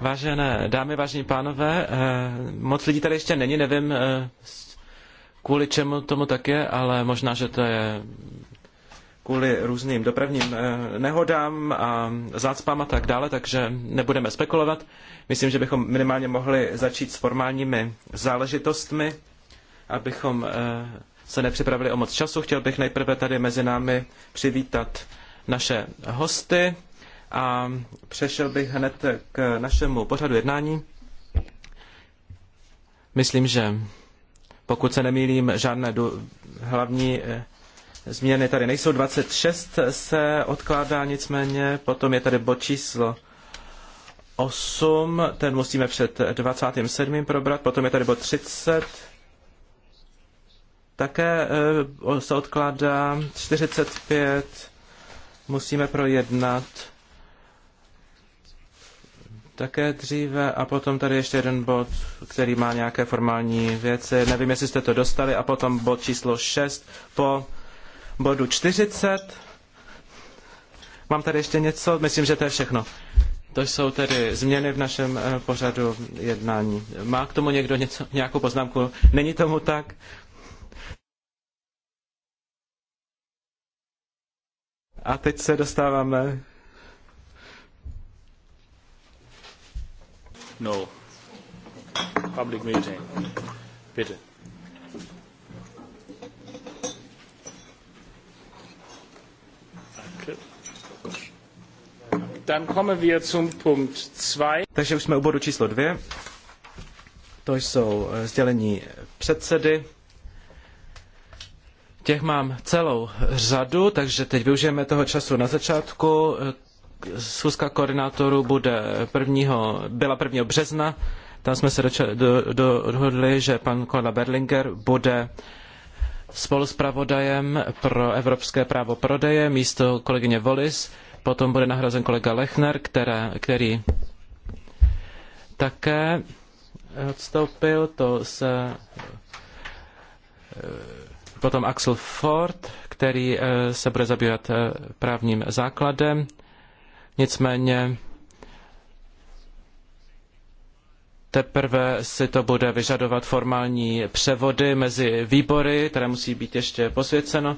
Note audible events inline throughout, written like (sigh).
Vážené dámy, vážení pánové, eh, moc lidí tady ještě není, nevím, eh, kvůli čemu tomu tak je, ale možná, že to je kvůli různým dopravním eh, nehodám a zácpám a tak dále, takže nebudeme spekulovat. Myslím, že bychom minimálně mohli začít s formálními záležitostmi, abychom se nepřipravili o moc času. Chtěl bych nejprve tady mezi námi přivítat naše hosty a přešel bych hned k našemu pořadu jednání. Myslím, že pokud se nemýlím, žádné hlavní eh, změny tady nejsou. 26 se odkládá nicméně, potom je tady bod číslo 8, ten musíme před 27. probrat, potom je tady bod 30, také eh, se odkládá 45, musíme projednat také dříve. A potom tady ještě jeden bod, který má nějaké formální věci. Nevím, jestli jste to dostali. A potom bod číslo 6 po bodu 40. Mám tady ještě něco? Myslím, že to je všechno. To jsou tedy změny v našem eh, pořadu jednání. Má k tomu někdo něco, nějakou poznámku? Není tomu tak? A teď se dostáváme No. Public meeting. Bitte. Dann kommen wir zum Punkt 2. Takže už jsme u bodu číslo dvě. To jsou eh, sdělení předsedy. Těch mám celou řadu, takže teď využijeme toho času na začátku. Eh, schůzka koordinátorů bude prvního, byla 1. března. Tam jsme se dohodli, že pan Kola Berlinger bude spoluspravodajem pro evropské právo prodeje místo kolegyně Volis. Potom bude nahrazen kolega Lechner, které, který také odstoupil. To se eh, potom Axel Ford, který eh, se bude zabývat eh, právním základem. Nicméně teprve si to bude vyžadovat formální převody mezi výbory, které musí být ještě posvěceno.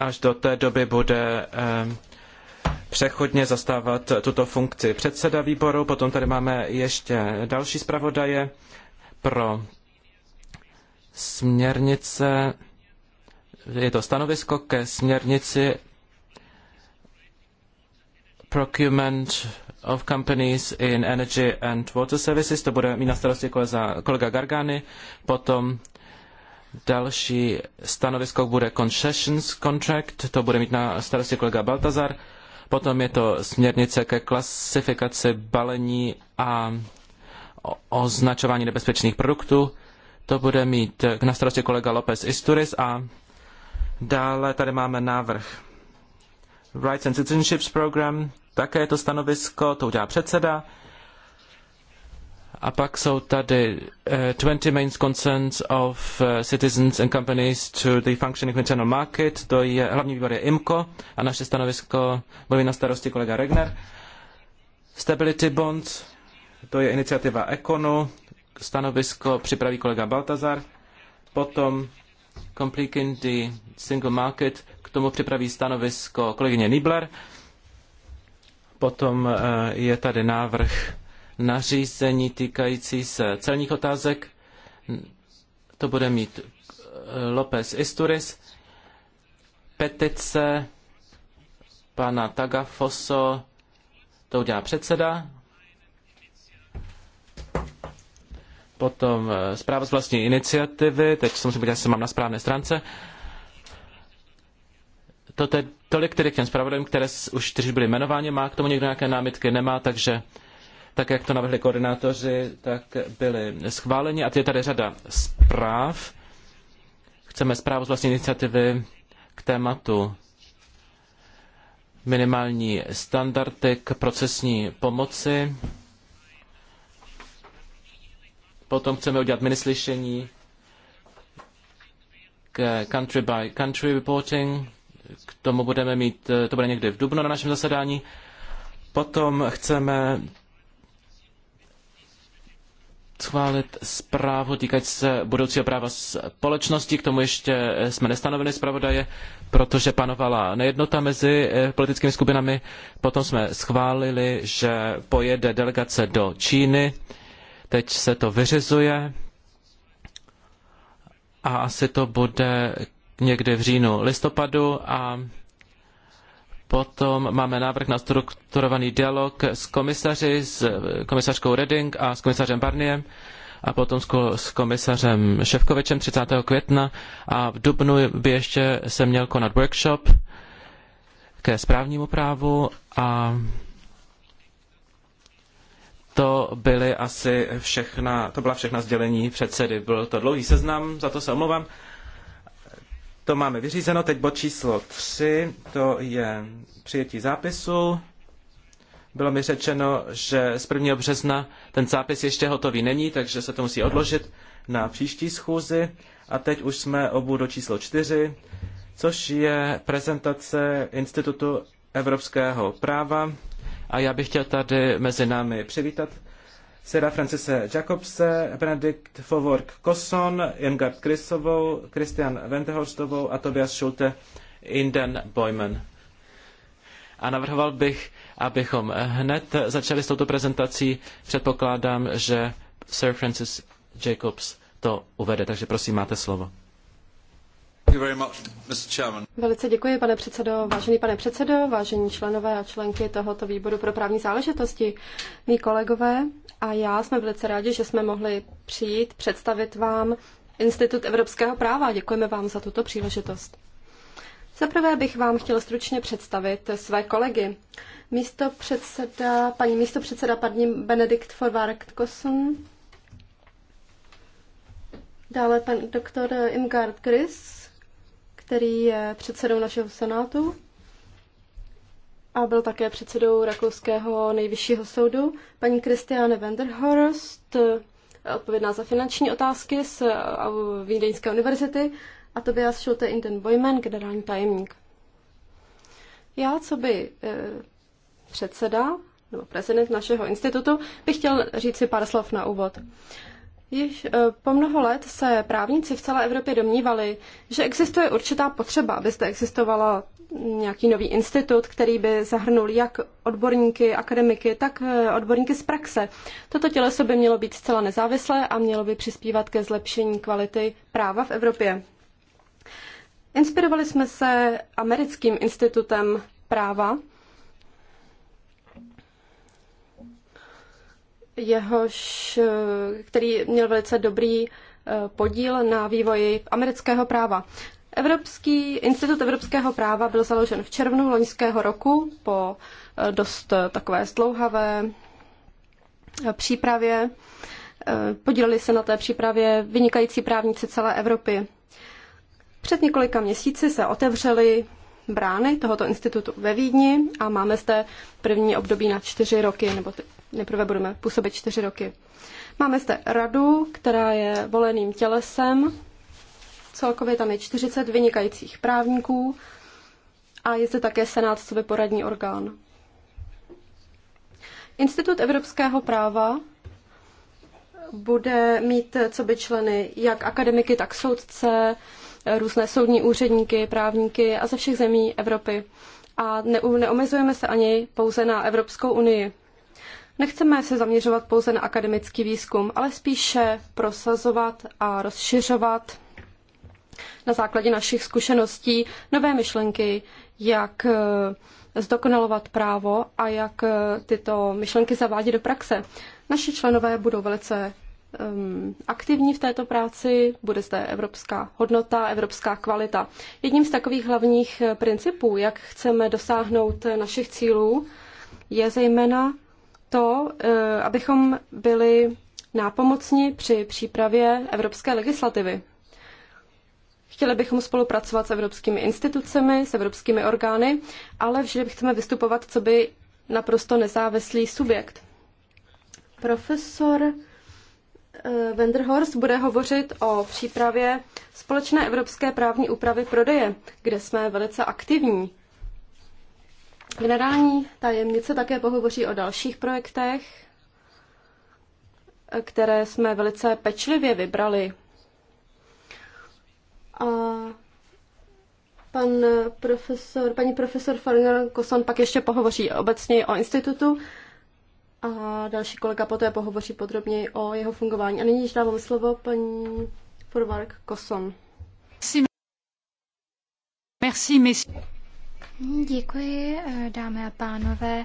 Až do té doby bude eh, přechodně zastávat tuto funkci předseda výboru. Potom tady máme ještě další zpravodaje pro směrnice. Je to stanovisko ke směrnici procurement of companies in energy and water services, to bude mít na starosti kolega, kolega Gargani, potom další stanovisko bude concessions contract, to bude mít na starosti kolega Baltazar, potom je to směrnice ke klasifikaci balení a označování nebezpečných produktů, to bude mít na starosti kolega López Isturis a dále tady máme návrh Rights and Citizenships Program, také je to stanovisko, to udělá předseda. A pak jsou tady uh, eh, 20 main concerns of uh, citizens and companies to the functioning of internal market. To je hlavní výbor je IMCO a naše stanovisko bude na starosti kolega Regner. Stability Bonds, to je iniciativa Econu, stanovisko připraví kolega Baltazar. Potom Completing the Single Market, tomu připraví stanovisko kolegyně Nibler. Potom eh, je tady návrh nařízení týkající se celních otázek. To bude mít eh, López Isturis. Petice pana Tagafoso, to udělá předseda. Potom eh, zpráva z vlastní iniciativy, teď jsem se jestli mám na správné stránce. To je tolik tedy k těm zpravodajům, které už čtyři byli jmenováni. Má k tomu někdo nějaké námitky? Nemá, takže tak, jak to navrhli koordinátoři, tak byly schváleni. A je tady řada zpráv. Chceme zprávu z vlastní iniciativy k tématu minimální standardy k procesní pomoci. Potom chceme udělat minislyšení k country by country reporting. K tomu budeme mít, eh, to bude někdy v Dubnu na našem zasedání. Potom chceme schválit zprávu týkať se budoucího práva společnosti. K tomu ještě eh, jsme nestanovili zpravodaje, protože panovala nejednota mezi eh, politickými skupinami. Potom jsme schválili, že pojede delegace do Číny. Teď se to vyřizuje a asi to bude někde v říjnu, listopadu a Potom máme návrh na strukturovaný dialog s komisaři, s komisařkou Reding a s komisařem Barniem a potom s komisařem Ševkovičem 30. května a v Dubnu by ještě se měl konat workshop ke správnímu právu a to byly asi všechna, to byla všechna sdělení předsedy. Byl to dlouhý seznam, za to se omlouvám. To máme vyřízeno. Teď bod číslo 3, to je přijetí zápisu. Bylo mi řečeno, že z 1. března ten zápis ještě hotový není, takže se to musí odložit na příští schůzi. A teď už jsme obu do číslo 4, což je prezentace Institutu evropského práva. A já bych chtěl tady mezi námi přivítat Sera Francise Jacobse, Benedikt Fovork Kosson, Irmgard Krisovou, Kristian Wentehorstovou a Tobias Schulte Inden Boyman. A navrhoval bych, abychom hned začali s touto prezentací. Předpokládám, že Sir Francis Jacobs to uvede, takže prosím, máte slovo. Velice děkuji, pane předsedo. Vážený pane předsedo, vážení členové a členky tohoto výboru pro právní záležitosti, mý kolegové a já jsme velice rádi, že jsme mohli přijít představit vám Institut evropského práva. Děkujeme vám za tuto příležitost. Zaprvé bych vám chtěl stručně představit své kolegy. Místo předseda, paní místo předseda paní Benedikt forvárt Kosun, dále pan doktor Imgard Gris, který je předsedou našeho senátu, a byl také předsedou rakouského nejvyššího soudu. Paní Kristiane Wenderhorst, eh, odpovědná za finanční otázky z eh, Vídeňské univerzity a to Tobias ten Bojmen, generální tajemník. Já, co by eh, předseda nebo prezident našeho institutu, bych chtěl říct si pár slov na úvod. Již po mnoho let se právníci v celé Evropě domnívali, že existuje určitá potřeba, aby zde existovala nějaký nový institut, který by zahrnul jak odborníky, akademiky, tak eh, odborníky z praxe. Toto těleso by mělo být zcela nezávislé a mělo by přispívat ke zlepšení kvality práva v Evropě. Inspirovali jsme se americkým institutem práva. Jehož, eh, který měl velice dobrý eh, podíl na vývoji amerického práva. Evropský institut evropského práva byl založen v červnu loňského roku po eh, dost eh, takové zdlouhavé eh, přípravě. Podíleli se na té přípravě vynikající právníci celé Evropy. Před několika měsíci se otevřely brány tohoto institutu ve Vídni a máme zde první období na čtyři roky, nebo nejprve budeme působit čtyři roky. Máme zde radu, která je voleným tělesem Celkově tam je 40 vynikajících právníků a je zde také senát, co poradní orgán. Institut evropského práva bude mít co by členy jak akademiky, tak soudce, různé soudní úředníky, právníky a ze všech zemí Evropy. A neomezujeme se ani pouze na Evropskou unii. Nechceme se zaměřovat pouze na akademický výzkum, ale spíše prosazovat a rozšiřovat na základě našich zkušeností nové myšlenky, jak eh, zdokonalovat právo a jak eh, tyto myšlenky zavádět do praxe. Naši členové budou velice um, aktivní v této práci, bude zde evropská hodnota, evropská kvalita. Jedním z takových hlavních eh, principů, jak chceme dosáhnout našich cílů, je zejména to, abychom byli nápomocni při přípravě evropské legislativy. Chtěli bychom spolupracovat s evropskými institucemi, s evropskými orgány, ale vždy chceme vystupovat co by naprosto nezávislý subjekt. Profesor eh, Wenderhorst bude hovořit o přípravě společné evropské právní úpravy prodeje, kde jsme velice aktivní. Generální tajemnice také pohovoří o dalších projektech, eh, které jsme velice pečlivě vybrali a pan profesor, paní profesor Farner Koson pak ještě pohovoří obecně o institutu a další kolega poté pohovoří podrobněji o jeho fungování. A nyní již dávám slovo paní Forvark Koson. Merci, merci. Děkuji, dámy a pánové.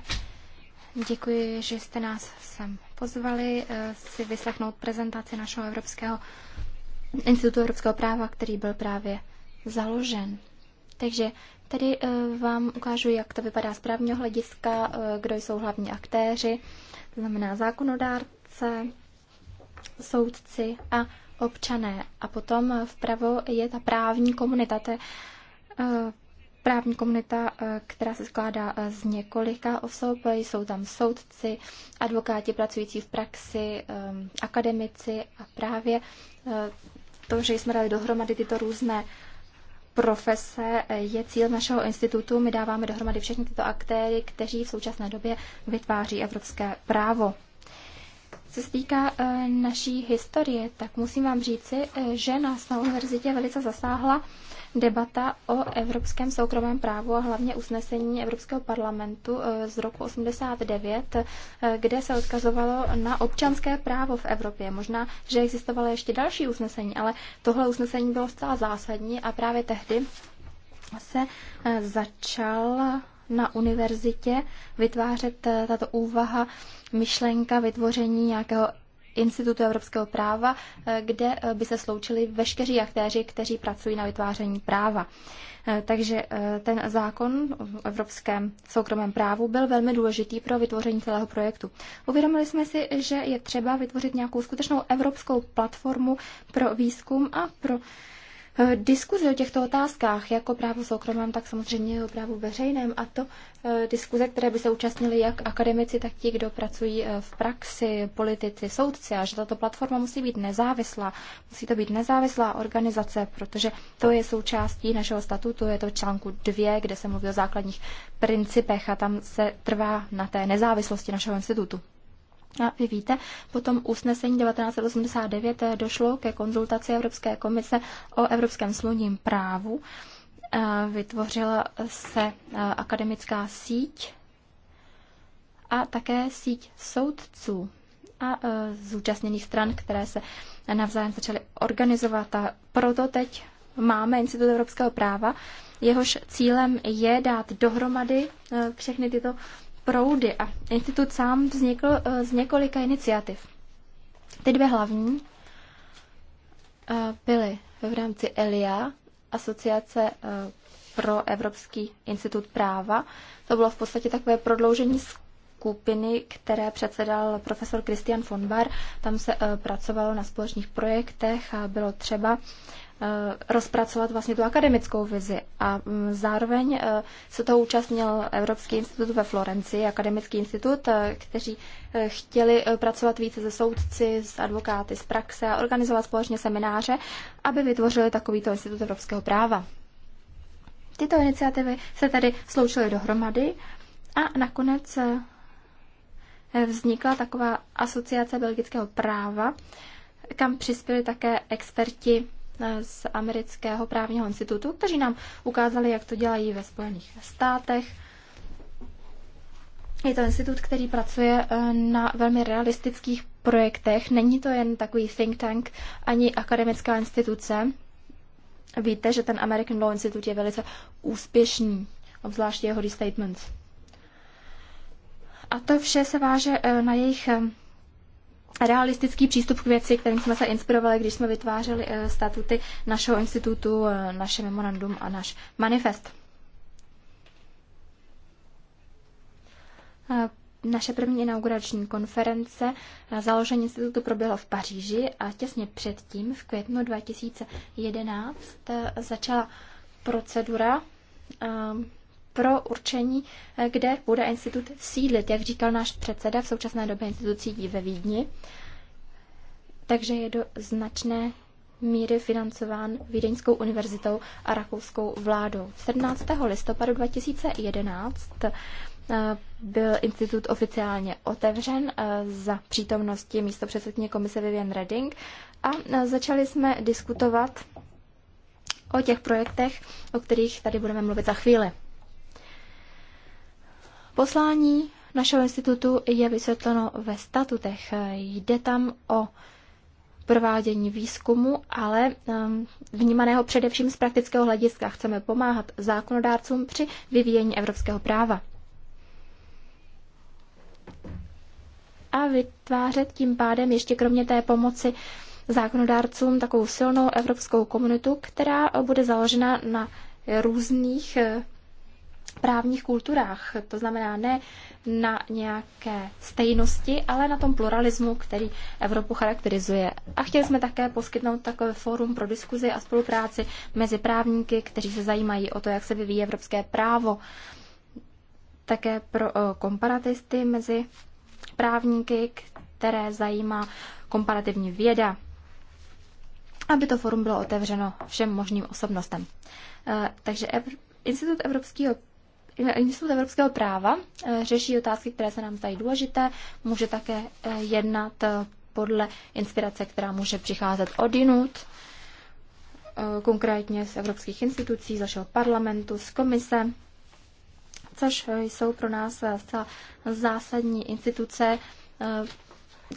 Děkuji, že jste nás sem pozvali eh, si vyslechnout prezentaci našeho evropského institutu evropského práva, který byl právě založen. Takže tady eh, vám ukážu, jak to vypadá z právního hlediska, eh, kdo jsou hlavní aktéři, to znamená zákonodárce, soudci a občané. A potom vpravo je ta právní komunita, to je eh, právní komunita, která se skládá z několika osob. Jsou tam soudci, advokáti pracující v praxi, akademici a právě to, že jsme dali dohromady tyto různé profese je cíl našeho institutu. My dáváme dohromady všechny tyto aktéry, kteří v současné době vytváří evropské právo. Co se týká eh, naší historie, tak musím vám říci, eh, že nás na univerzitě velice zasáhla debata o evropském soukromém právu a hlavně usnesení Evropského parlamentu eh, z roku 89, eh, kde se odkazovalo na občanské právo v Evropě. Možná, že existovalo ještě další usnesení, ale tohle usnesení bylo zcela zásadní a právě tehdy se eh, začal na univerzitě vytvářet tato úvaha, myšlenka vytvoření nějakého Institutu evropského práva, eh, kde eh, by se sloučili veškeří aktéři, kteří pracují na vytváření práva. Eh, takže ten zákon v evropském soukromém právu byl velmi důležitý pro vytvoření celého projektu. Uvědomili jsme si, že je třeba vytvořit nějakou skutečnou evropskou platformu pro výzkum a pro Eh, diskuze o těchto otázkách, jako právo soukromém, tak samozřejmě o právu veřejném, a to eh, diskuze, které by se účastnili jak akademici, tak ti, kdo pracují eh, v praxi, politici, soudci, a že tato platforma musí být nezávislá. Musí to být nezávislá organizace, protože to je součástí našeho statutu, je to v článku 2, kde se mluví o základních principech a tam se trvá na té nezávislosti našeho institutu. A vy víte, potom usnesení 1989 eh, došlo ke konzultaci Evropské komise o evropském sluním právu. Eh, vytvořila se eh, akademická síť a také síť soudců a zúčastněných stran, které se navzájem začaly organizovat. A proto teď máme Institut evropského práva, jehož cílem je dát dohromady všechny tyto proudy a institut sám vznikl eh, z několika iniciativ. Ty dvě hlavní eh, byly v rámci ELIA, Asociace eh, pro Evropský institut práva. To bylo v podstatě takové prodloužení skupiny, které předsedal profesor Christian von Bar. Tam se pracovalo na společných projektech a bylo třeba Eh, rozpracovat vlastně tu akademickou vizi. A mm, zároveň eh, se toho účastnil Evropský institut ve Florencii, akademický institut, eh, kteří chtěli pracovat více se soudci, s advokáty z praxe a organizovat společně semináře, aby vytvořili takovýto institut evropského práva. Tyto iniciativy se tedy sloučily dohromady a nakonec vznikla taková asociace belgického práva, kam přispěli také experti z amerického právního institutu, kteří nám ukázali, jak to dělají ve Spojených státech. Je to institut, který pracuje eh, na velmi realistických projektech. Není to jen takový think tank ani akademická instituce. Víte, že ten American Law Institute je velice úspěšný, obzvláště jeho restatements. A to vše se váže eh, na jejich eh, realistický přístup k věci, kterým jsme se inspirovali, když jsme vytvářeli eh, statuty našeho institutu, eh, naše memorandum a náš manifest. Eh, naše první inaugurační konference založení institutu proběhla v Paříži a těsně předtím, v květnu 2011, začala procedura pro určení, eh, kde bude institut sídlit, jak říkal náš předseda v současné době institucí ve Vídni. Takže je do značné míry financován Vídeňskou univerzitou a rakouskou vládou. 17. listopadu 2011 eh, byl institut oficiálně otevřen eh, za přítomnosti místo místopředsedkyně komise Vivian Redding a začali jsme diskutovat o těch projektech, o kterých tady budeme mluvit za chvíli. Poslání našeho institutu je vysvětleno ve statutech. Jde tam o provádění výzkumu, ale ehm, vnímaného především z praktického hlediska. Chceme pomáhat zákonodárcům při vyvíjení evropského práva. A vytvářet tím pádem ještě kromě té pomoci zákonodárcům takovou silnou evropskou komunitu, která bude založena na různých eh, právních kulturách. To znamená ne na nějaké stejnosti, ale na tom pluralismu, který Evropu charakterizuje. A chtěli jsme také poskytnout takové fórum pro diskuzi a spolupráci mezi právníky, kteří se zajímají o to, jak se vyvíjí evropské právo. Také pro eh, komparatisty mezi právníky, které zajímá komparativní věda aby to forum bylo otevřeno všem možným osobnostem. Eh, takže Institut evropského Institut evropského práva eh, řeší otázky, které se nám zdají důležité, může také eh, jednat eh, podle inspirace, která může přicházet jinut, konkrétně z evropských institucí, z našeho parlamentu, z komise, což jsou pro nás zcela zásadní instituce,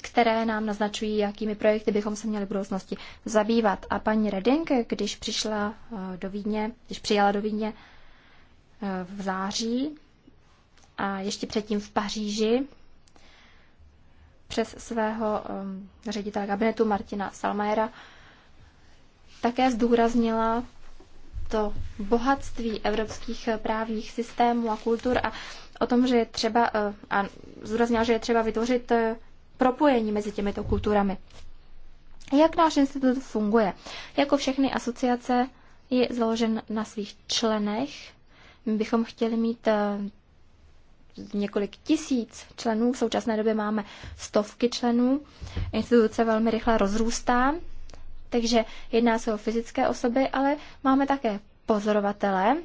které nám naznačují, jakými projekty bychom se měli v budoucnosti zabývat. A paní Redink, když přišla do Vídně, když přijala do Vídně Eh, v září a ještě předtím v Paříži přes svého eh, ředitele kabinetu Martina Salmajera také zdůraznila to bohatství evropských eh, právních systémů a kultur a o tom, že je třeba, a zdůraznila, že je třeba vytvořit propojení mezi těmito kulturami. Jak náš institut funguje? Jako všechny asociace je založen na svých členech bychom chtěli mít eh, několik tisíc členů, v současné době máme stovky členů, instituce velmi rychle rozrůstá, takže jedná se o fyzické osoby, ale máme také pozorovatele,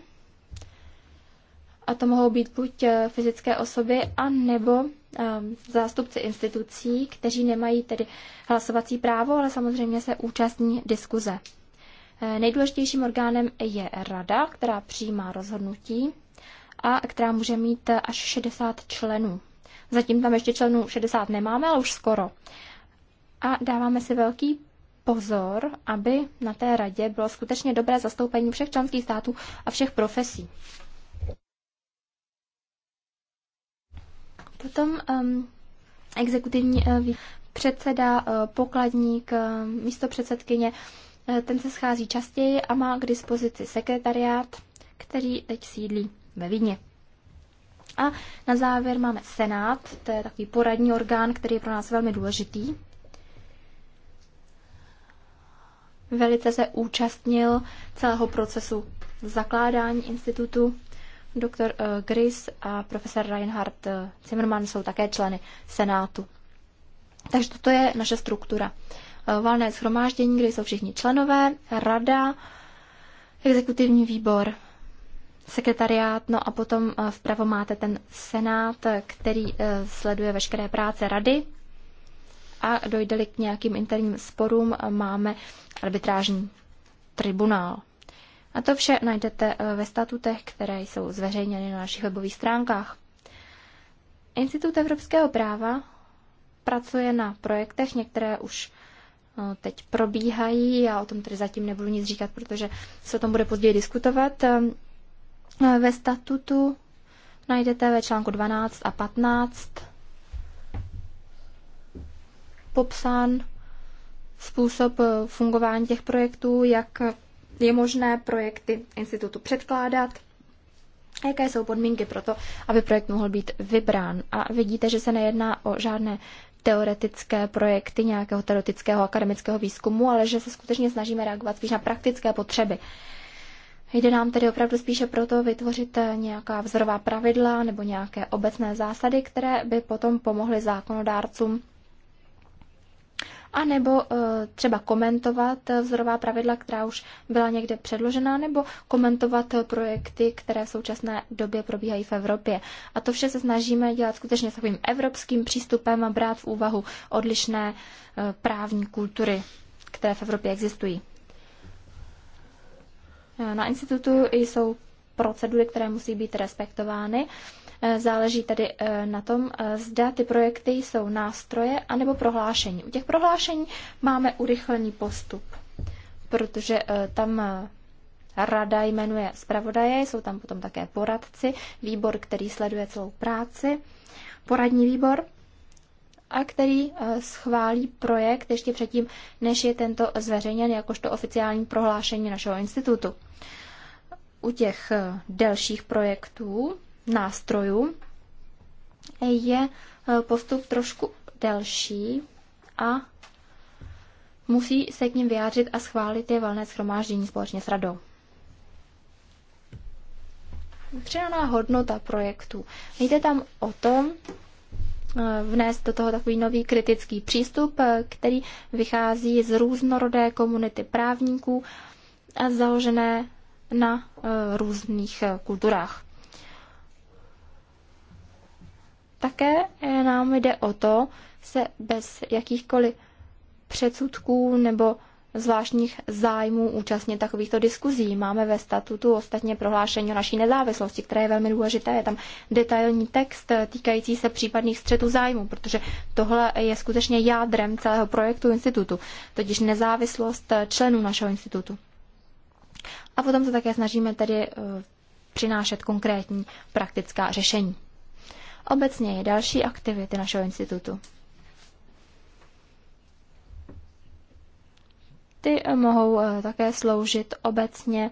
a to mohou být buď eh, fyzické osoby, a nebo eh, zástupci institucí, kteří nemají tedy hlasovací právo, ale samozřejmě se účastní diskuze. Nejdůležitějším orgánem je rada, která přijímá rozhodnutí a která může mít až 60 členů. Zatím tam ještě členů 60 nemáme, ale už skoro. A dáváme si velký pozor, aby na té radě bylo skutečně dobré zastoupení všech členských států a všech profesí. Potom um, exekutivní uh, předseda, uh, pokladník, uh, eh, místo předsedkyně, uh, Eh, ten se schází častěji a má k dispozici sekretariát, který teď sídlí ve Vídni. A na závěr máme Senát, to je takový poradní orgán, který je pro nás velmi důležitý. Velice se účastnil celého procesu zakládání institutu. Doktor eh, Gris a profesor Reinhard eh, Zimmermann jsou také členy Senátu. Takže toto je naše struktura. Eh, valné schromáždění, kde jsou všichni členové, rada, exekutivní výbor, sekretariát, no a potom eh, vpravo máte ten senát, který eh, sleduje veškeré práce rady a dojde-li k nějakým interním sporům, máme arbitrážní tribunál. A to vše najdete ve statutech, které jsou zveřejněny na našich webových stránkách. Institut evropského práva pracuje na projektech, některé už No, teď probíhají. Já o tom tedy zatím nebudu nic říkat, protože se o tom bude později diskutovat. Ehm, ve statutu najdete ve článku 12 a 15 popsán způsob eh, fungování těch projektů, jak je možné projekty institutu předkládat, jaké jsou podmínky pro to, aby projekt mohl být vybrán. A vidíte, že se nejedná o žádné teoretické projekty nějakého teoretického akademického výzkumu, ale že se skutečně snažíme reagovat spíš na praktické potřeby. Jde nám tedy opravdu spíše proto vytvořit eh, nějaká vzorová pravidla nebo nějaké obecné zásady, které by potom pomohly zákonodárcům anebo eh, třeba komentovat eh, vzorová pravidla, která už byla někde předložena, nebo komentovat eh, projekty, které v současné době probíhají v Evropě. A to vše se snažíme dělat skutečně s takovým evropským přístupem a brát v úvahu odlišné právní kultury, které v Evropě existují. Na institutu jsou procedury, které musí být respektovány. Eh, záleží tedy eh, na tom, eh, zda ty projekty jsou nástroje anebo prohlášení. U těch prohlášení máme urychlený postup, protože tam rada jmenuje zpravodaje, jsou tam potom také poradci, výbor, který sleduje celou práci, poradní výbor, a který schválí projekt ještě předtím, než je tento zveřejněn jakožto oficiální prohlášení našeho institutu u těch eh, delších projektů, nástrojů, je eh, postup trošku delší a musí se k ním vyjádřit a schválit je valné schromáždění společně s radou. Přidaná hodnota projektu. Jde tam o tom, eh, vnést do toho takový nový kritický přístup, který vychází z různorodé komunity právníků a založené na eh, různých eh, kulturách. Také eh, nám jde o to se bez jakýchkoliv předsudků nebo zvláštních zájmů účastnit takovýchto diskuzí. Máme ve statutu ostatně prohlášení o naší nezávislosti, které je velmi důležité. Je tam detailní text týkající se případných střetů zájmů, protože tohle je skutečně jádrem celého projektu institutu, totiž nezávislost členů našeho institutu. A potom se také snažíme tedy eh, přinášet konkrétní praktická řešení. Obecně je další aktivity našeho institutu. Ty eh, mohou eh, také sloužit obecně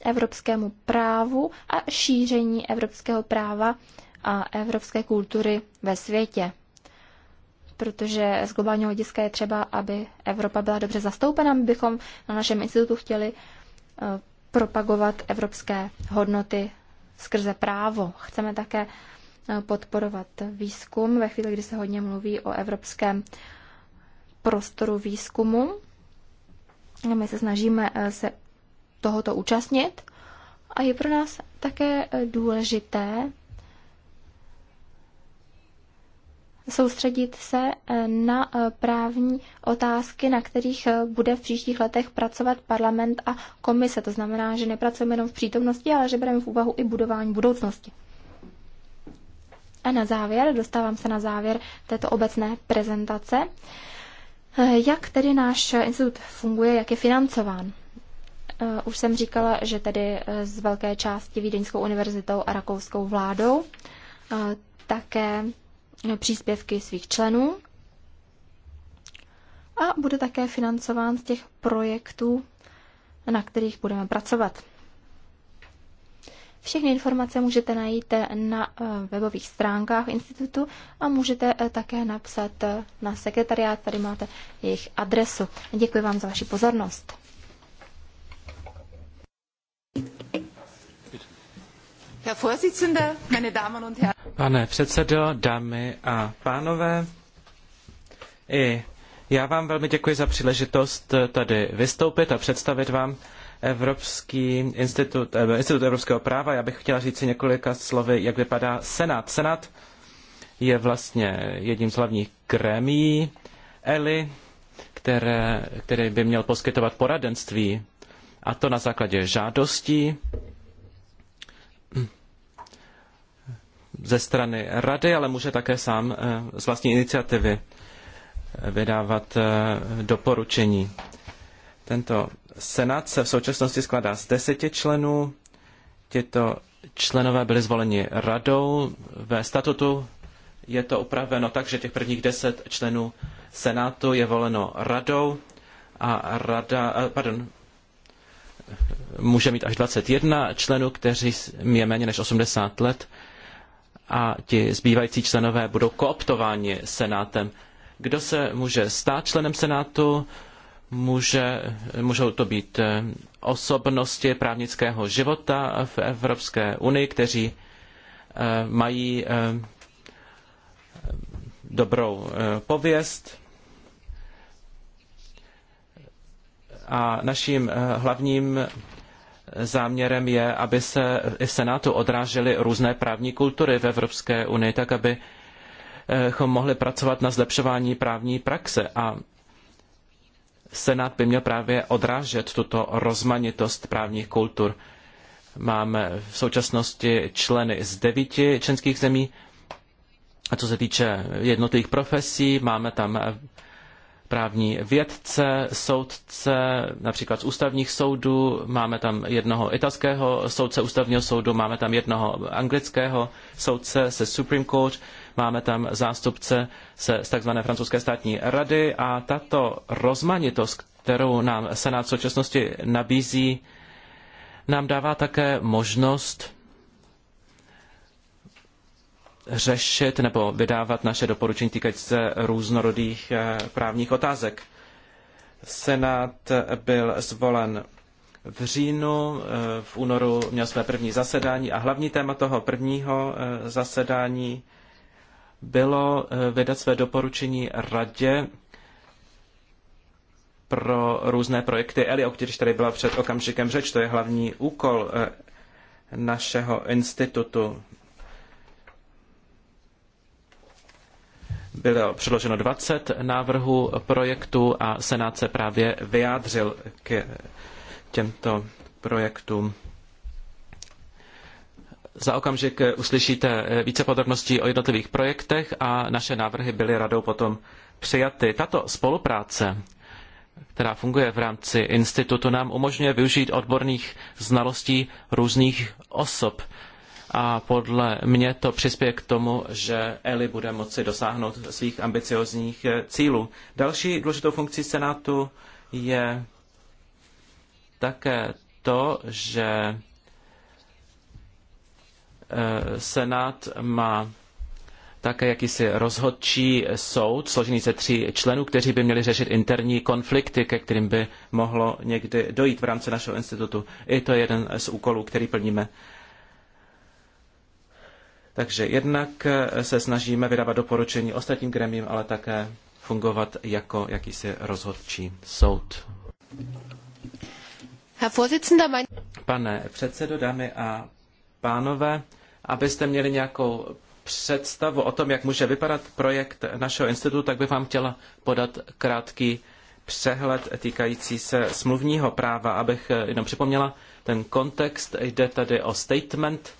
evropskému právu a šíření evropského práva a evropské kultury ve světě. Protože z globálního hlediska je třeba, aby Evropa byla dobře zastoupena. My bychom na našem institutu chtěli Eh, propagovat evropské hodnoty skrze právo. Chceme také eh, podporovat výzkum ve chvíli, kdy se hodně mluví o evropském prostoru výzkumu. My se snažíme eh, se tohoto účastnit a je pro nás také důležité soustředit se eh, na eh, právní otázky, na kterých eh, bude v příštích letech pracovat parlament a komise. To znamená, že nepracujeme jenom v přítomnosti, ale že bereme v úvahu i budování budoucnosti. A na závěr, dostávám se na závěr této obecné prezentace, jak tedy náš institut funguje, jak je financován. Už jsem říkala, že tedy z velké části Vídeňskou univerzitou a rakouskou vládou, také příspěvky svých členů a bude také financován z těch projektů, na kterých budeme pracovat. Všechny informace můžete najít na eh, webových stránkách institutu a můžete eh, také napsat eh, na sekretariát, tady máte jejich adresu. Děkuji vám za vaši pozornost. Pane předsedo, dámy a pánové, i já vám velmi děkuji za příležitost tady vystoupit a představit vám Evropský institut, eh, institut evropského práva. Já bych chtěla říct několika slovy, jak vypadá Senát. Senát je vlastně jedním z hlavních gremí ELI, které, který by měl poskytovat poradenství, a to na základě žádostí ze strany rady, ale může také sám eh, z vlastní iniciativy eh, vydávat eh, doporučení. Tento senát se v současnosti skládá z deseti členů. Tito členové byli zvoleni radou. Ve statutu je to upraveno tak, že těch prvních deset členů senátu je voleno radou a rada, pardon, může mít až 21 členů, kteří je méně než 80 let a ti zbývající členové budou kooptováni senátem. Kdo se může stát členem senátu? Může, můžou to být eh, osobnosti právnického života v Evropské unii, kteří eh, mají eh, dobrou pověst. A naším hlavním záměrem je, aby se i v Senátu odrážely různé právní kultury v Evropské unii, tak abychom eh, mohli pracovat na zlepšování právní praxe. A Senát by měl právě odrážet tuto rozmanitost právních kultur. Máme v současnosti členy z devíti členských zemí. A co se týče jednotlivých profesí, máme tam právní vědce, soudce, například z ústavních soudů, máme tam jednoho italského soudce ústavního soudu, máme tam jednoho anglického soudce se Supreme Court, máme tam zástupce se, z tzv. francouzské státní rady a tato rozmanitost, kterou nám Senát v současnosti nabízí, nám dává také možnost řešit nebo vydávat naše doporučení týkající se různorodých eh, právních otázek. Senát byl zvolen v říjnu, eh, v únoru měl své první zasedání a hlavní téma toho prvního eh, zasedání bylo vydat své doporučení radě pro různé projekty ELI, o kterých tady byla před okamžikem řeč. To je hlavní úkol našeho institutu Bylo předloženo 20 návrhů projektu a Senát se právě vyjádřil k těmto projektům. Za okamžik uslyšíte více podrobností o jednotlivých projektech a naše návrhy byly radou potom přijaty. Tato spolupráce která funguje v rámci institutu, nám umožňuje využít odborných znalostí různých osob a podle mě to přispěje k tomu, že ELI bude moci dosáhnout svých ambiciozních eh, cílů. Další důležitou funkcí Senátu je také to, že eh, Senát má také jakýsi rozhodčí soud, složený ze tří členů, kteří by měli řešit interní konflikty, ke kterým by mohlo někdy dojít v rámci našeho institutu. I to je jeden z úkolů, který plníme takže jednak eh, se snažíme vydávat doporučení ostatním gremím, ale také fungovat jako jakýsi rozhodčí soud. Pane předsedo, dámy a pánové, abyste měli nějakou představu o tom, jak může vypadat projekt našeho institutu, tak bych vám chtěla podat krátký přehled týkající se smluvního práva, abych eh, jenom připomněla ten kontext. Jde tady o statement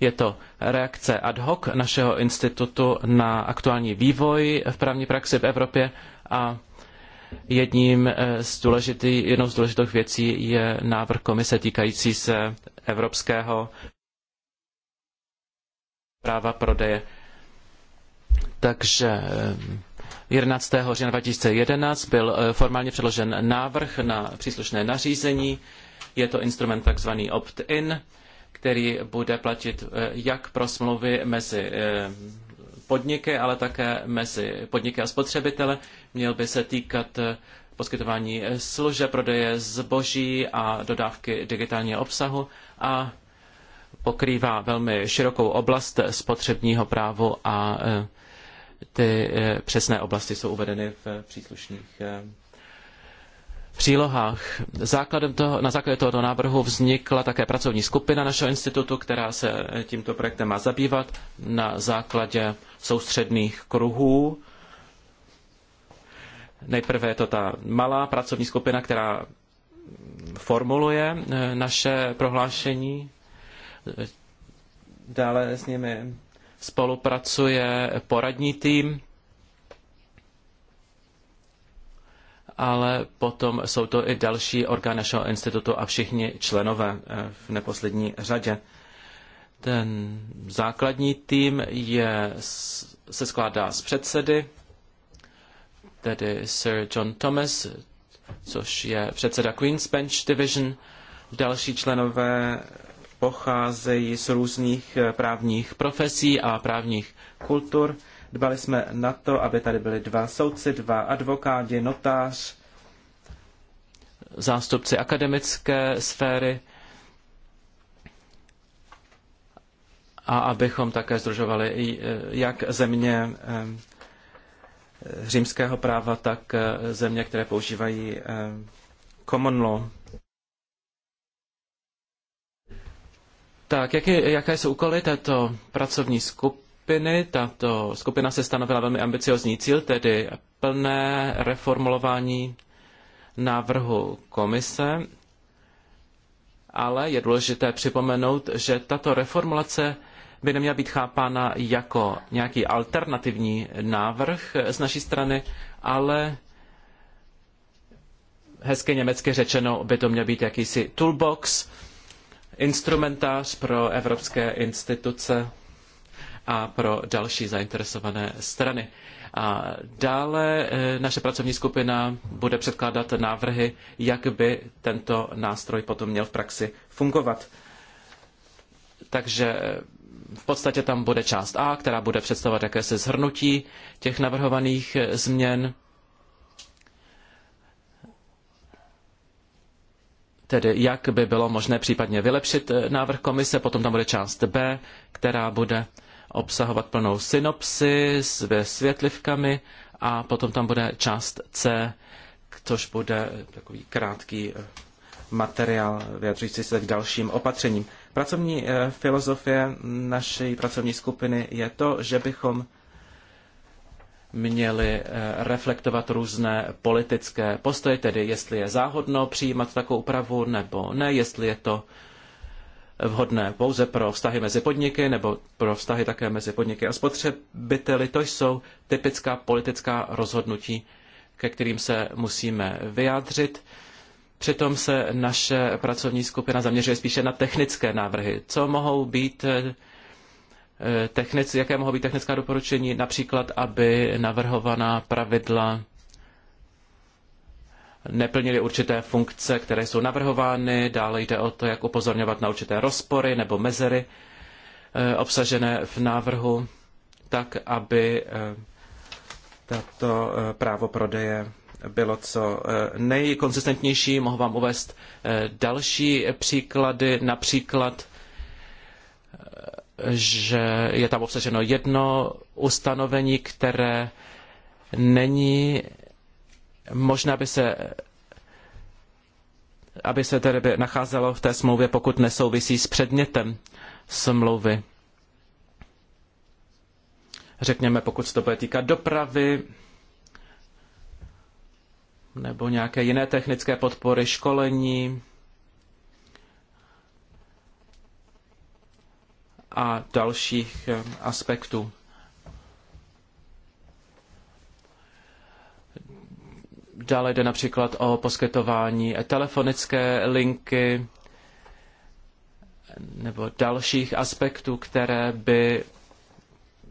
je to reakce ad hoc našeho institutu na aktuální vývoj v právní praxi v Evropě a jedním eh, z jednou z důležitých věcí je návrh komise týkající se evropského práva prodeje. Takže 11. Eh, října 2011 byl eh, formálně předložen návrh na příslušné nařízení. Je to instrument takzvaný opt-in který bude platit eh, jak pro smlouvy mezi eh, podniky, ale také mezi podniky a spotřebitele. Měl by se týkat eh, poskytování služeb, prodeje zboží a dodávky digitálního obsahu a pokrývá velmi širokou oblast spotřebního právu a ty přesné oblasti jsou uvedeny v příslušných přílohách. Základem toho, na základě tohoto návrhu vznikla také pracovní skupina našeho institutu, která se tímto projektem má zabývat na základě soustředných kruhů. Nejprve je to ta malá pracovní skupina, která formuluje eh, naše prohlášení. Dále s nimi spolupracuje poradní tým ale potom jsou to i další orgány našeho institutu a všichni členové eh, v neposlední řadě. Ten základní tým je, se skládá z předsedy, tedy Sir John Thomas, což je předseda Queen's Bench Division. Další členové pocházejí z různých eh, právních profesí a právních kultur. Dbali jsme na to, aby tady byli dva soudci, dva advokáti, notář, zástupci akademické sféry a abychom také združovali e, jak země e, římského práva, tak e, země, které používají common law. Tak, jaké, jaké jsou úkoly této pracovní skupiny? skupiny. Tato skupina se stanovila velmi ambiciozní cíl, tedy plné reformulování návrhu komise, ale je důležité připomenout, že tato reformulace by neměla být chápána jako nějaký alternativní návrh z naší strany, ale hezky německy řečeno by to měl být jakýsi toolbox, instrumentář pro evropské instituce a pro další zainteresované strany. A dále e, naše pracovní skupina bude předkládat návrhy, jak by tento nástroj potom měl v praxi fungovat. Takže e, v podstatě tam bude část A, která bude představovat jakési zhrnutí těch navrhovaných e, změn. Tedy jak by bylo možné případně vylepšit návrh komise, potom tam bude část B, která bude obsahovat plnou synopsi s světlivkami a potom tam bude část C, což bude takový krátký eh, materiál vyjadřující se k dalším opatřením. Pracovní eh, filozofie naší pracovní skupiny je to, že bychom měli eh, reflektovat různé politické postoje, tedy jestli je záhodno přijímat takovou úpravu nebo ne, jestli je to vhodné pouze pro vztahy mezi podniky nebo pro vztahy také mezi podniky a spotřebiteli. To jsou typická politická rozhodnutí, ke kterým se musíme vyjádřit. Přitom se naše pracovní skupina zaměřuje spíše na technické návrhy. Co mohou být eh, technic, jaké mohou být technická doporučení, například, aby navrhovaná pravidla neplnili určité funkce, které jsou navrhovány, dále jde o to, jak upozorňovat na určité rozpory nebo mezery eh, obsažené v návrhu, tak aby eh, tato eh, právo prodeje bylo co nejkonzistentnější. Mohu vám uvést další příklady, například že je tam obsaženo jedno ustanovení, které není možná by se aby se tedy by nacházelo v té smlouvě, pokud nesouvisí s předmětem smlouvy. Řekněme, pokud se to bude týkat dopravy nebo nějaké jiné technické podpory, školení a dalších eh, aspektů. Dále jde například o poskytování telefonické linky nebo dalších aspektů, které by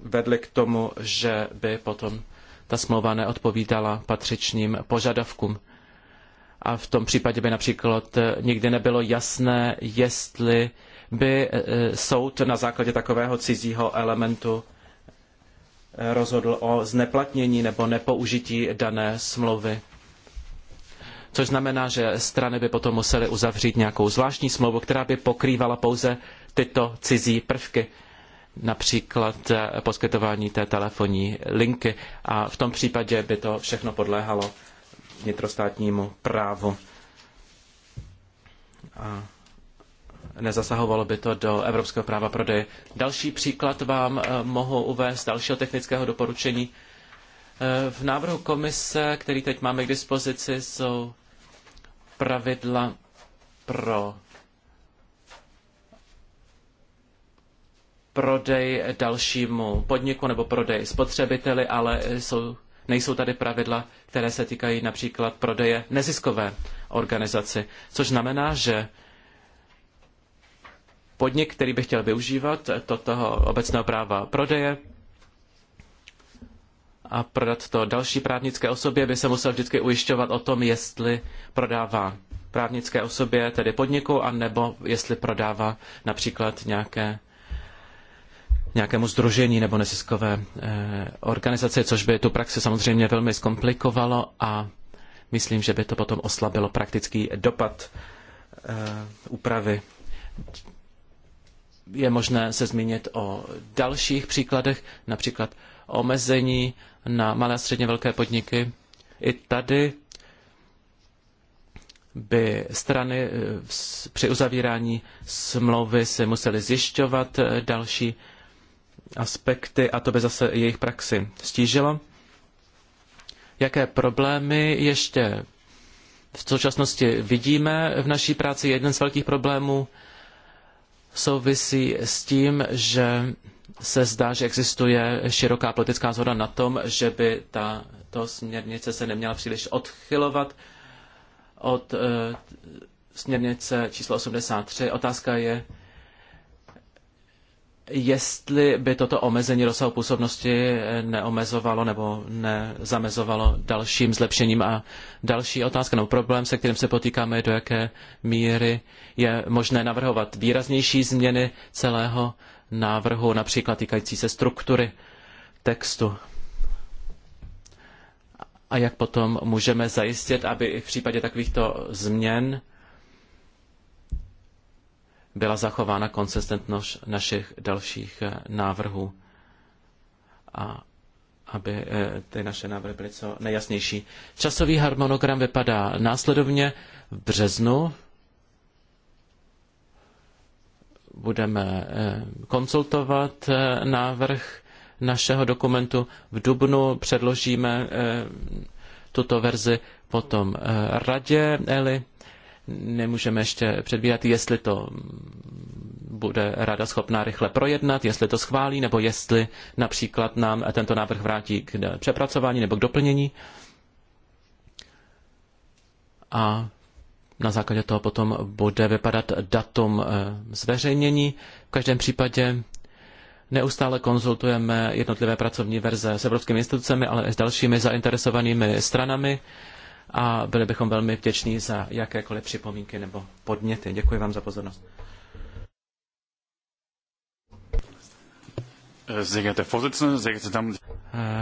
vedly k tomu, že by potom ta smlouva neodpovídala patřičným požadavkům. A v tom případě by například nikdy nebylo jasné, jestli by e, soud na základě takového cizího elementu e, rozhodl o zneplatnění nebo nepoužití dané smlouvy což znamená, že strany by potom musely uzavřít nějakou zvláštní smlouvu, která by pokrývala pouze tyto cizí prvky, například eh, poskytování té telefonní linky a v tom případě by to všechno podléhalo vnitrostátnímu právu. A nezasahovalo by to do evropského práva prodeje. Další příklad vám eh, mohu uvést dalšího technického doporučení. Eh, v návrhu komise, který teď máme k dispozici, jsou pravidla pro prodej dalšímu podniku nebo prodej spotřebiteli, ale jsou, nejsou tady pravidla, které se týkají například prodeje neziskové organizaci. Což znamená, že podnik, který by chtěl využívat toto obecného práva prodeje, a prodat to další právnické osobě, by se musel vždycky ujišťovat o tom, jestli prodává právnické osobě, tedy podniku, anebo jestli prodává například nějaké, nějakému združení nebo neziskové eh, organizaci, což by tu praxi samozřejmě velmi zkomplikovalo a myslím, že by to potom oslabilo praktický dopad eh, úpravy. Je možné se zmínit o dalších příkladech, například omezení na malé a středně velké podniky. I tady by strany eh, při uzavírání smlouvy si musely zjišťovat eh, další aspekty a to by zase jejich praxi stížilo. Jaké problémy ještě v současnosti vidíme v naší práci? Jeden z velkých problémů souvisí s tím, že se zdá, že existuje široká politická zhoda na tom, že by ta to směrnice se neměla příliš odchylovat od e, směrnice číslo 83. Otázka je, jestli by toto omezení rozsahu působnosti eh, neomezovalo nebo nezamezovalo dalším zlepšením. A další otázka nebo problém, se kterým se potýkáme, je do jaké míry je možné navrhovat výraznější změny celého návrhu, například týkající se struktury textu. A jak potom můžeme zajistit, aby i v případě takovýchto změn byla zachována konsistentnost našich dalších eh, návrhů a aby eh, ty naše návrhy byly co nejjasnější. Časový harmonogram vypadá následovně v březnu budeme eh, konzultovat eh, návrh našeho dokumentu. V Dubnu předložíme eh, tuto verzi potom radě Eli. Nemůžeme ještě předvídat, jestli to bude rada schopná rychle projednat, jestli to schválí, nebo jestli například nám tento návrh vrátí k přepracování nebo k doplnění. A na základě toho potom bude vypadat datum eh, zveřejnění. V každém případě neustále konzultujeme jednotlivé pracovní verze s evropskými institucemi, ale i s dalšími zainteresovanými stranami a byli bychom velmi vděční za jakékoliv připomínky nebo podněty. Děkuji vám za pozornost. Eh,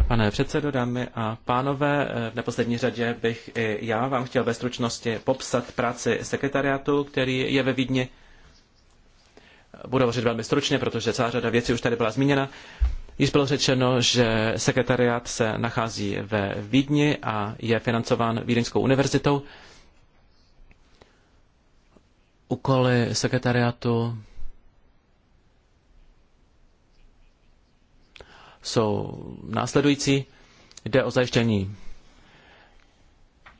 pane předsedo, dámy a pánové, eh, v neposlední řadě bych i já vám chtěl ve stručnosti popsat práci sekretariátu, který je ve Vídni. Budu hovořit velmi stručně, protože celá řada věcí už tady byla zmíněna. Již bylo řečeno, že sekretariát se nachází ve Vídni a je financován Vídeňskou univerzitou. Úkoly sekretariátu jsou následující. Jde o zajištění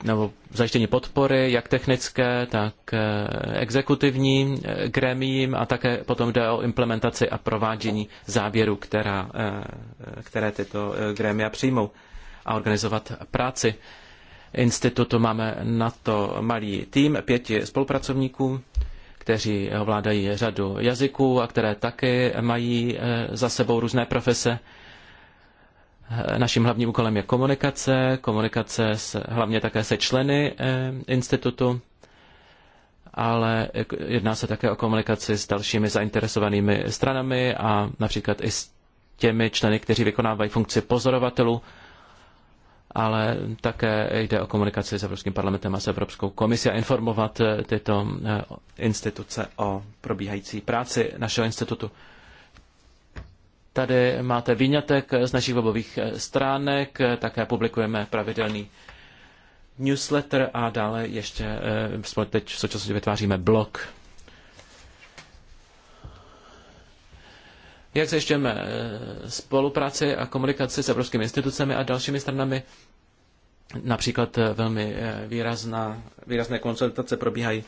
nebo zajištění podpory, jak technické, tak eh, exekutivní eh, gremiím a také potom jde o implementaci a provádění závěru, která, eh, které tyto grémia přijmou a organizovat práci. Institutu máme na to malý tým pěti spolupracovníků, kteří ovládají řadu jazyků a které také mají za sebou různé profese. Eh, naším hlavním úkolem je komunikace, komunikace s, hlavně také se členy eh, institutu, ale eh, jedná se také o komunikaci s dalšími zainteresovanými stranami a například i s těmi členy, kteří vykonávají funkci pozorovatelů, ale také jde o komunikaci s Evropským parlamentem a s Evropskou komisí a informovat tyto instituce o probíhající práci našeho institutu. Tady máte výňatek z našich webových eh, stránek, eh, také publikujeme pravidelný newsletter a dále ještě eh, teď v současnosti vytváříme blog. Jak zajišťujeme spolupráci a komunikaci s evropskými institucemi a dalšími stranami? Například velmi výrazná, výrazné konsultace probíhají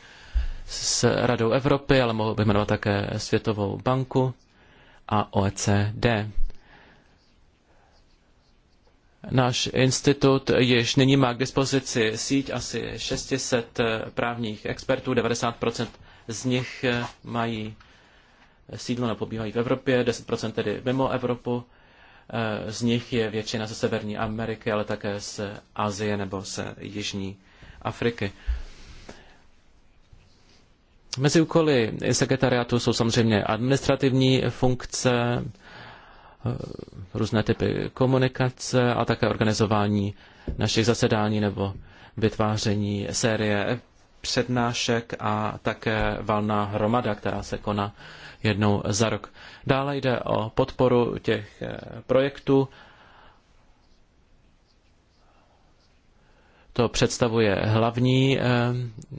s Radou Evropy, ale mohl bych jmenovat také Světovou banku a OECD. Náš institut již nyní má k dispozici síť asi 600 právních expertů, 90% z nich eh, mají sídlo nebo pobývají v Evropě, 10% tedy mimo Evropu. Eh, z nich je většina ze Severní Ameriky, ale také z Asie nebo z Jižní Afriky. Mezi úkoly sekretariátu jsou samozřejmě administrativní funkce, eh, různé typy komunikace a také organizování našich zasedání nebo vytváření série přednášek a také valná hromada, která se koná jednou za rok. Dále jde o podporu těch eh, projektů to představuje hlavní eh,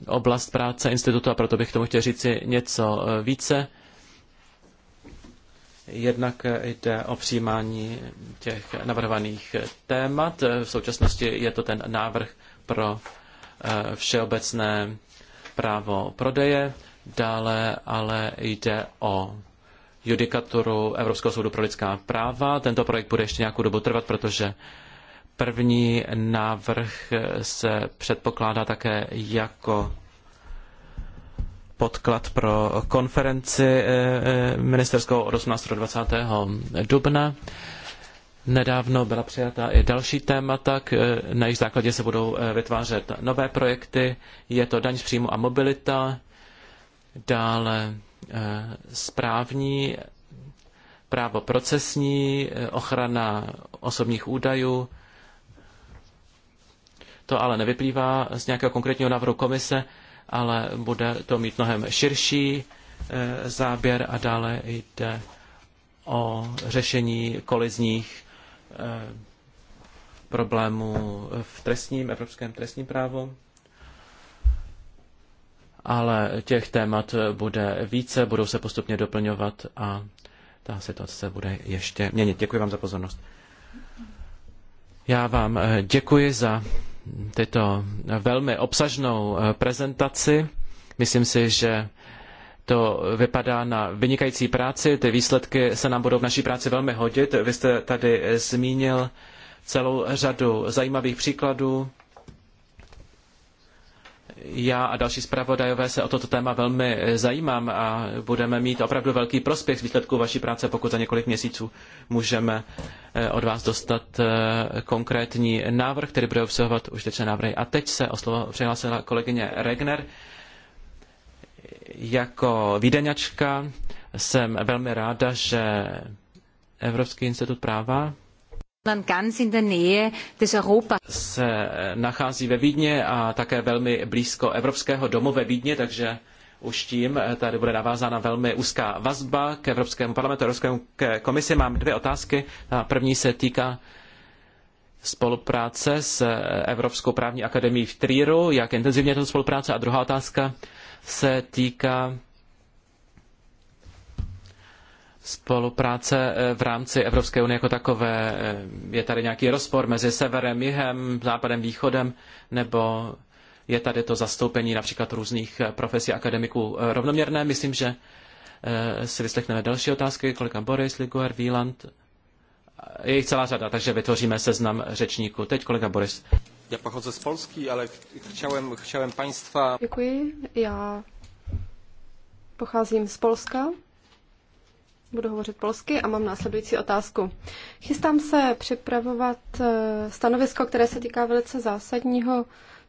oblast práce institutu a proto bych tomu chtěl říci něco eh, více. Jednak eh, jde o přijímání těch navrhovaných témat. V současnosti je to ten návrh pro všeobecné právo prodeje. Dále ale jde o judikaturu Evropského soudu pro lidská práva. Tento projekt bude ještě nějakou dobu trvat, protože První návrh se předpokládá také jako podklad pro konferenci eh, eh, ministerskou od 18. do 20. dubna. Nedávno byla přijata i další témata, na jejich základě se budou eh, vytvářet nové projekty. Je to daň z příjmu a mobilita, dále správní, právo procesní, ochrana osobních údajů, to ale nevyplývá z nějakého konkrétního návrhu komise, ale bude to mít mnohem širší eh, záběr a dále jde o řešení kolizních eh, problémů v trestním, evropském trestním právu. Ale těch témat bude více, budou se postupně doplňovat a ta situace se bude ještě měnit. Děkuji vám za pozornost. Já vám eh, děkuji za tyto velmi obsažnou eh, prezentaci. Myslím si, že to vypadá na vynikající práci. Ty výsledky se nám budou v naší práci velmi hodit. Vy jste tady eh, zmínil celou řadu zajímavých příkladů já a další zpravodajové se o toto téma velmi eh, zajímám a budeme mít opravdu velký prospěch z výsledku vaší práce, pokud za několik měsíců můžeme eh, od vás dostat eh, konkrétní návrh, který bude obsahovat užitečné návrhy. A teď se o slovo přihlásila kolegyně Regner. Jako výdeňačka jsem velmi ráda, že Evropský institut práva se eh, nachází ve Vídni a také velmi blízko evropského domu ve Vídni, takže už tím eh, tady bude navázána velmi úzká vazba k Evropskému parlamentu, Evropskému komisi. Mám dvě otázky. Ta první se týká spolupráce s eh, Evropskou právní akademií v Trieru, jak intenzivně je to spolupráce. A druhá otázka se týká spolupráce eh, v rámci Evropské unie jako takové. Eh, je tady nějaký rozpor mezi severem, jihem, západem, východem, nebo je tady to zastoupení například různých eh, profesí akademiků rovnoměrné? Myslím, že si vyslechneme další otázky. Kolega Boris, Liguer, Wieland. Je jich celá řada, takže vytvoříme seznam řečníků. Teď kolega Boris. Já pochodzę z Polski, ale chciałem, chciałem państwa... Děkuji, já pocházím z Polska budu hovořit polsky a mám následující otázku. Chystám se připravovat eh, stanovisko, které se týká velice zásadního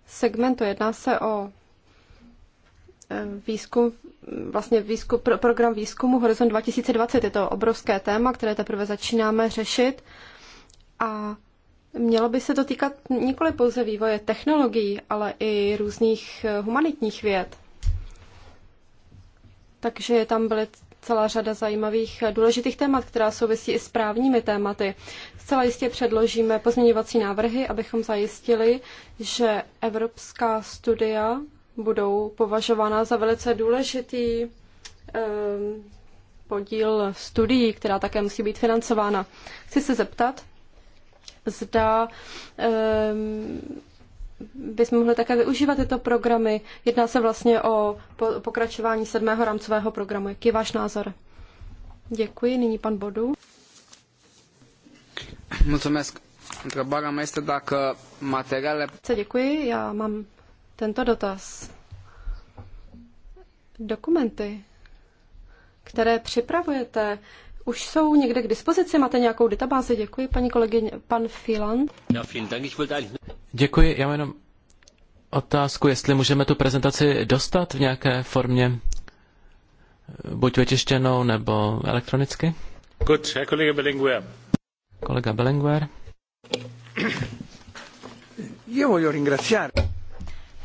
segmentu. Jedná se o eh, výzkum, vlastně výzkum, program výzkumu Horizon 2020. Je to obrovské téma, které teprve začínáme řešit a mělo by se to týkat nikoli pouze vývoje technologií, ale i různých eh, humanitních věd. Takže je tam celá řada zajímavých eh, důležitých témat, která souvisí i s právními tématy. Zcela jistě předložíme pozměňovací návrhy, abychom zajistili, že evropská studia budou považována za velice důležitý ehm, podíl studií, která také musí být financována. Chci se zeptat, zda ehm, bychom mohli také využívat tyto programy. Jedná se vlastně o pokračování sedmého rámcového programu. Jaký je váš názor? Děkuji. Nyní pan Bodu. Mulțumesc. Întrebarea mea este dacă Děkuji, já mám tento dotaz. Dokumenty, které připravujete, už jsou někde k dispozici? Máte nějakou databázi? Děkuji, paní kolegyně, pan Filan. Děkuji, já mám jenom otázku, jestli můžeme tu prezentaci dostat v nějaké formě, buď vytištěnou nebo elektronicky. Good, kolega Belenguer. Kolega Bellinguer.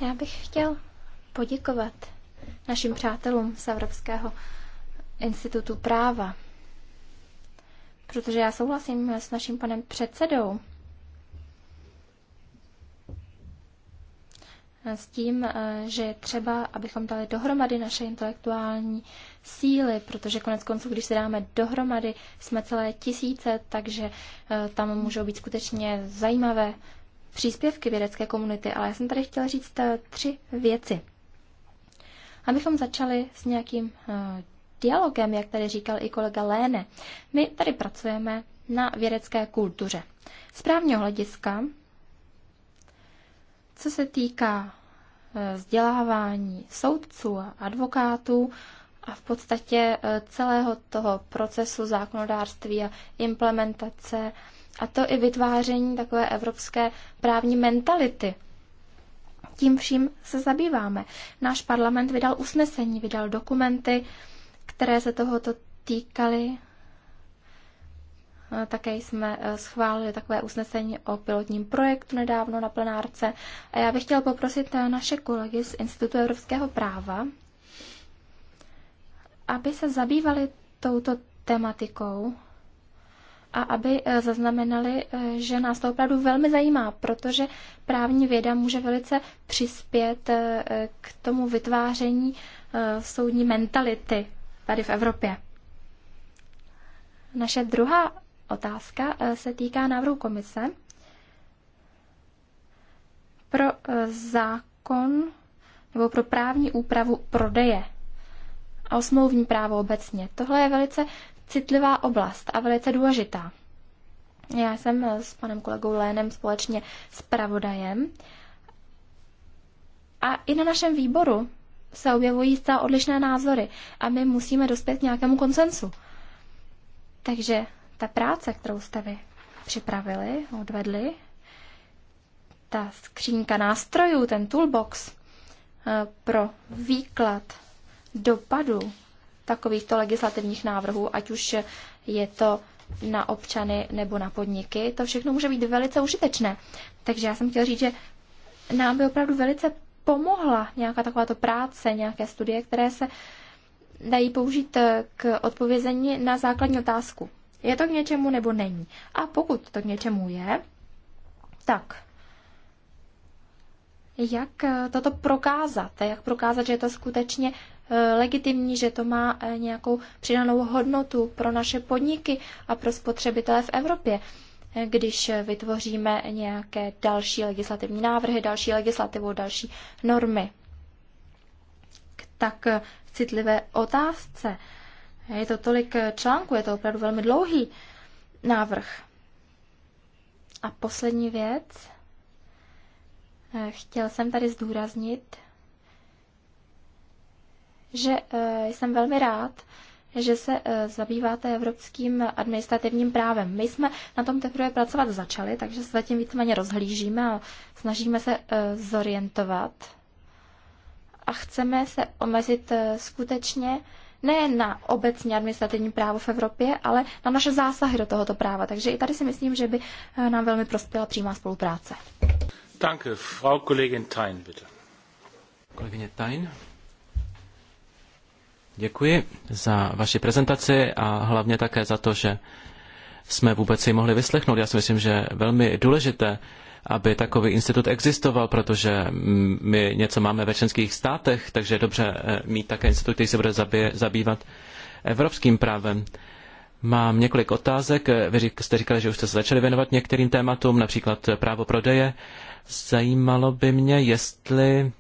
Já bych chtěl poděkovat našim přátelům z Evropského institutu práva protože já souhlasím s naším panem předsedou. S tím, eh, že je třeba, abychom dali dohromady naše intelektuální síly, protože konec konců, když se dáme dohromady, jsme celé tisíce, takže eh, tam můžou být skutečně zajímavé příspěvky vědecké komunity, ale já jsem tady chtěla říct eh, tři věci. Abychom začali s nějakým dialogem, jak tady říkal i kolega Léne. My tady pracujeme na vědecké kultuře. Z právního hlediska, co se týká e, vzdělávání soudců a advokátů a v podstatě e, celého toho procesu zákonodárství a implementace, a to i vytváření takové evropské právní mentality. Tím vším se zabýváme. Náš parlament vydal usnesení, vydal dokumenty, které se tohoto týkaly. Také jsme eh, schválili takové usnesení o pilotním projektu nedávno na plenárce. A já bych chtěl poprosit eh, naše kolegy z Institutu evropského práva, aby se zabývali touto tematikou a aby eh, zaznamenali, že nás to opravdu velmi zajímá, protože právní věda může velice přispět k tomu vytváření soudní mentality tady v Evropě. Naše druhá otázka eh, se týká návrhu komise pro eh, zákon nebo pro právní úpravu prodeje a o smlouvní právo obecně. Tohle je velice citlivá oblast a velice důležitá. Já jsem eh, s panem kolegou Lénem společně s pravodajem a i na našem výboru se objevují zcela odlišné názory a my musíme dospět k nějakému konsensu. Takže ta práce, kterou jste vy připravili, odvedli, ta skřínka nástrojů, ten toolbox eh, pro výklad dopadu takovýchto legislativních návrhů, ať už je to na občany nebo na podniky, to všechno může být velice užitečné. Takže já jsem chtěla říct, že nám by opravdu velice pomohla nějaká takováto práce, nějaké studie, které se dají použít k odpovězení na základní otázku. Je to k něčemu nebo není? A pokud to k něčemu je, tak jak toto prokázat? Jak prokázat, že je to skutečně eh, legitimní, že to má eh, nějakou přidanou hodnotu pro naše podniky a pro spotřebitele v Evropě? když vytvoříme nějaké další legislativní návrhy, další legislativu, další normy. K tak citlivé otázce. Je to tolik článků, je to opravdu velmi dlouhý návrh. A poslední věc. Chtěl jsem tady zdůraznit, že eh, jsem velmi rád, že se e, zabýváte evropským administrativním právem. My jsme na tom teprve pracovat začali, takže se zatím víceméně rozhlížíme a snažíme se e, zorientovat. A chceme se omezit e, skutečně ne na obecní administrativní právo v Evropě, ale na naše zásahy do tohoto práva. Takže i tady si myslím, že by nám velmi prospěla přímá spolupráce. Danke, Frau Kollegin Tein, bitte. Kolegyně Tein. Děkuji za vaši prezentaci a hlavně také za to, že jsme vůbec si mohli vyslechnout. Já si myslím, že je velmi důležité, aby takový institut existoval, protože my něco máme ve členských státech, takže je dobře eh, mít také institut, který se bude zabývat evropským právem. Mám několik otázek. Vy jste říkali, že už jste se začali věnovat některým tématům, například právo prodeje. Zajímalo by mě, jestli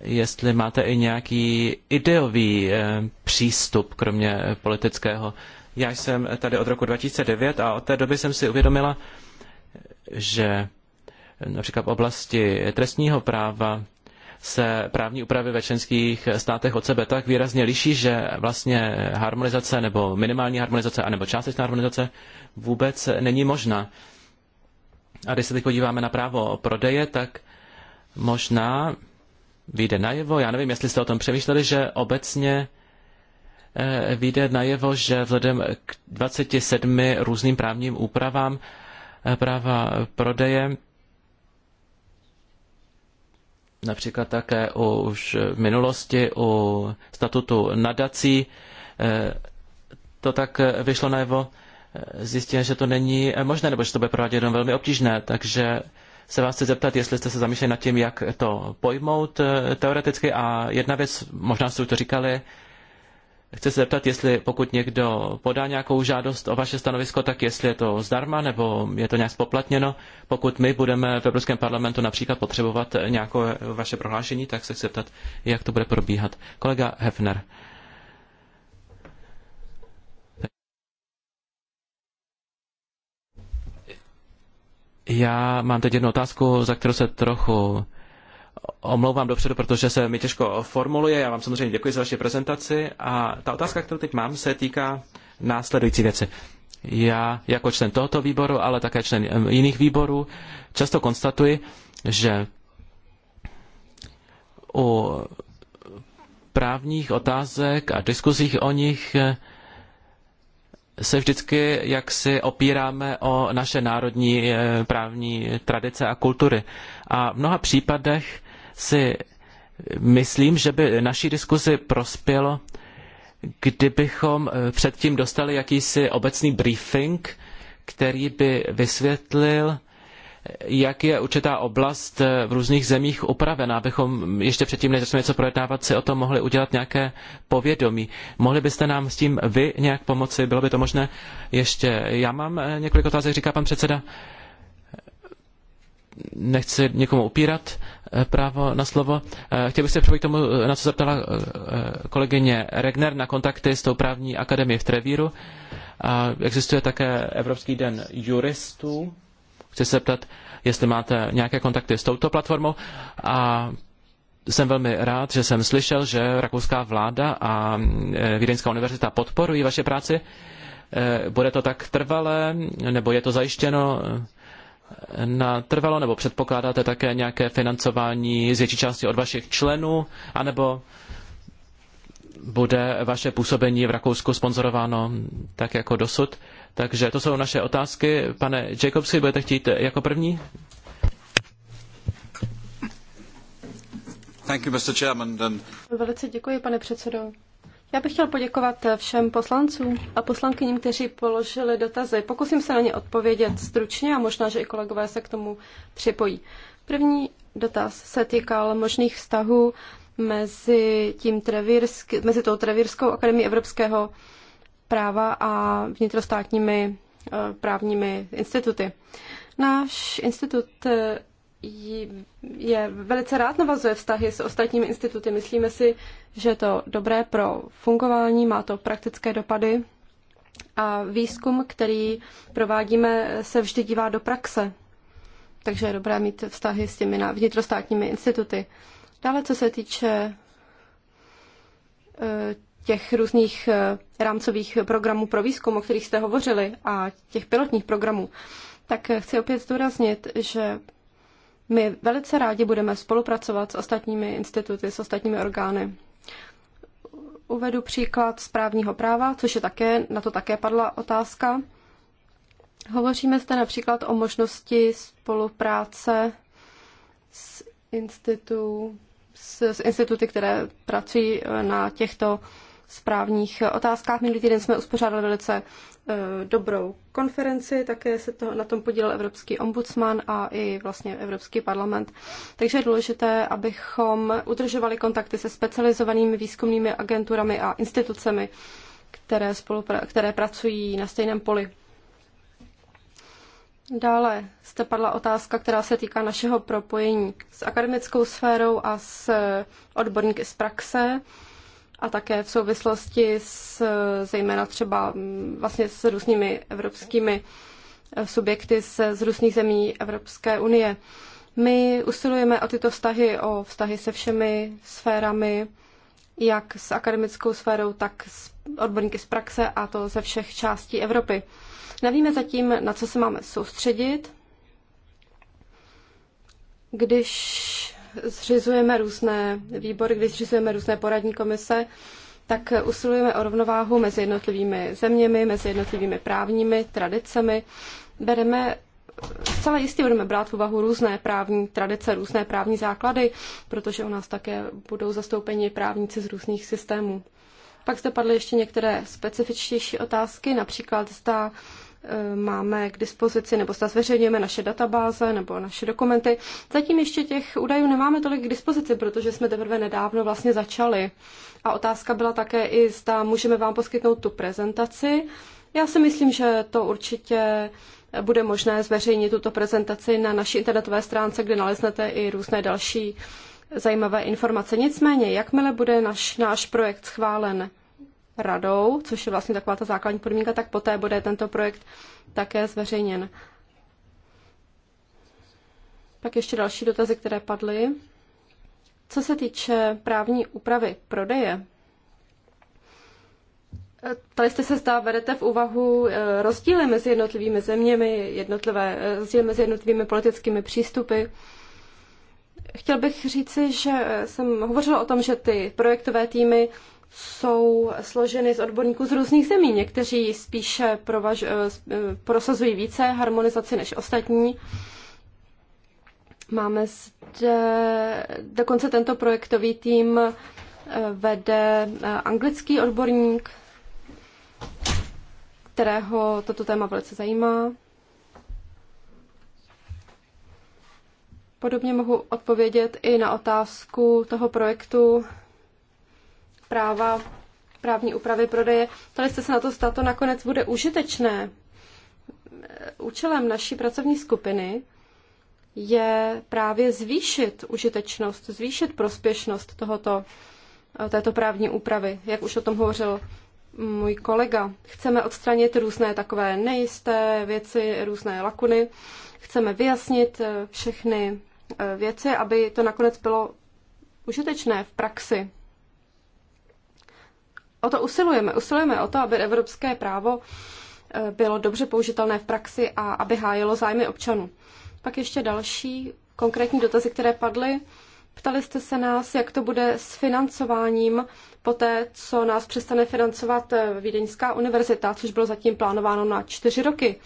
jestli máte i nějaký ideový eh, přístup, kromě politického. Já jsem tady od roku 2009 a od té doby jsem si uvědomila, že například v oblasti trestního práva se právní úpravy ve členských státech od sebe tak výrazně liší, že vlastně harmonizace nebo minimální harmonizace anebo částečná harmonizace vůbec není možná. A když se teď podíváme na právo prodeje, tak možná vyjde najevo, já nevím, jestli jste o tom přemýšleli, že obecně eh, vyjde najevo, že vzhledem k 27 různým právním úpravám eh, práva prodeje, například také už v minulosti u statutu nadací, eh, to tak vyšlo najevo, Zjistil, že to není možné, nebo že to bude prováděno velmi obtížné, takže se vás chci zeptat, jestli jste se zamýšleli nad tím, jak to pojmout eh, teoreticky. A jedna věc, možná jste už to říkali, chci se zeptat, jestli pokud někdo podá nějakou žádost o vaše stanovisko, tak jestli je to zdarma nebo je to nějak spoplatněno. Pokud my budeme v Evropském parlamentu například potřebovat nějaké vaše prohlášení, tak se chci zeptat, jak to bude probíhat. Kolega Hefner. Já mám teď jednu otázku, za kterou se trochu omlouvám dopředu, protože se mi těžko formuluje. Já vám samozřejmě děkuji za vaši prezentaci. A ta otázka, kterou teď mám, se týká následující věci. Já jako člen tohoto výboru, ale také člen jiných výborů, často konstatuji, že u právních otázek a diskuzích o nich se vždycky jaksi opíráme o naše národní eh, právní tradice a kultury. A v mnoha případech si myslím, že by naší diskuzi prospělo, kdybychom eh, předtím dostali jakýsi obecný briefing, který by vysvětlil, jak je určitá oblast eh, v různých zemích upravena, abychom ještě předtím, než začneme něco projednávat, si o tom mohli udělat nějaké povědomí. Mohli byste nám s tím vy nějak pomoci? Bylo by to možné? Ještě já mám eh, několik otázek, říká pan předseda. Nechci někomu upírat eh, právo na slovo. Chtěl bych se připojit k tomu, na co se ptala kolegyně Regner na kontakty s tou právní akademií v Trevíru. Existuje také Evropský den juristů, Chci se zeptat, jestli máte nějaké kontakty s touto platformou a jsem velmi rád, že jsem slyšel, že rakouská vláda a e, Vídeňská univerzita podporují vaše práci. E, bude to tak trvalé, nebo je to zajištěno e, na trvalo, nebo předpokládáte také nějaké financování z větší části od vašich členů, anebo bude vaše působení v Rakousku sponzorováno tak jako dosud? Takže to jsou naše otázky. Pane Jacobsky, budete chtít jako první? Thank you, Mr. Chairman. Velice děkuji, pane předsedo. Já bych chtěl poděkovat všem poslancům a poslankyním, kteří položili dotazy. Pokusím se na ně odpovědět stručně a možná, že i kolegové se k tomu připojí. První dotaz se týkal možných vztahů mezi, tím trevírsk, mezi tou Trevírskou akademií Evropského práva a vnitrostátními eh, právními instituty. Náš institut eh, je velice rád navazuje vztahy s ostatními instituty. Myslíme si, že je to dobré pro fungování, má to praktické dopady a výzkum, který provádíme, se vždy dívá do praxe. Takže je dobré mít vztahy s těmi vnitrostátními instituty. Dále, co se týče eh, těch různých eh, rámcových programů pro výzkum, o kterých jste hovořili, a těch pilotních programů, tak eh, chci opět zdůraznit, že my velice rádi budeme spolupracovat s ostatními instituty, s ostatními orgány. Uvedu příklad správního práva, což je také, na to také padla otázka. Hovoříme zde například o možnosti spolupráce s, institu, s, s instituty, které pracují eh, na těchto správních otázkách. Minulý týden jsme uspořádali velice e, dobrou konferenci, také se to, na tom podílel Evropský ombudsman a i vlastně Evropský parlament. Takže je důležité, abychom udržovali kontakty se specializovanými výzkumnými agenturami a institucemi, které, spolupra- které pracují na stejném poli. Dále jste padla otázka, která se týká našeho propojení s akademickou sférou a s odborníky z praxe a také v souvislosti s zejména třeba mm, vlastně s různými evropskými eh, subjekty z, z různých zemí Evropské unie. My usilujeme o tyto vztahy, o vztahy se všemi sférami, jak s akademickou sférou, tak s odborníky z praxe a to ze všech částí Evropy. Nevíme zatím, na co se máme soustředit. Když zřizujeme různé výbory, když zřizujeme různé poradní komise, tak usilujeme o rovnováhu mezi jednotlivými zeměmi, mezi jednotlivými právními tradicemi. Bereme Zcela jistě budeme brát v úvahu různé právní tradice, různé právní základy, protože u nás také budou zastoupeni právníci z různých systémů. Pak zde padly ještě některé specifičtější otázky, například zda Eh, máme k dispozici, nebo zda zveřejněme naše databáze nebo naše dokumenty. Zatím ještě těch údajů nemáme tolik k dispozici, protože jsme teprve nedávno vlastně začali. A otázka byla také i, zda můžeme vám poskytnout tu prezentaci. Já si myslím, že to určitě bude možné zveřejnit tuto prezentaci na naší internetové stránce, kde naleznete i různé další zajímavé informace. Nicméně, jakmile bude naš, náš projekt schválen radou, což je vlastně taková ta základní podmínka, tak poté bude tento projekt také zveřejněn. Pak ještě další dotazy, které padly. Co se týče právní úpravy prodeje, tady jste se zdá, vedete v úvahu eh, rozdíly mezi jednotlivými zeměmi, jednotlivé, eh, rozdíly mezi jednotlivými politickými přístupy. Chtěl bych říci, že eh, jsem hovořila o tom, že ty projektové týmy jsou složeny z odborníků z různých zemí. Někteří spíše provaž, eh, eh, prosazují více harmonizaci než ostatní. Máme zde, dokonce tento projektový tým eh, vede anglický odborník, kterého toto téma velice zajímá. Podobně mohu odpovědět i na otázku toho projektu práva, právní úpravy prodeje. Tady jste se na to, stát, to nakonec bude užitečné. Účelem naší pracovní skupiny je právě zvýšit užitečnost, zvýšit prospěšnost tohoto, této právní úpravy, jak už o tom hovořil můj kolega. Chceme odstranit různé takové nejisté věci, různé lakuny. Chceme vyjasnit eh, všechny eh, věci, aby to nakonec bylo užitečné v praxi o to usilujeme. Usilujeme o to, aby evropské právo eh, bylo dobře použitelné v praxi a aby hájilo zájmy občanů. Pak ještě další konkrétní dotazy, které padly. Ptali jste se nás, jak to bude s financováním po té, co nás přestane financovat eh, Vídeňská univerzita, což bylo zatím plánováno na čtyři roky.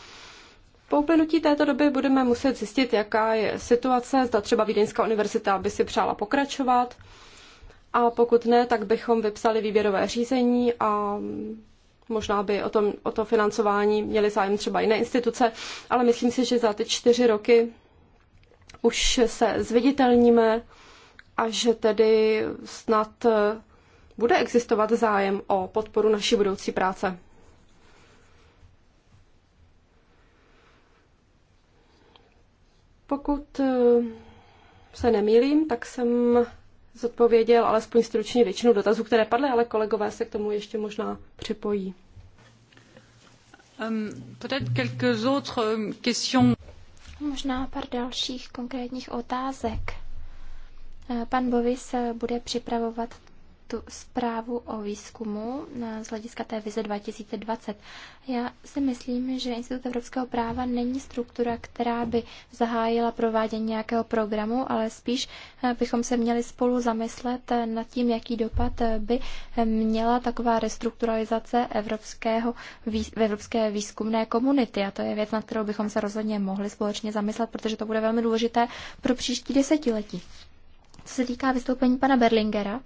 Po uplynutí této doby budeme muset zjistit, jaká je situace, zda třeba Vídeňská univerzita by si přála pokračovat, a pokud ne, tak bychom vypsali výběrové řízení a možná by o, tom, o to financování měly zájem třeba jiné instituce, ale myslím si, že za ty čtyři roky už se zviditelníme a že tedy snad bude existovat zájem o podporu naší budoucí práce. Pokud se nemýlím, tak jsem zodpověděl alespoň stručně většinu dotazů, které padly, ale kolegové se k tomu ještě možná připojí. Um, quelques autres questions. Možná pár dalších konkrétních otázek. Eh, pan Bovis eh, bude připravovat tu zprávu o výzkumu z hlediska té vize 2020. Já si myslím, že Institut evropského práva není struktura, která by zahájila provádění nějakého programu, ale spíš eh, bychom se měli spolu zamyslet eh, nad tím, jaký dopad eh, by měla taková restrukturalizace evropského, evropské výzkumné komunity. A to je věc, na kterou bychom se rozhodně mohli společně zamyslet, protože to bude velmi důležité pro příští desetiletí. Co se týká vystoupení pana Berlingera,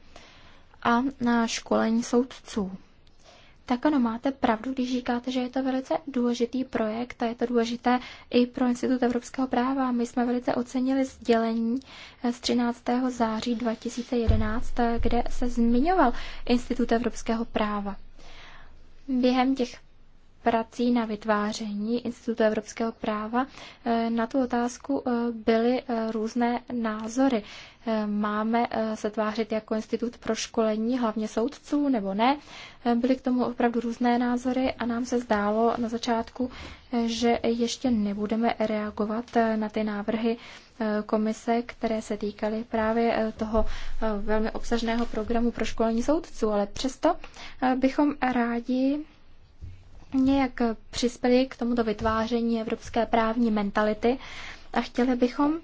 a na školení soudců. Tak ano, máte pravdu, když říkáte, že je to velice důležitý projekt a je to důležité i pro Institut evropského práva. My jsme velice ocenili sdělení eh, z 13. září 2011, eh, kde se zmiňoval Institut evropského práva. Během těch prací na vytváření Institutu evropského práva. Eh, na tu otázku eh, byly eh, různé názory. Máme se tvářit jako institut pro školení hlavně soudců nebo ne? Byly k tomu opravdu různé názory a nám se zdálo na začátku, že ještě nebudeme reagovat na ty návrhy komise, které se týkaly právě toho velmi obsažného programu pro školení soudců, ale přesto bychom rádi nějak přispěli k tomuto vytváření evropské právní mentality a chtěli bychom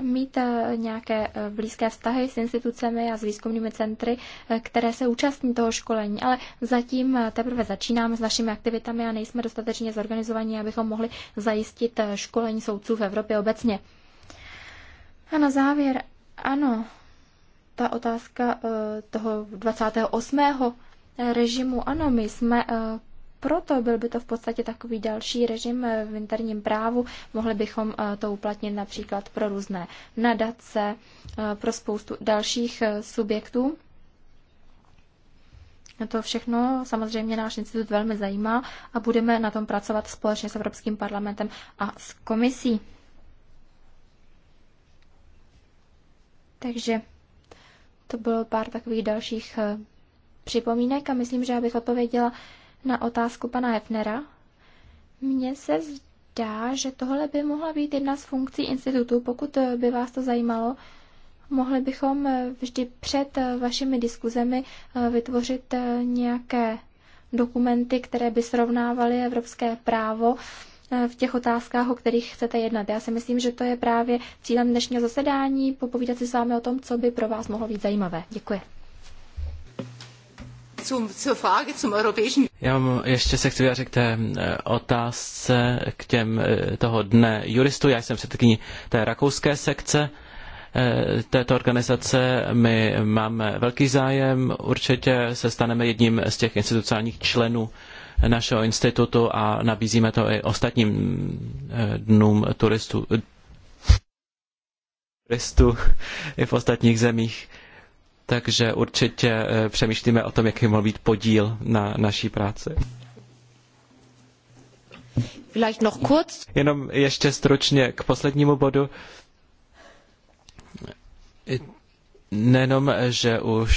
mít eh, nějaké eh, blízké vztahy s institucemi a s výzkumnými centry, eh, které se účastní toho školení, ale zatím teprve začínáme s našimi aktivitami a nejsme dostatečně zorganizovaní, abychom mohli zajistit školení soudců v Evropě obecně. A na závěr, ano, ta otázka toho 28 režimu. Ano, my jsme eh, proto byl by to v podstatě takový další režim eh, v interním právu. Mohli bychom eh, to uplatnit například pro různé nadace, pro spoustu dalších subjektů. To všechno samozřejmě náš institut velmi zajímá a budeme na tom pracovat společně s Evropským parlamentem a s komisí. Takže to bylo pár takových dalších připomínek a myslím, že abych odpověděla na otázku pana Hefnera. Mně se zdá, že tohle by mohla být jedna z funkcí institutu. Pokud by vás to zajímalo, mohli bychom vždy před vašimi diskuzemi vytvořit nějaké dokumenty, které by srovnávaly evropské právo v těch otázkách, o kterých chcete jednat. Já si myslím, že to je právě cílem dnešního zasedání, popovídat si s vámi o tom, co by pro vás mohlo být zajímavé. Děkuji zum, zur Frage zum europäischen... Já ještě se chci vyjádřit k té eh, otázce, k těm eh, toho dne juristů. Já jsem předsedkyní té rakouské sekce eh, této organizace. My máme velký zájem, určitě se staneme jedním z těch institucionálních členů našeho institutu a nabízíme to i ostatním dnům turistů, turistů i v ostatních zemích takže určitě eh, přemýšlíme o tom, jaký mohl být podíl na naší práci. Jenom ještě stručně k poslednímu bodu. Nenom, že už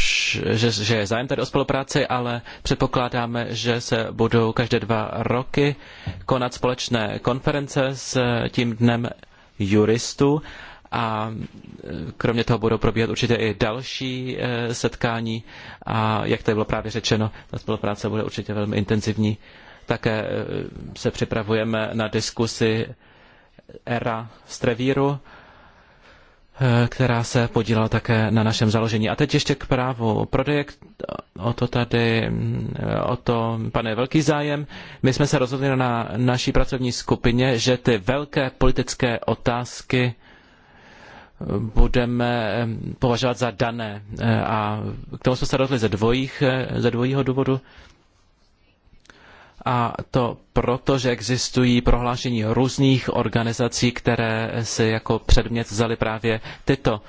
že, že je zájem tady o spolupráci, ale předpokládáme, že se budou každé dva roky konat společné konference s tím dnem juristů a e, kromě toho budou probíhat určitě i další e, setkání a jak to bylo právě řečeno, ta spolupráce bude určitě velmi intenzivní. Také e, se připravujeme na diskusi ERA Strevíru, která se podílela také na našem založení. A teď ještě k právu prodeje, o to tady, o to pane velký zájem. My jsme se rozhodli na naší pracovní skupině, že ty velké politické otázky budeme eh, považovat za dané. Eh, a k tomu jsme se rozhodli ze, dvojích, eh, ze dvojího důvodu. A to proto, že existují prohlášení různých organizací, které si jako předmět vzali právě tyto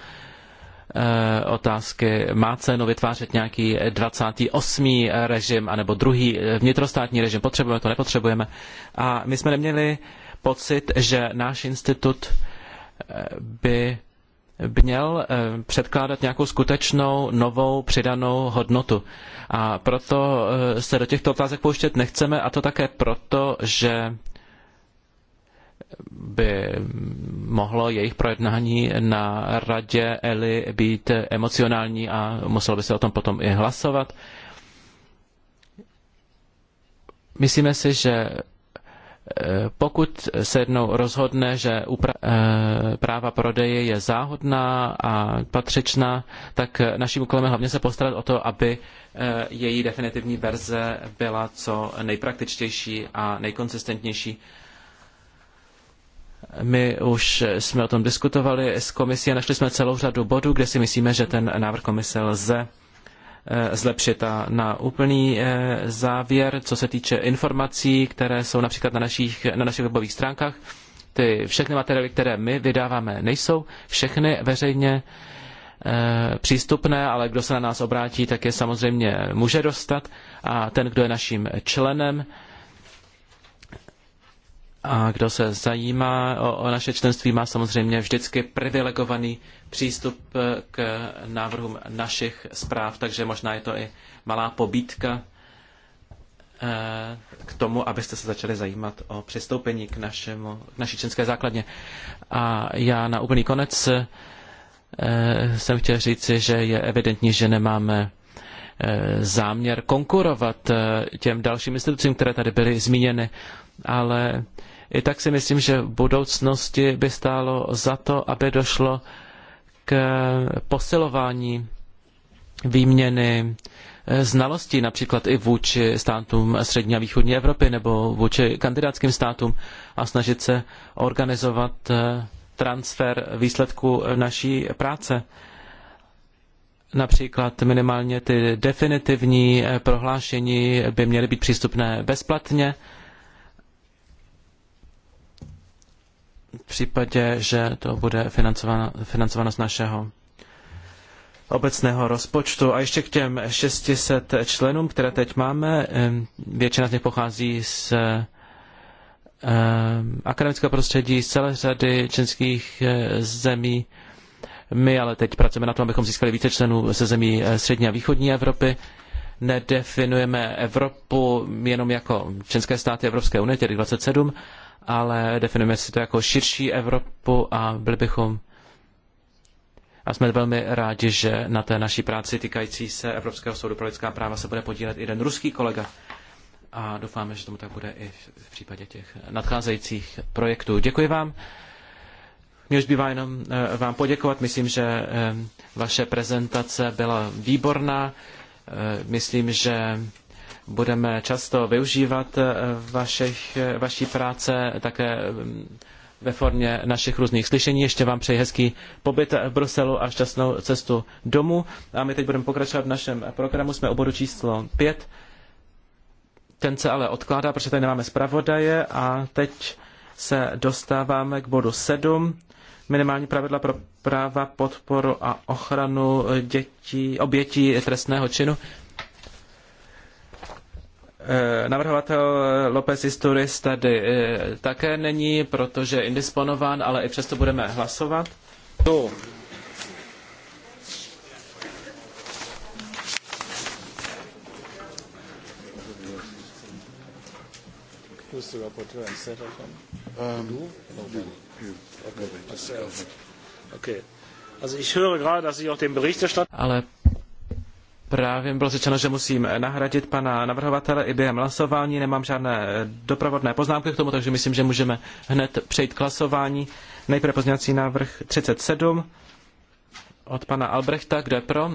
otázky. Má cenu vytvářet nějaký 28. režim anebo druhý vnitrostátní režim? Potřebujeme to, nepotřebujeme? A my jsme neměli pocit, že náš institut by měl eh, předkládat nějakou skutečnou novou přidanou hodnotu. A proto eh, se do těchto otázek pouštět nechceme a to také proto, že by mohlo jejich projednání na radě Eli být emocionální a muselo by se o tom potom i hlasovat. Myslíme si, že pokud se jednou rozhodne, že eh, práva prodeje je záhodná a patřičná, tak naším úkolem je hlavně se postarat o to, aby eh, její definitivní verze byla co nejpraktičtější a nejkonsistentnější. My už jsme o tom diskutovali s komisí a našli jsme celou řadu bodů, kde si myslíme, že ten návrh komise lze Eh, zlepšit. A na úplný eh, závěr, co se týče informací, které jsou například na našich, na našich webových stránkách, ty všechny materiály, které my vydáváme, nejsou všechny veřejně eh, přístupné, ale kdo se na nás obrátí, tak je samozřejmě může dostat a ten, kdo je naším členem, a kdo se zajímá o, o naše členství, má samozřejmě vždycky privilegovaný přístup eh, k návrhům našich zpráv, takže možná je to i malá pobídka eh, k tomu, abyste se začali zajímat o přistoupení k, našemu, k naší členské základně. A já na úplný konec eh, jsem chtěl říci, že je evidentní, že nemáme záměr konkurovat těm dalším institucím, které tady byly zmíněny, ale i tak si myslím, že v budoucnosti by stálo za to, aby došlo k posilování výměny eh, znalostí, například i vůči státům střední a východní Evropy nebo vůči kandidátským státům a snažit se organizovat eh, transfer výsledků naší práce. Například minimálně ty definitivní eh, prohlášení by měly být přístupné bezplatně v případě, že to bude financováno, financováno z našeho obecného rozpočtu. A ještě k těm 600 členům, které teď máme, většina z nich pochází z akademického prostředí z celé řady českých eh, zemí. My ale teď pracujeme na tom, abychom získali více členů ze zemí eh, střední a východní Evropy. Nedefinujeme Evropu jenom jako členské státy Evropské unie, tedy 27, ale definujeme si to jako širší Evropu a byli bychom a jsme velmi rádi, že na té naší práci týkající se Evropského soudu pro lidská práva se bude podílet i jeden ruský kolega. A doufáme, že tomu tak bude i v případě těch nadcházejících projektů. Děkuji vám. Mě už bývá jenom eh, vám poděkovat. Myslím, že eh, vaše prezentace byla výborná. Eh, myslím, že budeme často využívat eh, vašich, eh, vaší práce také mm, ve formě našich různých slyšení. Ještě vám přeji hezký pobyt v Bruselu a šťastnou cestu domů. A my teď budeme pokračovat v našem programu. Jsme u bodu číslo 5. Ten se ale odkládá, protože tady nemáme zpravodaje a teď se dostáváme k bodu 7. Minimální pravidla pro práva, podporu a ochranu dětí, obětí trestného činu. Eh, navrhovatel López Isturis tady eh, také není, protože je indisponován, ale i přesto budeme hlasovat. Tu. Ähm, ale Právě bylo řečeno, že musím nahradit pana navrhovatele i během hlasování. Nemám žádné doprovodné poznámky k tomu, takže myslím, že můžeme hned přejít k hlasování. Nejprve pozměňovací návrh 37 od pana Albrechta. Kdo je pro?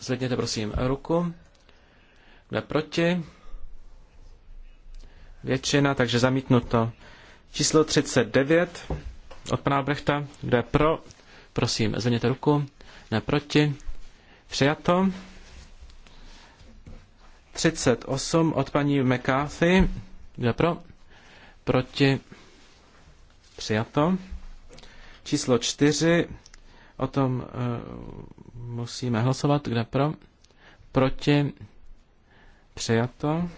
Zvedněte prosím ruku. Kdo je proti? Většina, takže zamítnuto. Číslo 39 od pana Albrechta. Kdo je pro? Prosím, zvedněte ruku. Ne proti. Přijato. 38 od paní McCarthy. Kdo pro? Proti? Přijato. Číslo 4. O tom uh, musíme hlasovat. Kde pro? Proti? Přijato.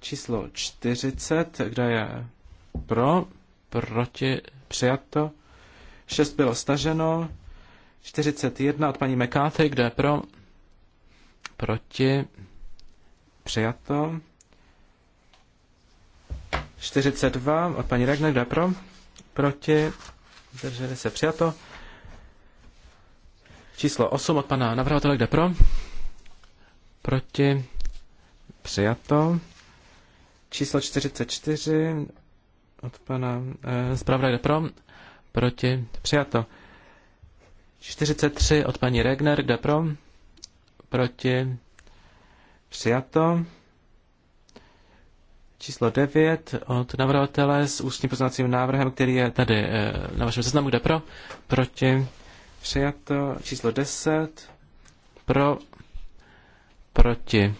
Číslo 40. Kdo je pro? Proti? Přijato. 6 eh, bylo staženo. 41 od paní McCarthy, kde pro, proti, přijato. 42 od paní Regner, kde pro, proti, drželi se přijato. Číslo 8 od pana navrhovatele, kde pro, proti, přijato. Číslo 44 od pana eh, zpravodaje, kde pro, proti, přijato. 43 od paní Regner, kde pro? Proti. Přijato. Číslo 9 od navrhovatele s ústním poznacím návrhem, který je tady eh, na vašem seznamu, kde pro? Proti. Přijato. Číslo 10 pro. Proti.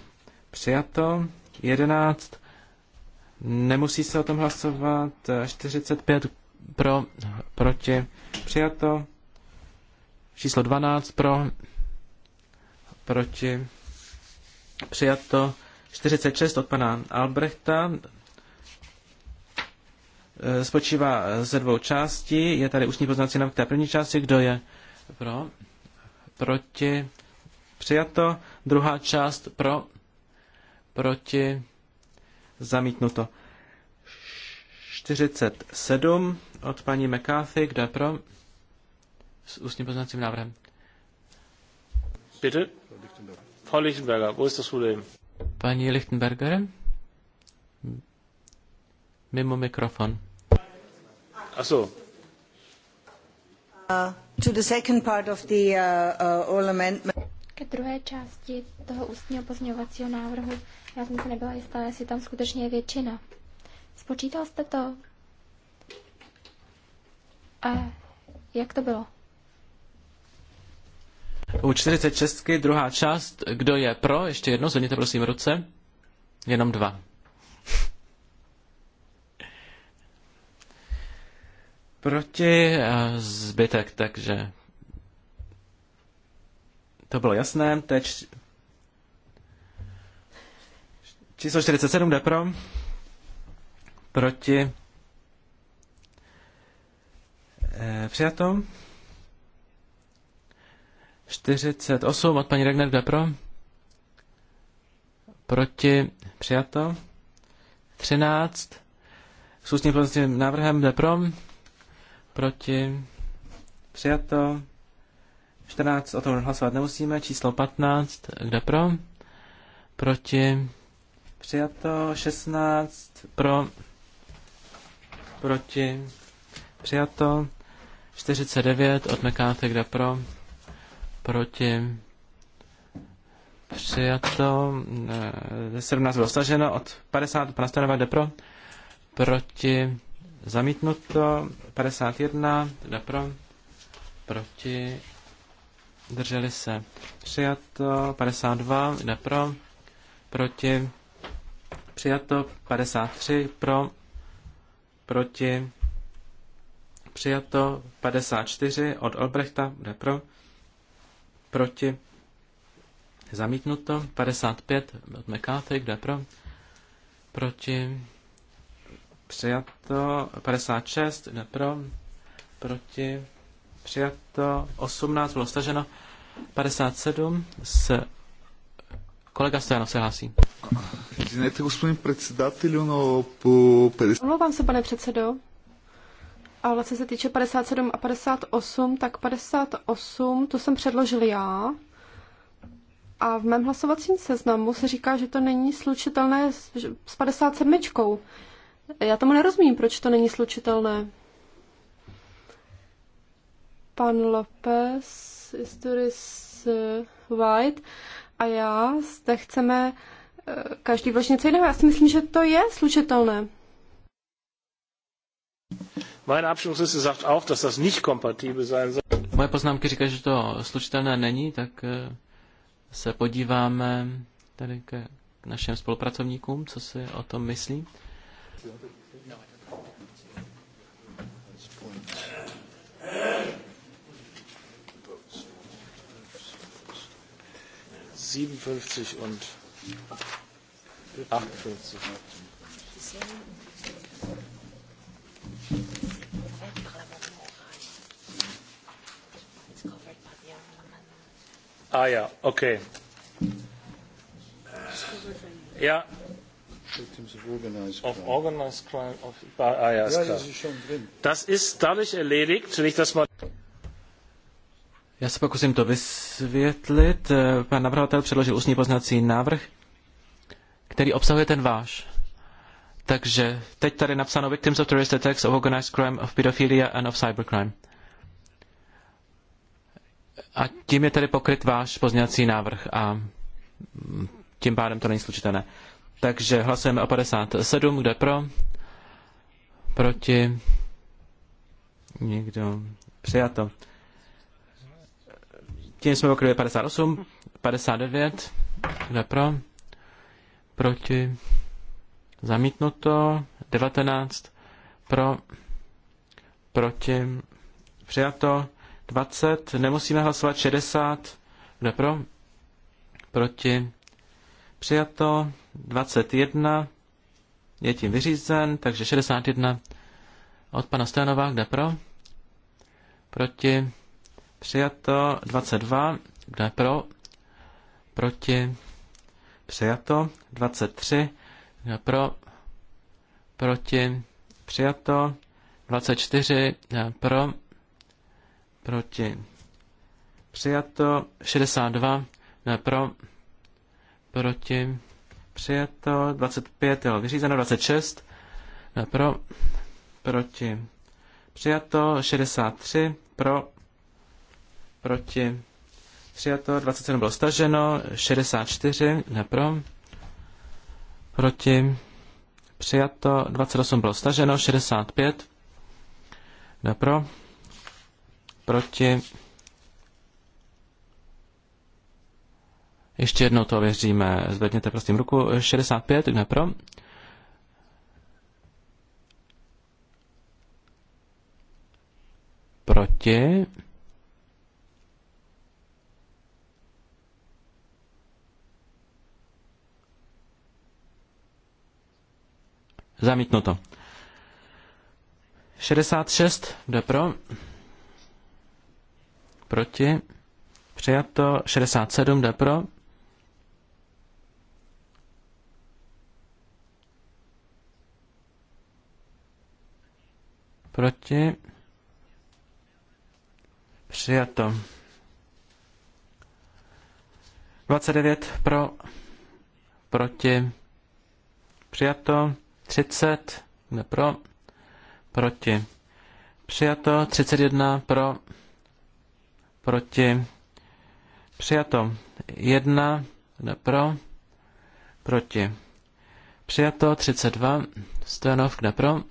Přijato. 11. Nemusí se o tom hlasovat. 45 eh, pro, proti. Přijato. Číslo 12 pro, proti, přijato 46 od pana Albrechta. E, spočívá ze dvou částí. Je tady ústní poznací na té první části. Kdo je pro? Proti. Přijato. Druhá část pro. Proti. Zamítnuto. 47 od paní McCarthy. Kdo je pro? s ústním poznacím návrhem. Bitte? Frau Lichtenberger, wo ist das Problem? Paní Lichtenberger? Mimo mikrofon. Ach Uh, to the second part of the uh, uh, all amendment. Ke druhé části toho ústního pozměňovacího návrhu, já jsem se nebyla jistá, jestli tam skutečně je většina. Spočítal jste to? A jak to bylo? U 46, druhá část, kdo je pro, ještě jednou, zvedněte prosím ruce. Jenom dva. Proti eh, zbytek, takže to bylo jasné. Teď číslo 47 jde pro. Proti. E, přijato. 48 od paní Regner, kde pro? Proti přijato. 13 s ústním pozitivním návrhem, kde pro? Proti přijato. 14 o tom hlasovat nemusíme. Číslo 15, kde pro? Proti přijato. 16 pro. Proti přijato. 49 od McCarthy, kde pro? proti přijato, 17 e, bylo staženo, od 50 pana Stanova jde pro, proti zamítnuto, 51 jde pro, proti drželi se přijato, 52 jde pro, proti přijato, 53 pro, proti přijato, 54 od Olbrechta jde pro, proti, zamítnuto, 55 od McCarthy, kde pro, proti, přijato, 56, kde pro, proti, přijato, 18 bylo staženo, 57 s Kolega Stojano se hlásí. Извинете, господин předsedatelů no по 50... Omlouvám se, pane předsedo ale vlastně se týče 57 a 58, tak 58 to jsem předložil já. A v mém hlasovacím seznamu se říká, že to není slučitelné s, s 57. Já tomu nerozumím, proč to není slučitelné. Pan Lopez, Isturis White a já zde chceme eh, každý vložit něco jiného. Já si myslím, že to je slučitelné. Meine sagt auch, dass das nicht kompatibel sein soll. Moje poznámky říkají, že to slučitelné není, tak eh, se podíváme tady k našim spolupracovníkům, co si o tom myslí. und 58. Já se pokusím to vysvětlit. Eh, pan navrhovatel předložil ústní poznací návrh, který obsahuje ten váš. Takže teď tady napsáno Victims of Terrorist Attacks, of Organized Crime, of Pedophilia and of Cybercrime. A tím je tedy pokryt váš pozněvací návrh a tím pádem to není slučitelné. Takže hlasujeme o 57, kde pro, proti, někdo, přijato. Tím jsme pokryli 58, 59, kde pro, proti, zamítnuto, 19, pro, proti, přijato, 20, nemusíme hlasovat 60, kdo pro? Proti. Přijato 21, je tím vyřízen, takže 61 od pana Stanova, kde pro? Proti. Přijato 22, kde pro? Proti. Přijato 23, kde pro? Proti. Přijato 24, kde pro? proti, přijato, 62 ne, pro, proti, přijato, 25 jo, vyřízeno, 26 ne, pro, proti, přijato, 63 pro, proti, přijato, 27 bylo staženo, 64 ne, pro, proti, přijato, 28 bylo staženo, 65 ne, pro, proti. Ještě jednou to věříme. Zvedněte prostým ruku. 65, kdo pro? Proti. Zamítnuto. 66, kdo pro? proti, přijato 67 jde pro, proti, přijato 29 pro, proti, přijato 30 jde pro, proti, přijato 31 pro, proti, přijato. Jedna pro, proti, přijato. 32, Stojanov, kde pro,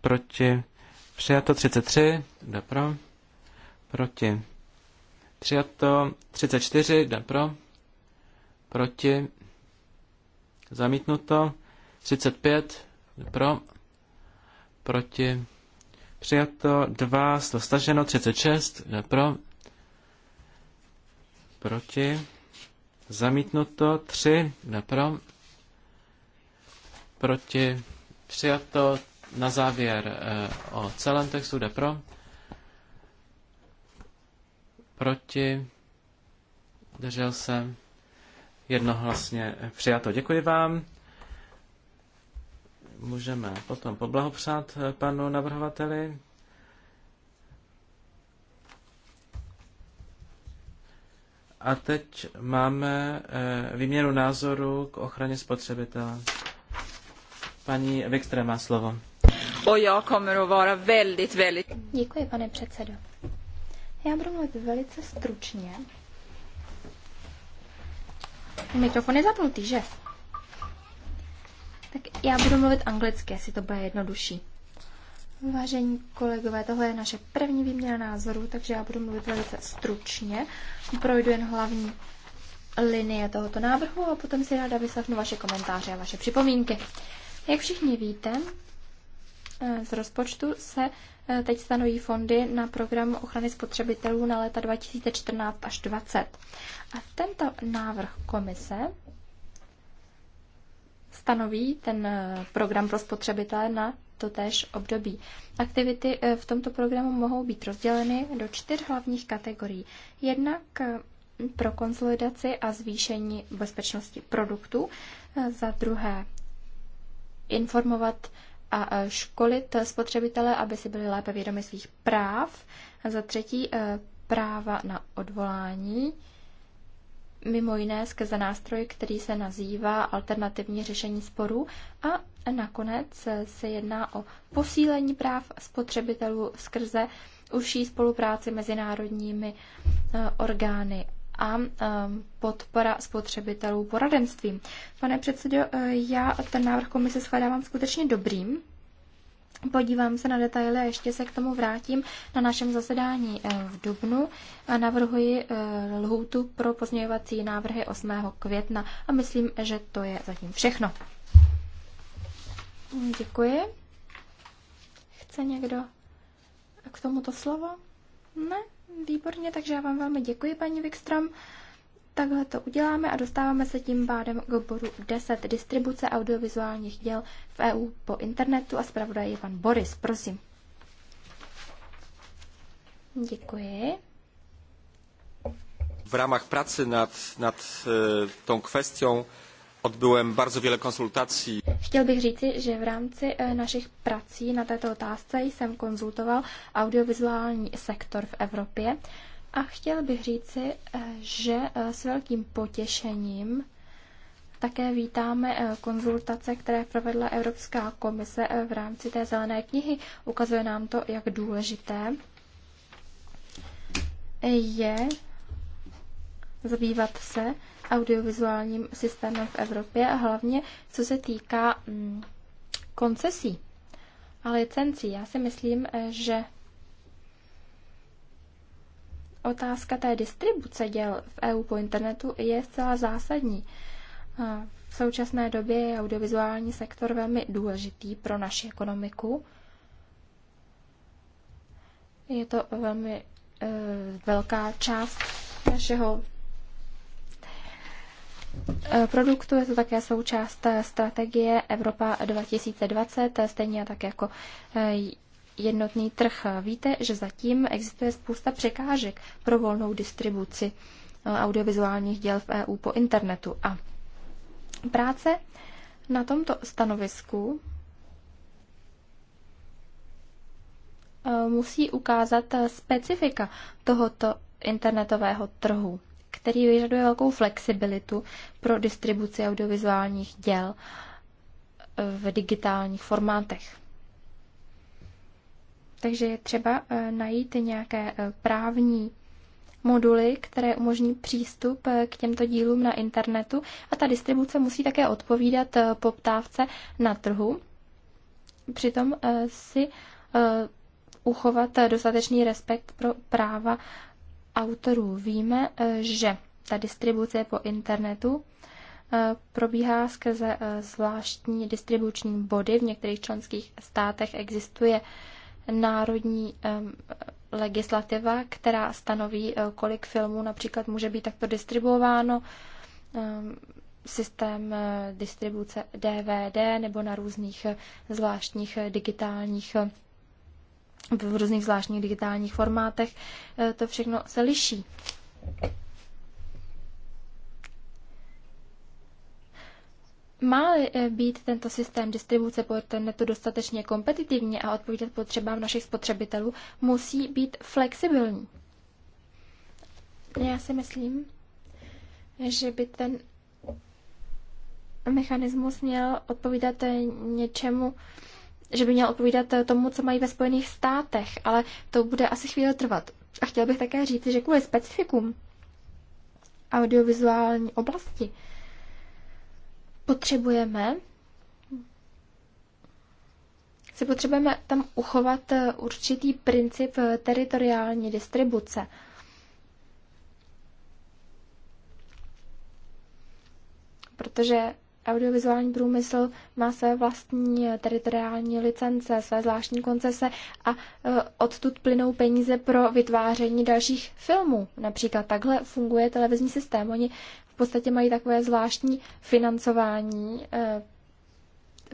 proti, přijato. 33, kde pro, proti, přijato. 34, kde pro, proti, zamítnuto. 35, pro, proti, Přijato 2, staženo, 36, ne pro, proti, zamítnuto 3, ne pro, proti, přijato na závěr eh, o celém textu, jde pro, proti, držel jsem jednohlasně eh, přijato. Děkuji vám. Můžeme potom poblahopřát eh, panu navrhovateli. A teď máme eh, výměnu názoru k ochraně spotřebitele. Paní Vikstra má slovo. O já kommer vara velit, velit. Děkuji, pane předsedo. Já budu mluvit velice stručně. Mikrofon je zapnutý, že? Já budu mluvit anglicky, asi to bude jednodušší. Vážení kolegové, tohle je naše první výměna názorů, takže já budu mluvit velice stručně. Projdu jen hlavní linie tohoto návrhu a potom si ráda vyslechnu vaše komentáře a vaše připomínky. Jak všichni víte, eh, z rozpočtu se eh, teď stanoví fondy na program ochrany spotřebitelů na léta 2014 až 2020. A tento návrh komise stanoví ten eh, program pro spotřebitele na totéž období. Aktivity eh, v tomto programu mohou být rozděleny do čtyř hlavních kategorií. Jednak eh, pro konsolidaci a zvýšení bezpečnosti produktů, za druhé informovat a školit spotřebitele, aby si byli lépe vědomi svých práv, za třetí práva na odvolání, mimo jiné skrze nástroj, který se nazývá alternativní řešení sporů a nakonec se jedná o posílení práv spotřebitelů skrze užší spolupráci mezinárodními eh, orgány a ehm, podpora spotřebitelů poradenstvím. Pane předsedo, eh, já ten návrh komise shledávám skutečně dobrým. Podívám se na detaily a ještě se k tomu vrátím na našem zasedání eh, v Dubnu. A navrhuji eh, lhůtu pro pozměňovací návrhy 8. května a myslím, že to je zatím všechno. Děkuji. Chce někdo k tomuto slovo? Ne? Výborně, takže já vám velmi děkuji, paní Wikstrom. Takhle to uděláme a dostáváme se tím pádem k bodu 10. Distribuce audiovizuálních děl v EU po internetu a zpravodají pan Boris, prosím. Děkuji. V ramach práce nad, nad e, tą kwestią odbyłem bardzo wiele konsultací. Chtěl bych říci, že v rámci e, našich prací na této otázce jsem konzultoval audiovizuální sektor v Evropě a chtěl bych říci, eh, že eh, s velkým potěšením také vítáme eh, konzultace, které provedla Evropská komise v rámci té zelené knihy. Ukazuje nám to, jak důležité je zabývat se audiovizuálním systémem v Evropě a hlavně co se týká mm, koncesí a licencí. Já si myslím, že otázka té distribuce děl v EU po internetu je zcela zásadní. V současné době je audiovizuální sektor velmi důležitý pro naši ekonomiku. Je to velmi e, velká část našeho e, produktu, je to také součást e, strategie Evropa 2020, stejně tak jako e, jednotný trh. Víte, že zatím existuje spousta překážek pro volnou distribuci eh, audiovizuálních děl v EU po internetu. A práce na tomto stanovisku eh, musí ukázat eh, specifika tohoto internetového trhu, který vyžaduje velkou flexibilitu pro distribuci audiovizuálních děl v digitálních formátech. Takže je třeba eh, najít nějaké eh, právní moduly, které umožní přístup eh, k těmto dílům na internetu a ta distribuce musí také odpovídat poptávce na trhu. Přitom si uchovat dostatečný respekt pro práva autorů. Víme, že ta distribuce po internetu probíhá skrze zvláštní distribuční body. V některých členských státech existuje národní legislativa, která stanoví, eh, kolik filmů například může být takto distribuováno, systém eh, distribuce DVD nebo na různých eh, zvláštních digitálních v různých zvláštních digitálních formátech. To všechno se liší. Má eh, být tento systém distribuce po internetu dostatečně kompetitivní a odpovídat potřebám našich spotřebitelů, musí být flexibilní. Já si myslím, že by ten mechanismus měl odpovídat eh, něčemu, že by měl odpovídat eh, tomu, co mají ve Spojených státech, ale to bude asi chvíli trvat. A chtěl bych také říct, že kvůli specifikum audiovizuální oblasti, potřebujeme si potřebujeme tam uchovat eh, určitý princip eh, teritoriální distribuce. Protože audiovizuální průmysl má své vlastní eh, teritoriální licence, své zvláštní koncese a odtud plynou peníze pro vytváření dalších filmů. Například takhle funguje televizní systém. Oni podstatě mají takové zvláštní financování. Eh,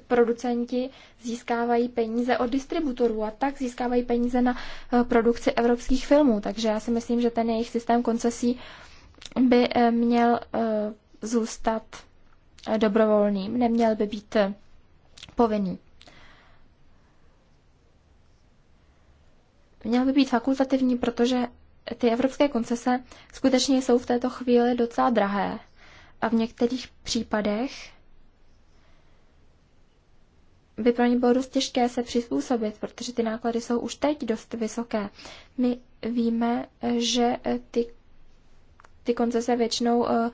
producenti získávají peníze od distributorů a tak získávají peníze na eh, produkci evropských filmů. Takže já si myslím, že ten jejich systém koncesí by eh, měl zůstat dobrovolným, neměl by být povinný. Měl by být fakultativní, protože ty evropské koncese skutečně jsou v této chvíli docela drahé a v některých případech by pro ně bylo dost těžké se přizpůsobit, protože ty náklady jsou už teď dost vysoké. My víme, že ty, ty koncese většinou eh,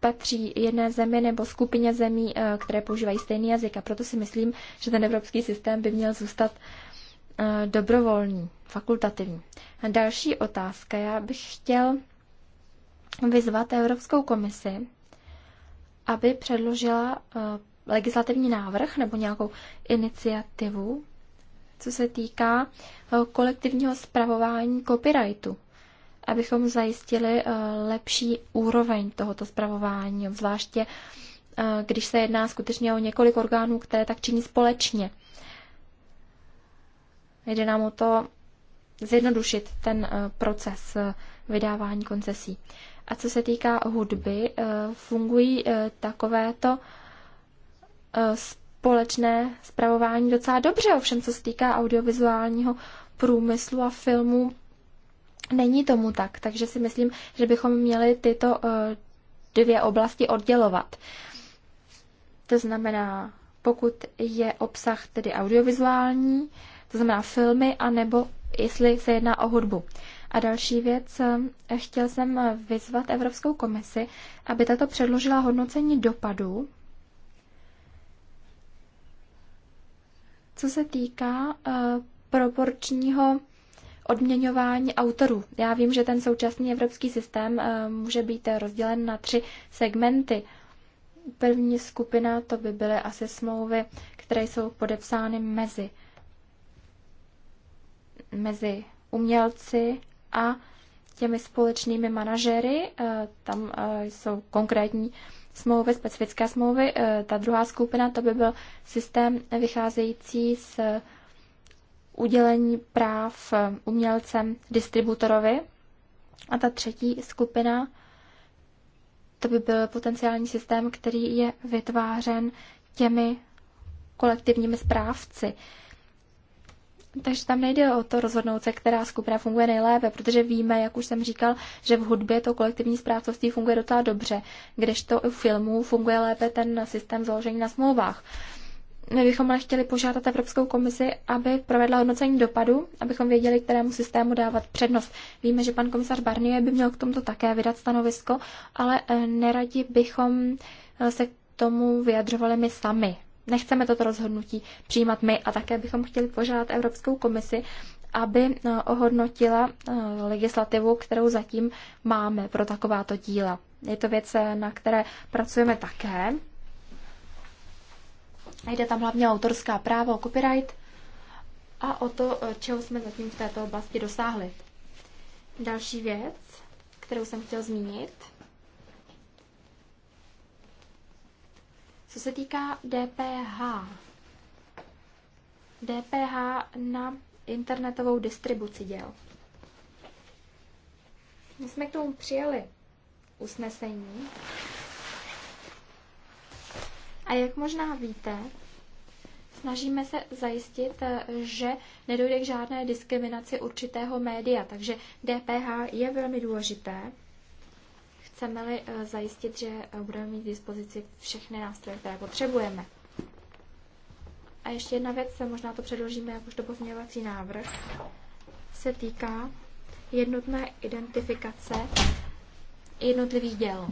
patří jedné zemi nebo skupině zemí, eh, které používají stejný jazyk. A proto si myslím, že ten evropský systém by měl zůstat Eh, dobrovolní, fakultativní. A další otázka. Já bych chtěl vyzvat Evropskou komisi, aby předložila eh, legislativní návrh nebo nějakou iniciativu, co se týká eh, kolektivního zpravování copyrightu, abychom zajistili lepší úroveň tohoto zpravování, zvláště když se jedná skutečně o několik orgánů, které tak činí společně. Jde nám o to zjednodušit ten eh, proces eh, vydávání koncesí. A co se týká hudby, eh, fungují takovéto společné zpravování docela dobře, ovšem co se týká audiovizuálního průmyslu a filmu, není tomu tak. Takže si myslím, že bychom měli tyto dvě oblasti oddělovat. To znamená, pokud je obsah tedy audiovizuální, to znamená filmy, anebo jestli se jedná o hudbu. A další věc, eh, chtěl jsem vyzvat Evropskou komisi, aby tato předložila hodnocení dopadů, co se týká eh, proporčního odměňování autorů. Já vím, že ten současný evropský systém eh, může být rozdělen na tři segmenty. První skupina to by byly asi smlouvy, které jsou podepsány mezi mezi umělci a těmi společnými manažery. Eh, tam eh, jsou konkrétní smlouvy, specifické smlouvy. Eh, ta druhá skupina to by byl systém vycházející z udělení práv umělcem distributorovi. A ta třetí skupina to by byl potenciální systém, který je vytvářen těmi kolektivními správci. Takže tam nejde o to rozhodnout se, která skupina funguje nejlépe, protože víme, jak už jsem říkal, že v hudbě to kolektivní zprávcovství funguje docela dobře, kdežto u filmů funguje lépe ten systém založený na smlouvách. My bychom ale chtěli požádat Evropskou komisi, aby provedla hodnocení dopadu, abychom věděli, kterému systému dávat přednost. Víme, že pan komisař Barnier by měl k tomuto také vydat stanovisko, ale eh, neradi bychom eh, se k tomu vyjadřovali my sami nechceme toto rozhodnutí přijímat my a také bychom chtěli požádat Evropskou komisi, aby eh, ohodnotila eh, legislativu, kterou zatím máme pro takováto díla. Je to věc, eh, na které pracujeme také. Jde tam hlavně o autorská práva, o copyright a o to, čeho jsme zatím v této oblasti dosáhli. Další věc, kterou jsem chtěl zmínit, Co se týká DPH, DPH na internetovou distribuci děl. My jsme k tomu přijeli usnesení. A jak možná víte, snažíme se zajistit, že nedojde k žádné diskriminaci určitého média, takže DPH je velmi důležité chceme-li eh, zajistit, že eh, budeme mít k dispozici všechny nástroje, které potřebujeme. A ještě jedna věc, možná to předložíme jakožto pozměňovací návrh, se týká jednotné identifikace jednotlivých děl.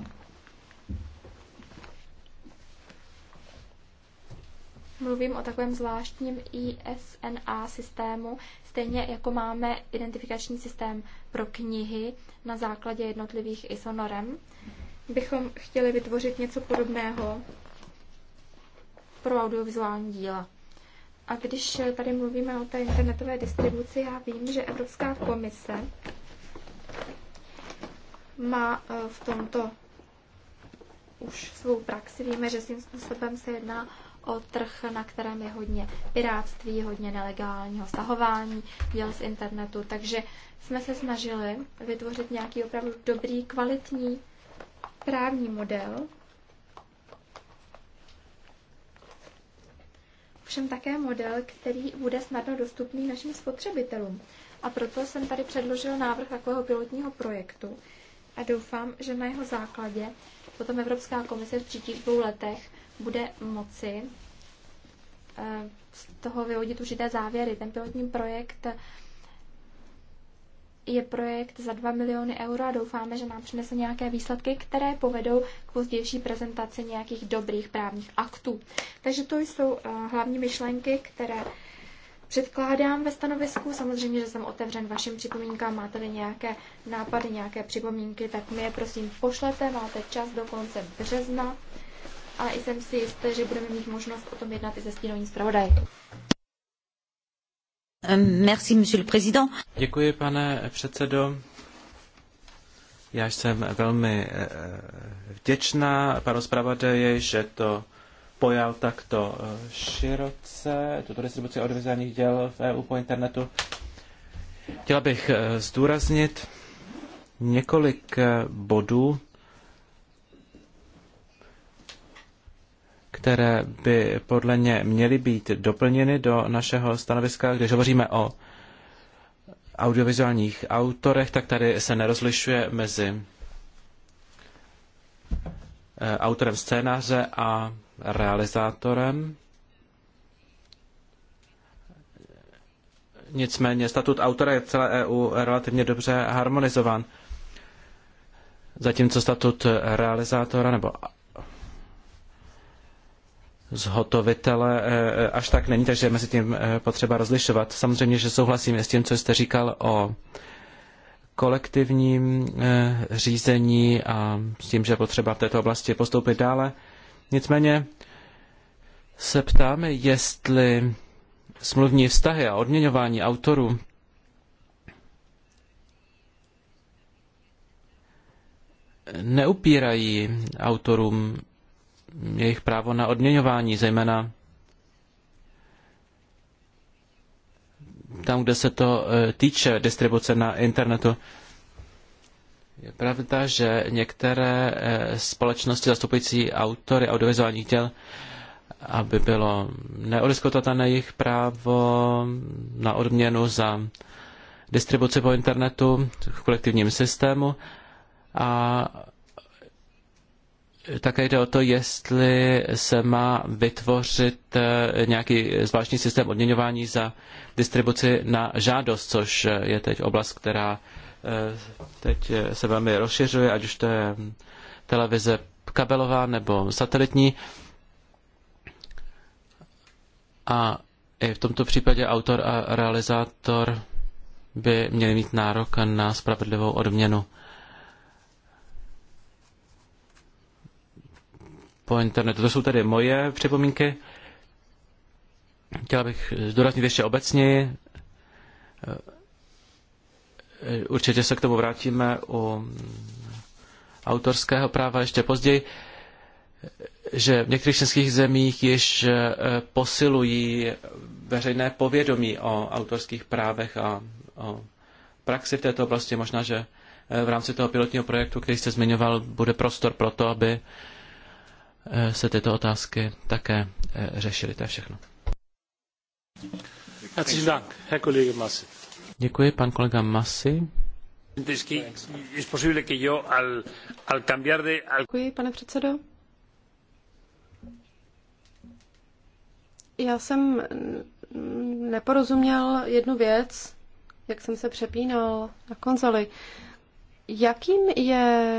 Mluvím o takovém zvláštním ISNA systému, stejně jako máme identifikační systém pro knihy na základě jednotlivých norem. Bychom chtěli vytvořit něco podobného pro audiovizuální díla. A když tady mluvíme o té internetové distribuci, já vím, že Evropská komise má eh, v tomto už svou praxi. Víme, že svým způsobem se jedná o trh, na kterém je hodně piráctví, hodně nelegálního stahování děl z internetu, takže jsme se snažili vytvořit nějaký opravdu dobrý, kvalitní právní model. Všem také model, který bude snadno dostupný našim spotřebitelům. A proto jsem tady předložil návrh takového pilotního projektu a doufám, že na jeho základě potom Evropská komise v příštích dvou letech bude moci eh, z toho vyvodit určité závěry. Ten pilotní projekt je projekt za 2 miliony euro a doufáme, že nám přinese nějaké výsledky, které povedou k pozdější prezentaci nějakých dobrých právních aktů. Takže to jsou eh, hlavní myšlenky, které předkládám ve stanovisku. Samozřejmě, že jsem otevřen vašim připomínkám. Máte-li nějaké nápady, nějaké připomínky, tak mi je prosím pošlete. Máte čas do konce března ale i jsem si jistý, že budeme mít možnost o tom jednat i ze stínovní zpravodajem. Euh, merci, monsieur le président. Děkuji, pane předsedo. Já jsem velmi eh, eh, vděčná panu zpravodaji, že to pojal takto eh, široce, tuto distribuci odvizelných děl v EU po internetu. Chtěla bych zdůraznit několik bodů, které by podle ně měly být doplněny do našeho stanoviska. Když hovoříme o audiovizuálních autorech, tak tady se nerozlišuje mezi eh, autorem scénáře a realizátorem. Nicméně statut autora je v celé EU relativně dobře harmonizován. Zatímco statut realizátora nebo zhotovitele eh, eh, až tak není, takže mezi tím eh, potřeba rozlišovat. Samozřejmě, že souhlasím s tím, co jste říkal o kolektivním řízení a s tím, že potřeba v této oblasti postoupit dále. Nicméně se ptáme, jestli smluvní vztahy a odměňování autorů neupírají autorům jejich právo na odměňování, zejména tam, kde se to e, týče distribuce na internetu. Je pravda, že některé e, společnosti zastupující autory audiovizuálních děl, aby bylo neodiskutatelné jejich právo na odměnu za distribuci po internetu v kolektivním systému a také jde o to, jestli se má vytvořit eh, nějaký zvláštní systém odměňování za distribuci na žádost, což je teď oblast, která eh, teď se velmi rozšiřuje, ať už to je televize kabelová nebo satelitní. A i v tomto případě autor a realizátor by měli mít nárok na spravedlivou odměnu. po internetu. To jsou tedy moje připomínky. Chtěla bych zdůraznit ještě obecněji. Eh, určitě se k tomu vrátíme u autorského práva ještě později, že v některých českých zemích již eh, posilují veřejné povědomí o autorských právech a o praxi v této oblasti. Možná, že eh, v rámci toho pilotního projektu, který jste zmiňoval, bude prostor pro to, aby Eh, se tyto otázky také eh, řešily. To je všechno. Děkuji, pan kolega Masi. Děkuji, pane předsedo. Já jsem neporozuměl jednu věc, jak jsem se přepínal na konzoli. Jakým je,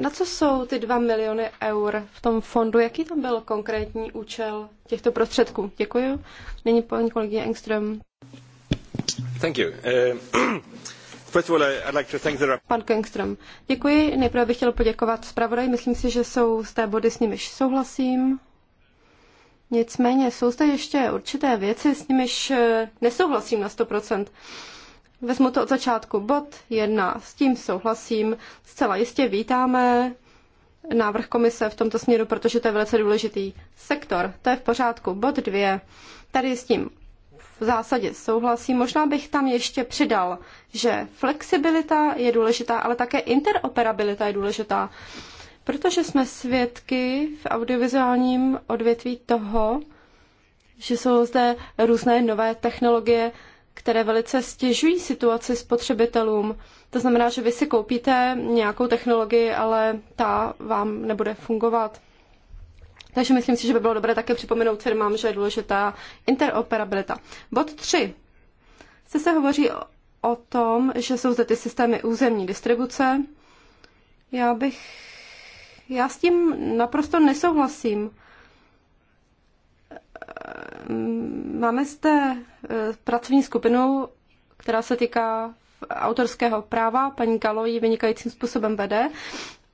na co jsou ty dva miliony eur v tom fondu? Jaký tam byl konkrétní účel těchto prostředků? Děkuji. Nyní paní kolegyně Engström. Thank you. Uh, (clears throat) first of all, I'd like to thank the... Pan Engström. Děkuji. Nejprve bych chtěl poděkovat zpravodaj. Myslím si, že jsou z té body, s nimiž souhlasím. Nicméně jsou zde ještě určité věci, s nimiž eh, nesouhlasím na 100%. Vezmu to od začátku. Bod 1. S tím souhlasím. Zcela jistě vítáme návrh komise v tomto směru, protože to je velice důležitý sektor. To je v pořádku. Bod 2. Tady s tím v zásadě souhlasím. Možná bych tam ještě přidal, že flexibilita je důležitá, ale také interoperabilita je důležitá, protože jsme svědky v audiovizuálním odvětví toho, že jsou zde různé nové technologie, které velice stěžují situaci spotřebitelům. To znamená, že vy si koupíte nějakou technologii, ale ta vám nebude fungovat. Takže myslím si, že by bylo dobré také připomenout firmám, že je důležitá interoperabilita. Bod 3. Se se hovoří o tom, že jsou zde ty systémy územní distribuce. Já bych... Já s tím naprosto nesouhlasím. Máme zde e, pracovní skupinu, která se týká autorského práva. Paní Galo ji vynikajícím způsobem vede.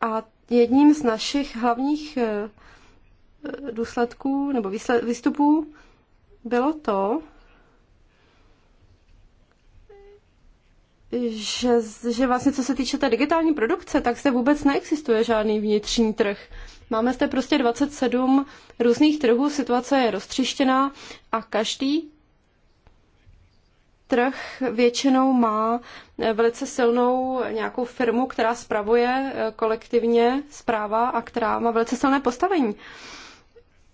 A jedním z našich hlavních e, e, důsledků nebo výstupů bylo to, že, že vlastně co se týče té digitální produkce, tak se vůbec neexistuje žádný vnitřní trh. Máme zde prostě 27 různých trhů, situace je roztřištěná a každý trh většinou má eh, velice silnou nějakou firmu, která spravuje eh, kolektivně zpráva a která má velice silné postavení.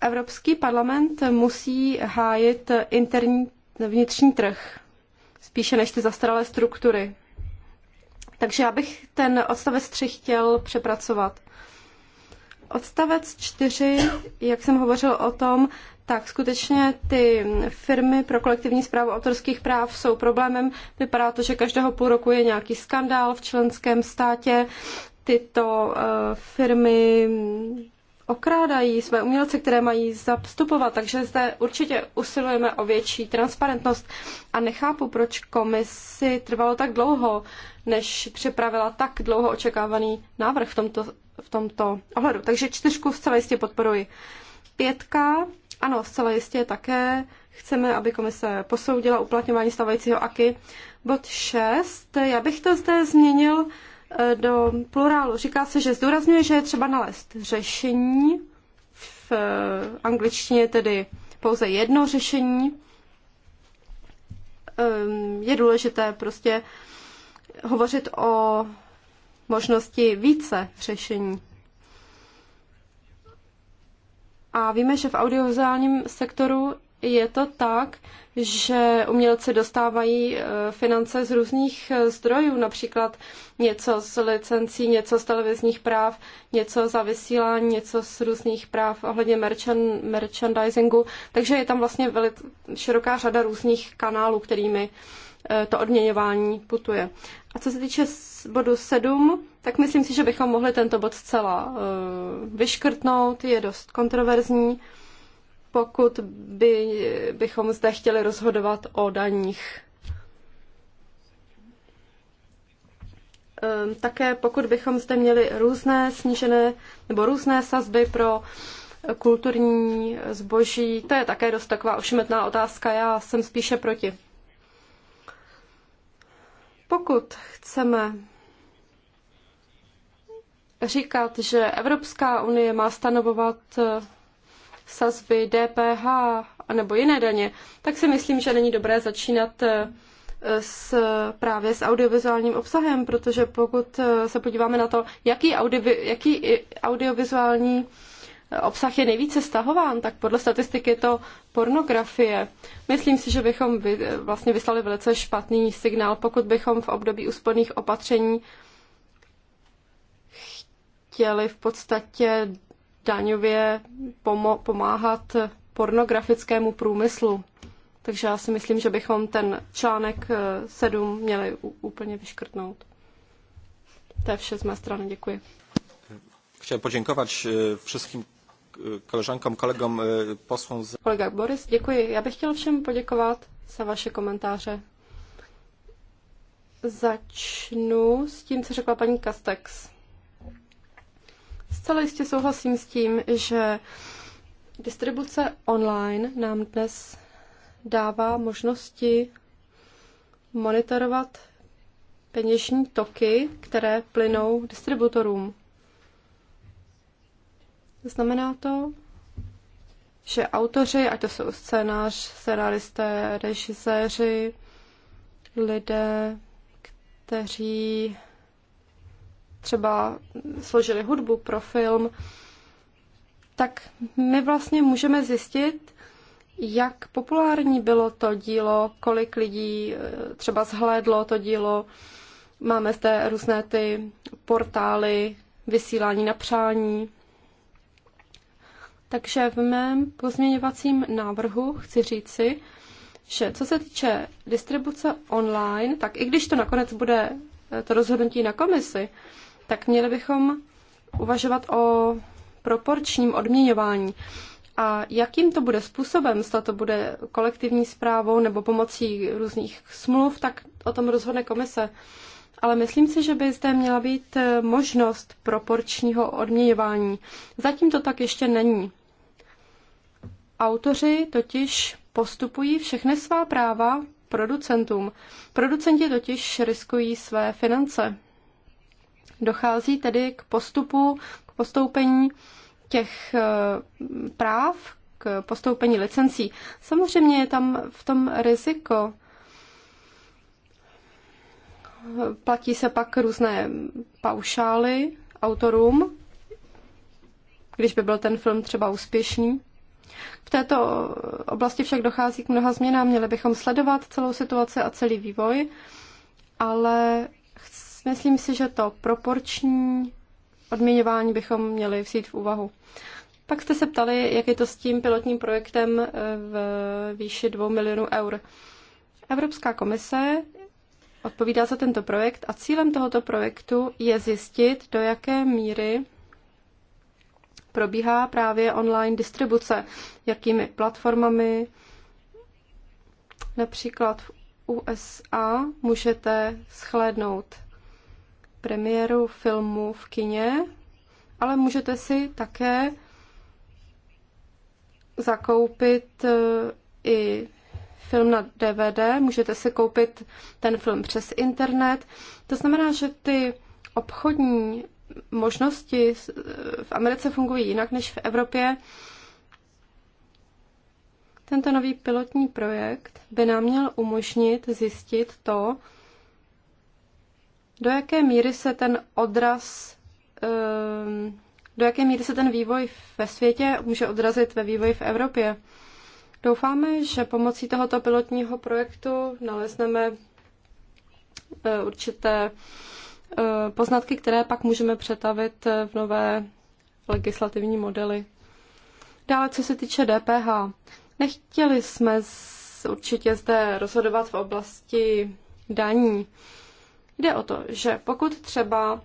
Evropský parlament musí hájit interní vnitřní trh spíše než ty zastaralé struktury. Takže já bych ten odstavec 3 chtěl přepracovat. Odstavec 4, jak jsem hovořil o tom, tak skutečně ty firmy pro kolektivní zprávu autorských práv jsou problémem. Vypadá to, že každého půl roku je nějaký skandál v členském státě. Tyto eh, firmy okrádají své umělce, které mají zastupovat, takže zde určitě usilujeme o větší transparentnost a nechápu, proč komisi trvalo tak dlouho, než připravila tak dlouho očekávaný návrh v tomto, v tomto ohledu. Takže čtyřku zcela jistě podporuji. Pětka, ano, zcela jistě také chceme, aby komise posoudila uplatňování stavajícího AKY. Bod šest, já bych to zde změnil Eh, do plurálu. Říká se, že zdůrazňuje, že je třeba nalézt řešení, v eh, angličtině tedy pouze jedno řešení. Eh, je důležité prostě hovořit o možnosti více řešení. A víme, že v audiovizuálním sektoru je to tak, že umělci dostávají e, finance z různých e, zdrojů, například něco z licencí, něco z televizních práv, něco za vysílání, něco z různých práv ohledně merchan- merchandisingu. Takže je tam vlastně velit, široká řada různých kanálů, kterými e, to odměňování putuje. A co se týče bodu 7, tak myslím si, že bychom mohli tento bod zcela vyškrtnout, je dost kontroverzní pokud by, bychom zde chtěli rozhodovat o daních. Ehm, také pokud bychom zde měli různé snížené nebo různé sazby pro kulturní zboží, to je také dost taková ošmetná otázka, já jsem spíše proti. Pokud chceme říkat, že Evropská unie má stanovovat sazby DPH nebo jiné daně, tak si myslím, že není dobré začínat eh, s, právě s audiovizuálním obsahem, protože pokud eh, se podíváme na to, jaký, audi, jaký eh, audiovizuální obsah je nejvíce stahován, tak podle statistiky je to pornografie. Myslím si, že bychom vy, vlastně vyslali velice špatný signál, pokud bychom v období úsporných opatření chtěli v podstatě daňově pomáhat pornografickému průmyslu. Takže já si myslím, že bychom ten článek 7 eh, měli úplně vyškrtnout. To je vše z mé strany, děkuji. Chtěl poděkovat všem koleżankom, kolegom, eh, posłom. Z... Kolega Boris, děkuji. Já bych chtěl všem poděkovat za vaše komentáře. Začnu s tím, co řekla paní Kastex. Zcela jistě souhlasím s tím, že distribuce online nám dnes dává možnosti monitorovat peněžní toky, které plynou distributorům. Znamená to, že autoři, ať to jsou scénář, scenáristé, režiséři, lidé, kteří třeba složili hudbu pro film, tak my vlastně můžeme zjistit, jak populární bylo to dílo, kolik lidí eh, třeba zhlédlo to dílo. Máme zde různé ty portály, vysílání na přání. Takže v mém pozměňovacím návrhu chci říci, že co se týče distribuce online, tak i když to nakonec bude eh, to rozhodnutí na komisi, tak měli bychom uvažovat o proporčním odměňování. A jakým to bude způsobem, zda to bude kolektivní zprávou nebo pomocí různých smluv, tak o tom rozhodne komise. Ale myslím si, že by zde měla být eh, možnost proporčního odměňování. Zatím to tak ještě není. Autoři totiž postupují všechny svá práva producentům. Producenti totiž riskují své finance. Dochází tedy k postupu, k postoupení těch eh, práv, k postoupení licencí. Samozřejmě je tam v tom riziko. Platí se pak různé paušály autorům, když by byl ten film třeba úspěšný. V této oblasti však dochází k mnoha změnám. Měli bychom sledovat celou situaci a celý vývoj, ale Myslím si, že to proporční odměňování bychom měli vzít v úvahu. Pak jste se ptali, jak je to s tím pilotním projektem eh, v výši 2 milionů eur. Evropská komise odpovídá za tento projekt a cílem tohoto projektu je zjistit, do jaké míry probíhá právě online distribuce, jakými platformami. Například v USA můžete schlédnout premiéru filmu v kině, ale můžete si také zakoupit e, i film na DVD, můžete si koupit ten film přes internet. To znamená, že ty obchodní možnosti e, v Americe fungují jinak než v Evropě. Tento nový pilotní projekt by nám měl umožnit zjistit to, do jaké míry se ten odraz, ehm, do jaké míry se ten vývoj ve světě může odrazit ve vývoji v Evropě? Doufáme, že pomocí tohoto pilotního projektu nalezneme eh, určité eh, poznatky, které pak můžeme přetavit v nové legislativní modely. Dále, co se týče DPH, nechtěli jsme určitě zde rozhodovat v oblasti daní. Jde o to, že pokud třeba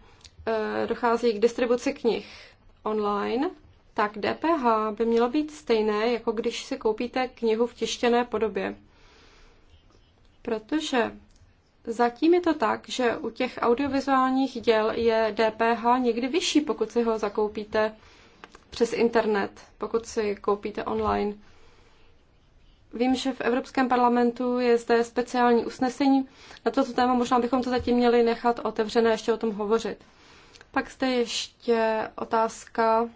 e, dochází k distribuci knih online, tak DPH by mělo být stejné, jako když si koupíte knihu v tištěné podobě. Protože zatím je to tak, že u těch audiovizuálních děl je DPH někdy vyšší, pokud si ho zakoupíte přes internet, pokud si koupíte online. Vím, že v Evropském parlamentu je zde speciální usnesení. Na toto téma možná bychom to zatím měli nechat otevřené, ještě o tom hovořit. Pak zde ještě otázka,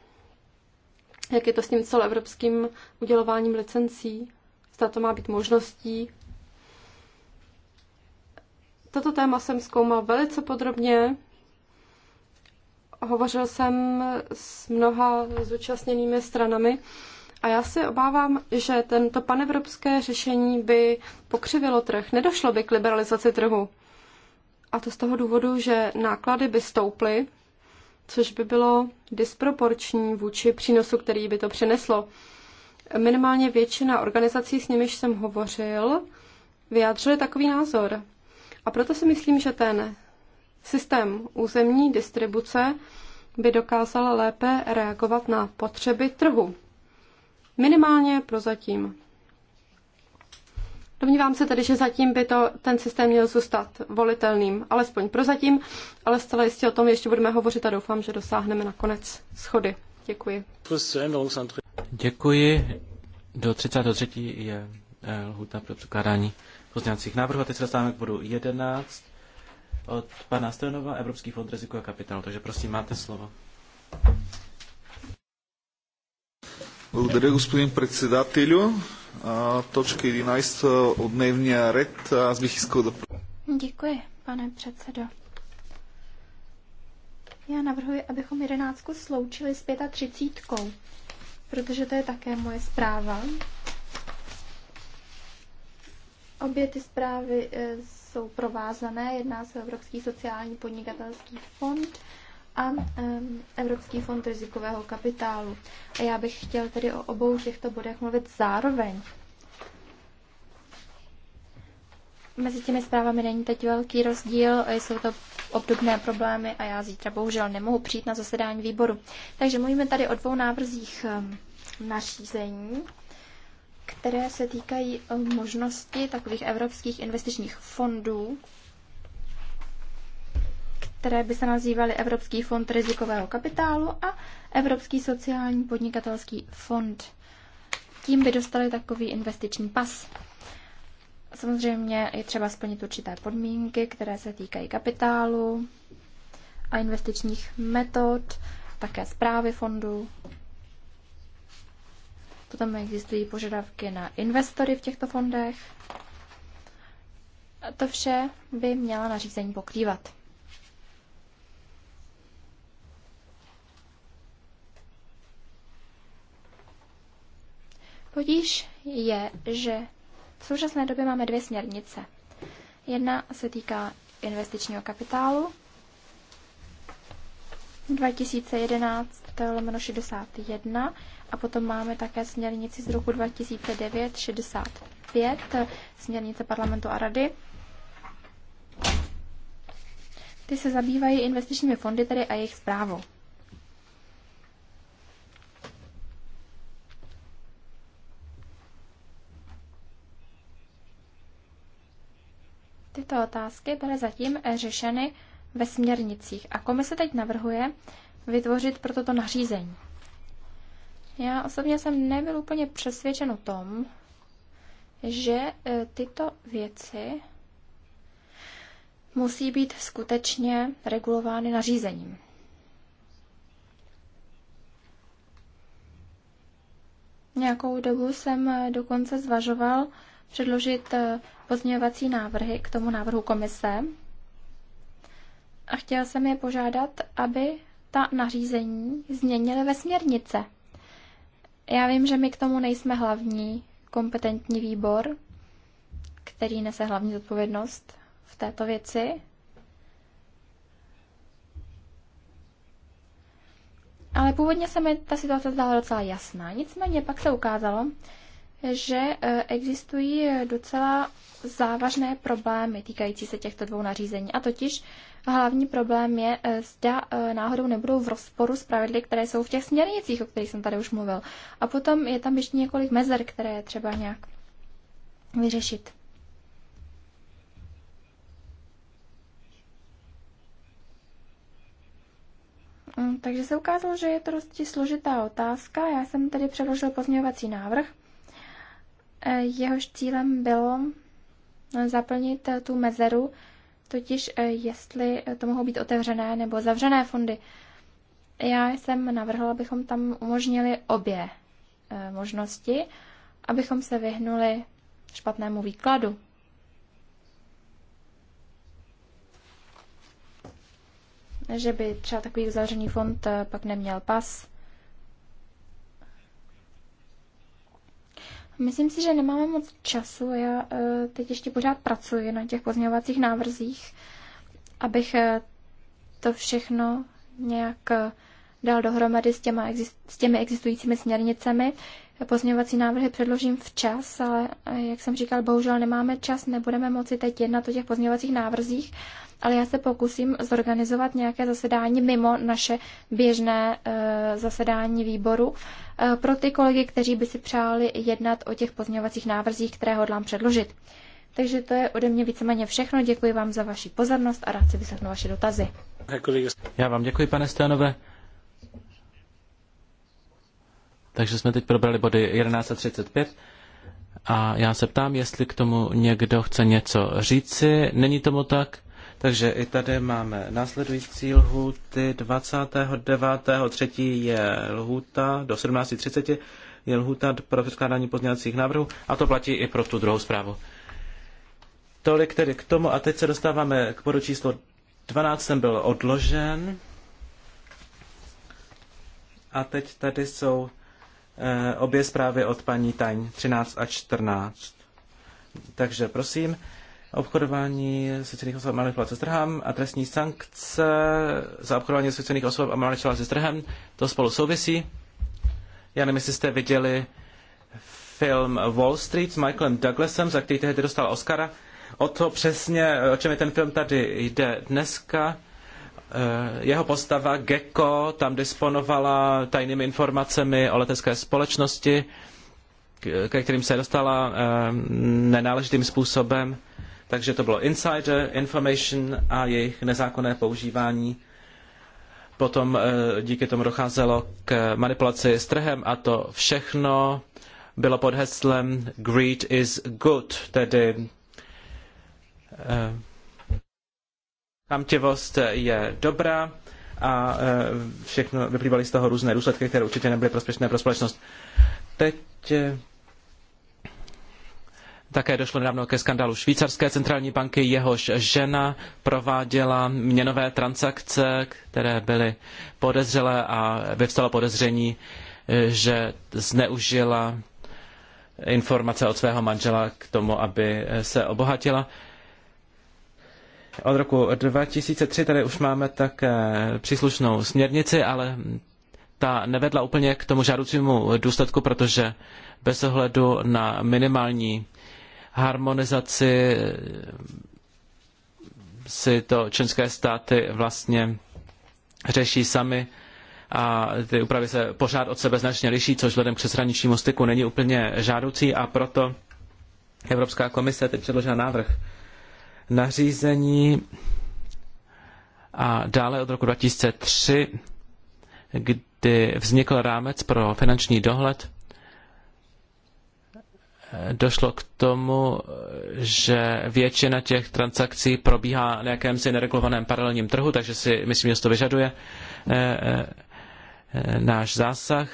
jak je to s tím celoevropským udělováním licencí. Zda to má být možností. Toto téma jsem zkoumal velice podrobně. Hovořil jsem s mnoha zúčastněnými stranami a já se obávám, že tento panevropské řešení by pokřivilo trh, nedošlo by k liberalizaci trhu. A to z toho důvodu, že náklady by stouply, což by bylo disproporční vůči přínosu, který by to přineslo. Minimálně většina organizací, s nimiž jsem hovořil, vyjádřili takový názor. A proto si myslím, že ten systém územní distribuce by dokázal lépe reagovat na potřeby trhu. Minimálně prozatím. Domnívám se tedy, že zatím by to, ten systém měl zůstat volitelným, alespoň prozatím, ale zcela jistě o tom ještě budeme hovořit a doufám, že dosáhneme nakonec schody. Děkuji. Děkuji. Do 33. je eh, lhuta pro překládání pozměňovacích návrhů. A teď se dostáváme k bodu 11 od pana Stojanova, Evropský fond riziko a kapitál. Takže prosím, máte slovo. Благодаря, господин председателю. Точка 11 от дневния ред. Аз бих искал да... Děkuji, pane předsedo. Já navrhuji, abychom jedenáctku sloučili s 35, protože to je také moje zpráva. Obě ty zprávy e, jsou provázané. Jedná se o Evropský sociální podnikatelský fond a Evropský fond rizikového kapitálu. A já bych chtěl tedy o obou těchto bodech mluvit zároveň. Mezi těmi zprávami není teď velký rozdíl, jsou to obdobné problémy a já zítra bohužel nemohu přijít na zasedání výboru. Takže mluvíme tady o dvou návrzích nařízení, které se týkají možnosti takových evropských investičních fondů, které by se nazývaly Evropský fond rizikového kapitálu a Evropský sociální podnikatelský fond. Tím by dostali takový investiční pas. Samozřejmě je třeba splnit určité podmínky, které se týkají kapitálu a investičních metod, také zprávy fondu. Potom existují požadavky na investory v těchto fondech. A to vše by měla nařízení pokrývat. Podíž je, že v současné době máme dvě směrnice. Jedna se týká investičního kapitálu 2011 61 a potom máme také směrnici z roku 2009 65, směrnice parlamentu a rady. Ty se zabývají investičními fondy tedy a jejich zprávou. Tyto otázky byly zatím eh, řešeny ve směrnicích a komise teď navrhuje vytvořit pro toto nařízení. Já osobně jsem nebyl úplně přesvědčen o tom, že eh, tyto věci musí být skutečně regulovány nařízením. Nějakou dobu jsem eh, dokonce zvažoval předložit pozměňovací návrhy k tomu návrhu komise a chtěl jsem je požádat, aby ta nařízení změnili ve směrnice. Já vím, že my k tomu nejsme hlavní kompetentní výbor, který nese hlavní zodpovědnost v této věci. Ale původně se mi ta situace zdála docela jasná. Nicméně pak se ukázalo, že e, existují docela závažné problémy týkající se těchto dvou nařízení. A totiž hlavní problém je, e, zda e, náhodou nebudou v rozporu s pravidly, které jsou v těch směrnicích, o kterých jsem tady už mluvil. A potom je tam ještě několik mezer, které je třeba nějak vyřešit. Mm, takže se ukázalo, že je to dosti složitá otázka. Já jsem tedy předložil pozměňovací návrh, Eh, jehož cílem bylo eh, zaplnit eh, tu mezeru, totiž jestli to mohou být otevřené nebo zavřené fondy. Já jsem navrhla, abychom tam umožnili obě možnosti, abychom se vyhnuli špatnému výkladu. Že by třeba takový uzavřený fond pak neměl pas. Myslím si, že nemáme moc času. Já eh, teď ještě pořád pracuji na těch pozměňovacích návrzích, abych eh, to všechno nějak eh, dal dohromady s, těma, s těmi existujícími směrnicemi. Pozměňovací návrhy předložím včas, ale jak jsem říkal, bohužel nemáme čas, nebudeme moci teď jednat o těch pozměňovacích návrzích, ale já se pokusím zorganizovat nějaké zasedání mimo naše běžné eh, zasedání výboru eh, pro ty kolegy, kteří by si přáli jednat o těch pozměňovacích návrzích, které hodlám předložit. Takže to je ode mě víceméně všechno. Děkuji vám za vaši pozornost a rád si vyslechnu vaše dotazy. Já vám děkuji, pane Stanové. Takže jsme teď probrali body 11.35 a já se ptám, jestli k tomu někdo chce něco říci. Není tomu tak? Takže i tady máme následující lhuty 29.3. je lhuta do 17.30 je lhuta pro předkládání pozměňovacích návrhů a to platí i pro tu druhou zprávu. Tolik tedy k tomu a teď se dostáváme k bodu číslo 12, Jsem byl odložen. A teď tady jsou eh, obě zprávy od paní Taň, 13 a 14. Takže prosím, obchodování svěcených osob a malých se trhem a trestní sankce za obchodování svěcených osob a malých se trhem. To spolu souvisí. Já nevím, jestli jste viděli film Wall Street s Michaelem Douglasem, za který tehdy dostal Oscara. O to přesně, o čem je ten film tady jde dneska. Eh, jeho postava Gecko tam disponovala tajnými informacemi o letecké společnosti, ke kterým se dostala eh, nenáležitým způsobem takže to bylo insider information a jejich nezákonné používání. Potom eh, díky tomu docházelo k manipulaci s trhem a to všechno bylo pod heslem Greed is good, tedy eh, chamtivost je dobrá a eh, všechno vyplývaly z toho různé důsledky, které určitě nebyly prospěšné pro společnost. Teď také došlo nedávno ke skandálu švýcarské centrální banky, jehož žena prováděla měnové transakce, které byly podezřelé a vyvstalo podezření, že zneužila informace od svého manžela k tomu, aby se obohatila. Od roku 2003 tady už máme také příslušnou směrnici, ale ta nevedla úplně k tomu žádoucímu důsledku, protože bez ohledu na minimální harmonizaci eh, si to členské státy vlastně řeší sami a ty úpravy se pořád od sebe značně liší, což vzhledem k přeshraničnímu styku není úplně žádoucí a proto Evropská komise teď předložila návrh nařízení a dále od roku 2003, kdy vznikl rámec pro finanční dohled došlo k tomu, že většina těch transakcí probíhá na jakémsi neregulovaném paralelním trhu, takže si myslím, že to vyžaduje eh, eh, náš zásah.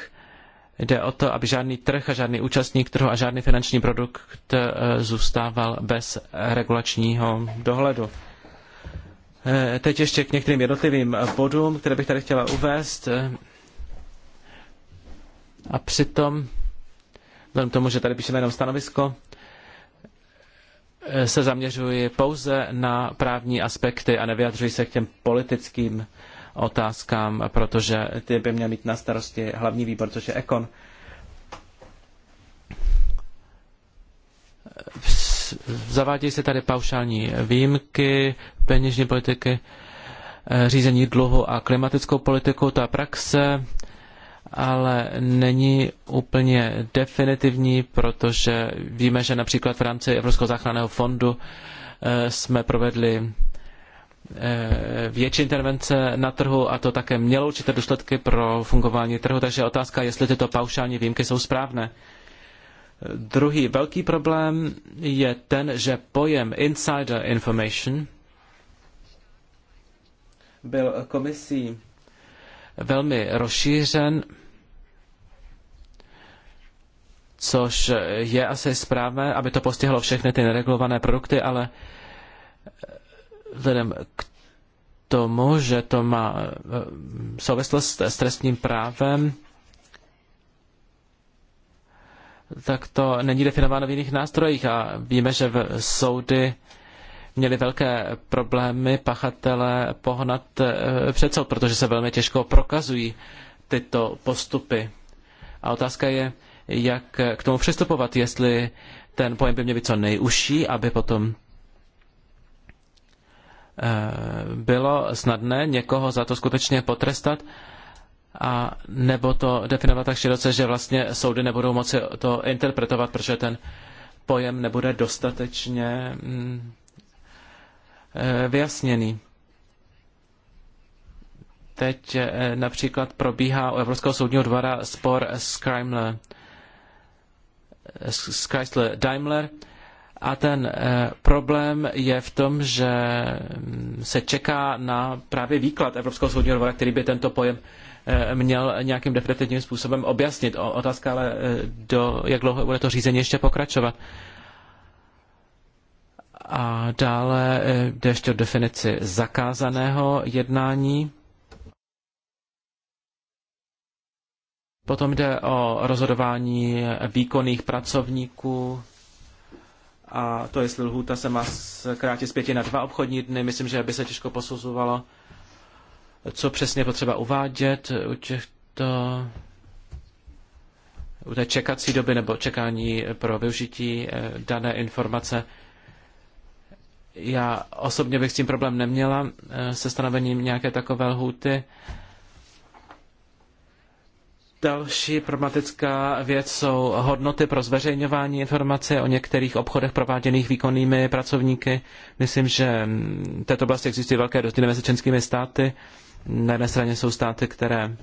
Jde o to, aby žádný trh a žádný účastník trhu a žádný finanční produkt eh, zůstával bez regulačního dohledu. Teď ještě k některým jednotlivým bodům, které bych tady chtěla uvést. A přitom vzhledem k tomu, že tady píšeme jenom stanovisko, eh, se zaměřuji pouze na právní aspekty a nevyjadřuji se k těm politickým otázkám, protože ty by měl mít na starosti hlavní výbor, což je Ekon. Eh, zavádějí se tady paušální výjimky peněžní politiky, eh, řízení dluhu a klimatickou politiku. Ta praxe ale není úplně definitivní, protože víme, že například v rámci Evropského záchranného fondu eh, jsme provedli eh, větší intervence na trhu a to také mělo určité důsledky pro fungování trhu, takže je otázka, jestli tyto paušální výjimky jsou správné. Druhý velký problém je ten, že pojem insider information byl komisí velmi rozšířen což je asi správné, aby to postihlo všechny ty neregulované produkty, ale vzhledem k tomu, že to má eh, souvislost s trestním právem, tak to není definováno v jiných nástrojích a víme, že v soudy měli velké problémy pachatele pohnat eh, před soud, protože se velmi těžko prokazují tyto postupy. A otázka je, jak k tomu přistupovat, jestli ten pojem by měl být co nejužší, aby potom eh, bylo snadné někoho za to skutečně potrestat, a nebo to definovat tak široce, že vlastně soudy nebudou moci to interpretovat, protože ten pojem nebude dostatečně mm, eh, vyjasněný. Teď eh, například probíhá u Evropského soudního dvora spor s Kremlem z Chrysler Daimler. A ten eh, problém je v tom, že mm, se čeká na právě výklad Evropského soudního dvora, který by tento pojem eh, měl nějakým definitivním způsobem objasnit. Otázka ale, eh, do, jak dlouho bude to řízení ještě pokračovat. A dále jde ještě o definici zakázaného jednání. Potom jde o rozhodování výkonných pracovníků a to, jestli lhůta se má zkrátit z pěti na dva obchodní dny, myslím, že by se těžko posuzovalo, co přesně potřeba uvádět u těchto u té čekací doby nebo čekání pro využití eh, dané informace. Já osobně bych s tím problém neměla eh, se stanovením nějaké takové lhůty. Další problematická věc jsou hodnoty pro zveřejňování informace o některých obchodech prováděných výkonnými pracovníky. Myslím, že v této oblasti existují velké rozdíly mezi členskými státy. Na jedné straně jsou státy, které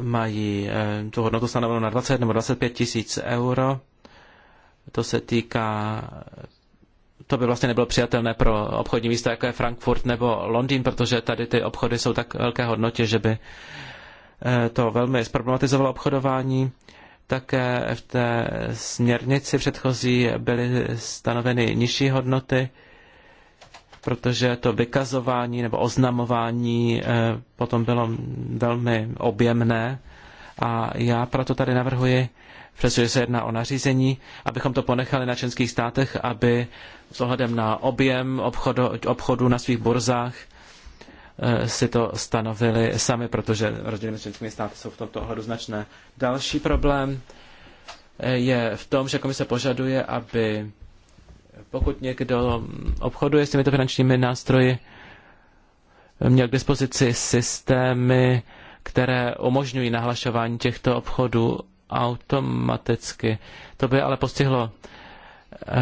mají eh, tu hodnotu stanovenou na 20 nebo 25 tisíc euro. To se týká to by vlastně nebylo přijatelné pro obchodní místa, jako je Frankfurt nebo Londýn, protože tady ty obchody jsou tak velké hodnotě, že by eh, to velmi zproblematizovalo obchodování. Také v té směrnici předchozí byly stanoveny nižší hodnoty, protože to vykazování nebo oznamování eh, potom bylo velmi objemné. A já proto tady navrhuji přestože se jedná o nařízení, abychom to ponechali na členských státech, aby s ohledem na objem obchodu, obchodu na svých burzách eh, si to stanovili sami, protože rozdíly mezi členskými státy jsou v tomto ohledu značné. Další problém eh, je v tom, že komise požaduje, aby pokud někdo obchoduje s těmito finančními nástroji, měl k dispozici systémy, které umožňují nahlašování těchto obchodů automaticky. To by ale postihlo eh,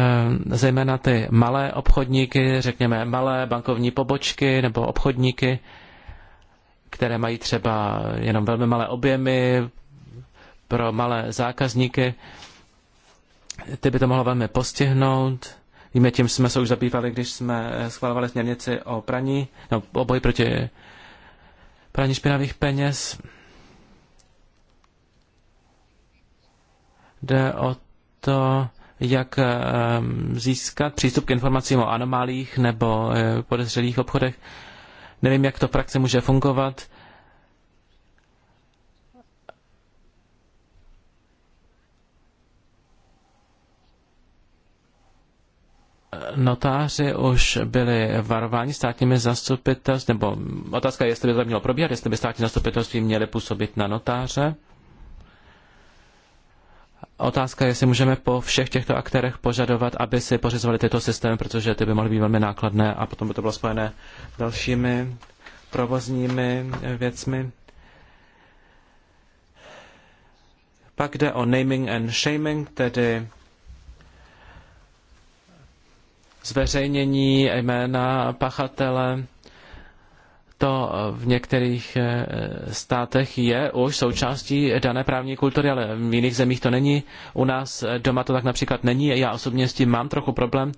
zejména ty malé obchodníky, řekněme malé bankovní pobočky nebo obchodníky, které mají třeba jenom velmi malé objemy pro malé zákazníky. Ty by to mohlo velmi postihnout. Víme, tím jsme se už zabývali, když jsme eh, schvalovali směrnici o praní, no, o boji proti praní špinavých peněz. Jde o to, jak ehm, získat přístup k informacím o anomálích nebo eh, podezřelých obchodech. Nevím, jak to v praxi může fungovat. notáři už byli varováni státními zastupitelství, nebo otázka je, jestli by to mělo probíhat, jestli by státní zastupitelství měly působit na notáře. Otázka je, jestli můžeme po všech těchto aktérech požadovat, aby si pořizovali tyto systémy, protože ty by mohly být velmi nákladné a potom by to bylo spojené s dalšími provozními eh, věcmi. Pak jde o naming and shaming, tedy zveřejnění jména pachatele to eh, v některých eh, státech je už součástí dané právní kultury, ale v jiných zemích to není. U nás eh, doma to tak například není. Já osobně s tím mám trochu problém.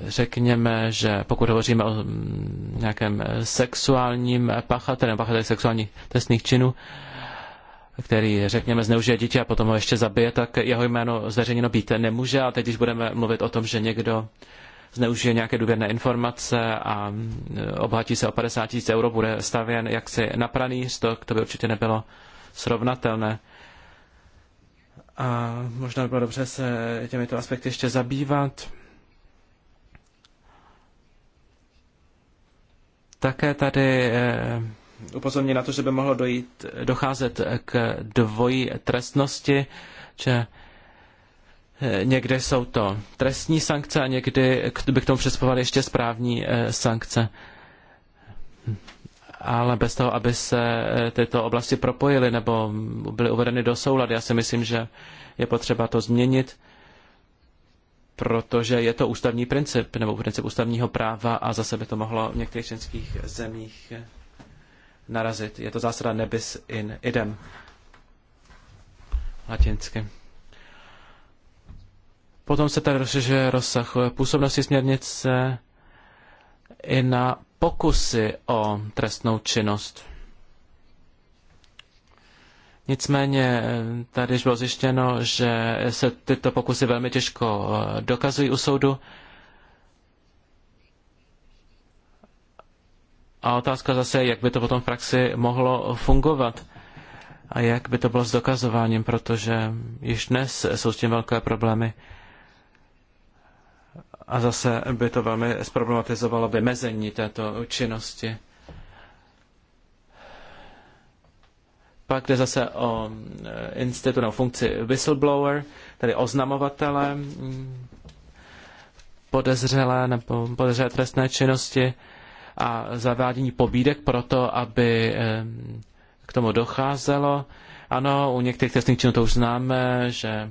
Řekněme, že pokud hovoříme o mm, nějakém sexuálním pachatelem, pachatelem sexuálních trestných činů, který, řekněme, zneužije dítě a potom ho ještě zabije, tak jeho jméno zveřejněno být nemůže. A teď, když budeme mluvit o tom, že někdo zneužije nějaké důvěrné informace a e, obhatí se o 50 tisíc euro, bude stavěn jaksi na pranýř, to, to by určitě nebylo srovnatelné. A možná by bylo dobře se těmito aspekty ještě zabývat. Také tady e, upozorní na to, že by mohlo dojít, docházet k dvojí trestnosti, že Eh, někdy jsou to trestní sankce a někdy by k tomu přistupovaly ještě správní eh, sankce. Ale bez toho, aby se eh, tyto oblasti propojily nebo byly uvedeny do souladu, já si myslím, že je potřeba to změnit, protože je to ústavní princip nebo princip ústavního práva a zase by to mohlo v některých členských zemích narazit. Je to zásada nebis in idem latinsky. Potom se tady rozšiřuje rozsah působnosti směrnice i na pokusy o trestnou činnost. Nicméně eh, tady bylo zjištěno, že se tyto pokusy velmi těžko eh, dokazují u soudu. A otázka zase, jak by to potom v praxi mohlo fungovat a jak by to bylo s dokazováním, protože již dnes jsou s tím velké problémy a zase by to velmi zproblematizovalo vymezení této činnosti. Pak jde zase o eh, institut nebo funkci whistleblower, tedy oznamovatele mm, podezřelé nebo podezřelé trestné činnosti a zavádění pobídek pro to, aby eh, k tomu docházelo. Ano, u některých trestných činů to už známe, že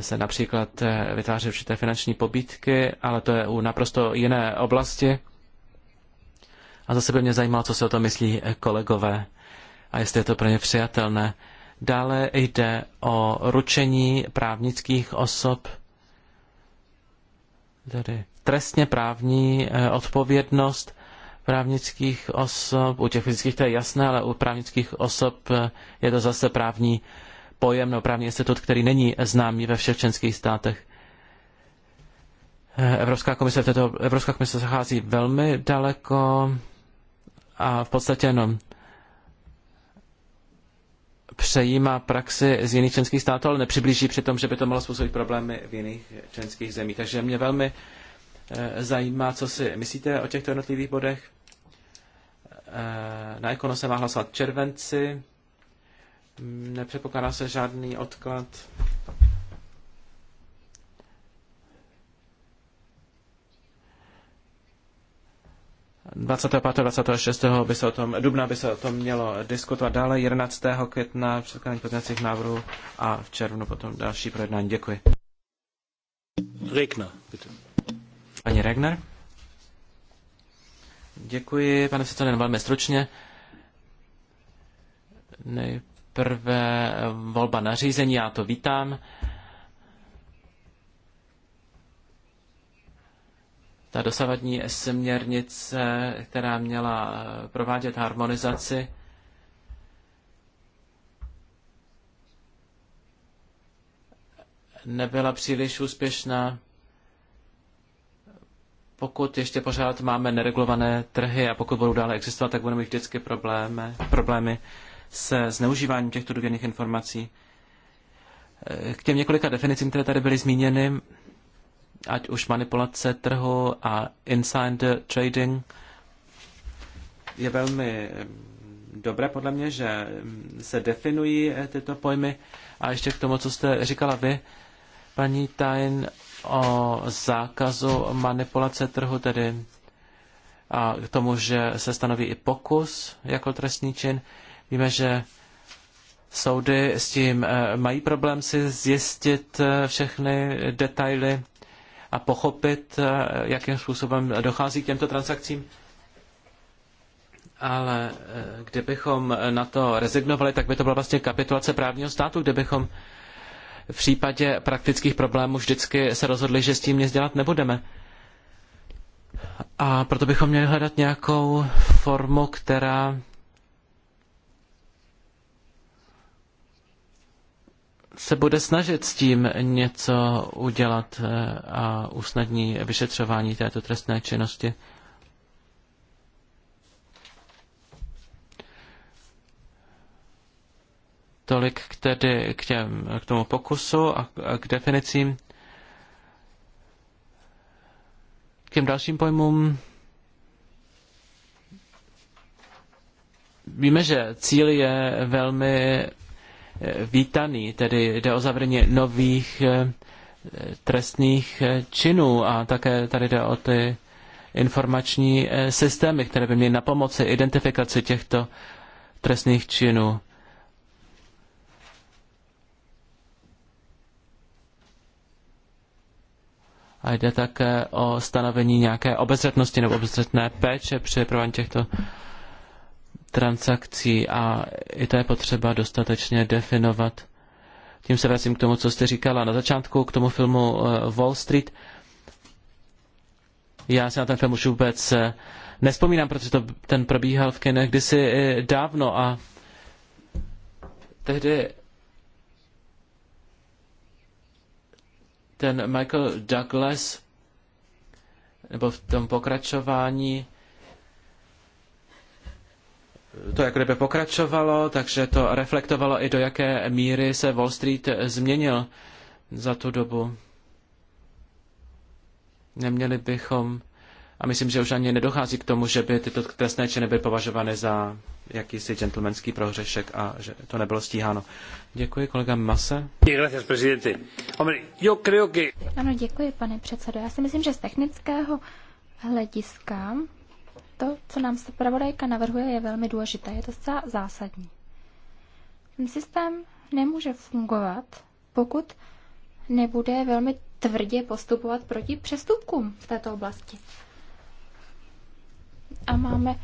se například eh, vytváří určité finanční pobídky, ale to je u naprosto jiné oblasti. A zase by mě zajímalo, co se o to myslí eh, kolegové a jestli je to pro ně přijatelné. Dále jde o ručení právnických osob, tedy trestně právní eh, odpovědnost právnických osob, u těch fyzických to je jasné, ale u právnických osob je to zase právní pojem nebo právní institut, který není známý ve všech členských státech. Eh, Evropská komise, v této, Evropská komise zachází velmi daleko a v podstatě jenom přejímá praxi z jiných členských států, ale nepřiblíží při tom, že by to mohlo způsobit problémy v jiných členských zemích. Takže mě velmi eh, zajímá, co si myslíte o těchto jednotlivých bodech. Eh, na Ekono se má hlasovat červenci. Nepředpokládá se žádný odklad. Dvacátého 25. by se o tom, dubna by se o tom mělo diskutovat dále, 11. května předkládání pozměňovacích návrhů a v červnu potom další projednání. Děkuji. Regner, bitte. Pani Regner. Děkuji, pane předsedo, velmi stručně. Nej, Nejprve volba nařízení, já to vítám. Ta dosavadní směrnice, která měla eh, provádět harmonizaci, nebyla příliš úspěšná pokud ještě pořád máme neregulované trhy a pokud budou dále existovat, tak budeme mít vždycky problémy, problémy se zneužíváním těchto důvěrných informací. K těm několika definicím, které tady byly zmíněny, ať už manipulace trhu a insider trading, je velmi eh, dobré podle mě, že mm, se definují eh, tyto pojmy. A ještě k tomu, co jste říkala vy, paní Tajn, o zákazu manipulace trhu, tedy a k tomu, že se stanoví i pokus jako trestný čin. Víme, že soudy s tím eh, mají problém si zjistit eh, všechny detaily a pochopit, eh, jakým způsobem dochází k těmto transakcím. Ale kdybychom na to rezignovali, tak by to byla vlastně kapitulace právního státu, kdybychom v případě praktických problémů vždycky se rozhodli, že s tím nic dělat nebudeme. A proto bychom měli hledat nějakou formu, která se bude snažit s tím něco udělat eh, a usnadní vyšetřování této trestné činnosti. Tolik k, tedy, k, těm, k tomu pokusu a, a k definicím. K těm dalším pojmům víme, že cíl je velmi Eh, vítaný, tedy jde o zavření nových eh, trestných eh, činů a také tady jde o ty informační systémy, které by měly na pomoci identifikaci těchto trestných činů. A jde také o stanovení nějaké obezřetnosti nebo obezřetné péče při provádění těchto transakcí a i to je potřeba dostatečně definovat. Tím se vracím k tomu, co jste říkala na začátku, k tomu filmu eh, Wall Street. Já se na ten film už vůbec eh, nespomínám, protože to, ten probíhal v kinech kdysi eh, dávno a tehdy ten Michael Douglas nebo v tom pokračování to jako kdyby pokračovalo, takže to reflektovalo i do jaké míry se Wall Street změnil za tu dobu. Neměli bychom, a myslím, že už ani nedochází k tomu, že by tyto trestné činy byly považovány za jakýsi gentlemanský prohřešek a že to nebylo stíháno. Děkuji, kolega Mase. Ano, děkuji, pane předsedo. Já si myslím, že z technického hlediska to, co nám zpravodajka navrhuje, je velmi důležité. Je to zcela zásadní. Ten systém nemůže fungovat, pokud nebude velmi tvrdě postupovat proti přestupkům v této oblasti. A máme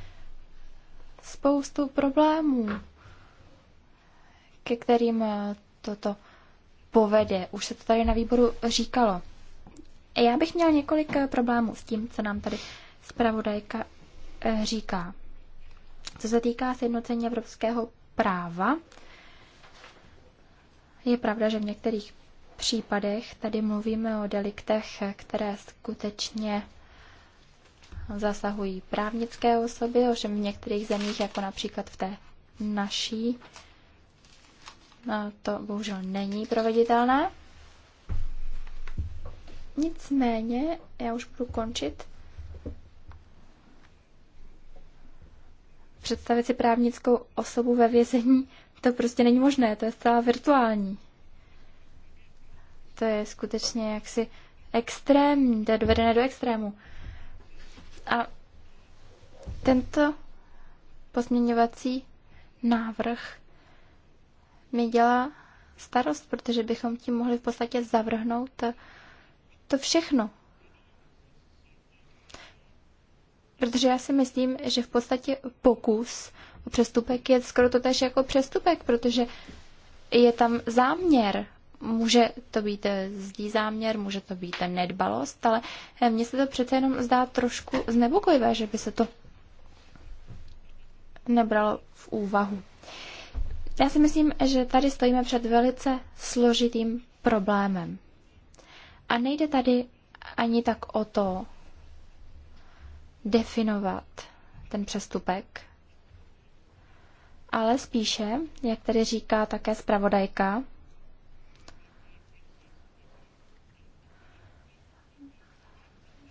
spoustu problémů, ke kterým eh, toto povede. Už se to tady na výboru říkalo. Já bych měl několik eh, problémů s tím, co nám tady zpravodajka Eh, říká, co se týká sjednocení evropského práva, je pravda, že v některých případech tady mluvíme o deliktech, které skutečně zasahují právnické osoby, ovšem v některých zemích, jako například v té naší, no, to bohužel není proveditelné. Nicméně, já už budu končit. představit si právnickou osobu ve vězení, to prostě není možné, to je zcela virtuální. To je skutečně jaksi extrémní, to je dovedené do extrému. A tento pozměňovací návrh mi dělá starost, protože bychom tím mohli v podstatě zavrhnout to všechno, Protože já si myslím, že v podstatě pokus o přestupek je skoro to tež jako přestupek, protože je tam záměr. Může to být eh, zdí záměr, může to být eh, nedbalost, ale eh, mně se to přece jenom zdá trošku znepokojivé, že by se to nebralo v úvahu. Já si myslím, že tady stojíme před velice složitým problémem. A nejde tady ani tak o to, definovat ten přestupek, ale spíše, jak tady říká také zpravodajka,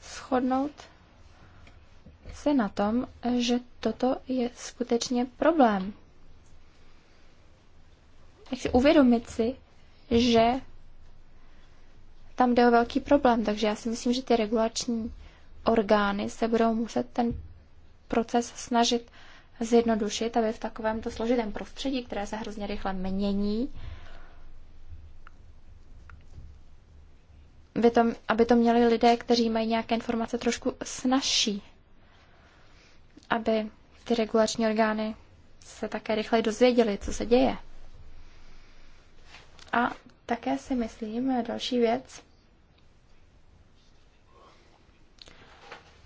shodnout se na tom, že toto je skutečně problém. Takže uvědomit si, že tam jde o velký problém, takže já si myslím, že ty regulační orgány se budou muset ten proces snažit zjednodušit, aby v takovémto složitém prostředí, které se hrozně rychle mění, aby to, aby to měli lidé, kteří mají nějaké informace trošku snažší, aby ty regulační orgány se také rychleji dozvěděli, co se děje. A také si myslím, další věc,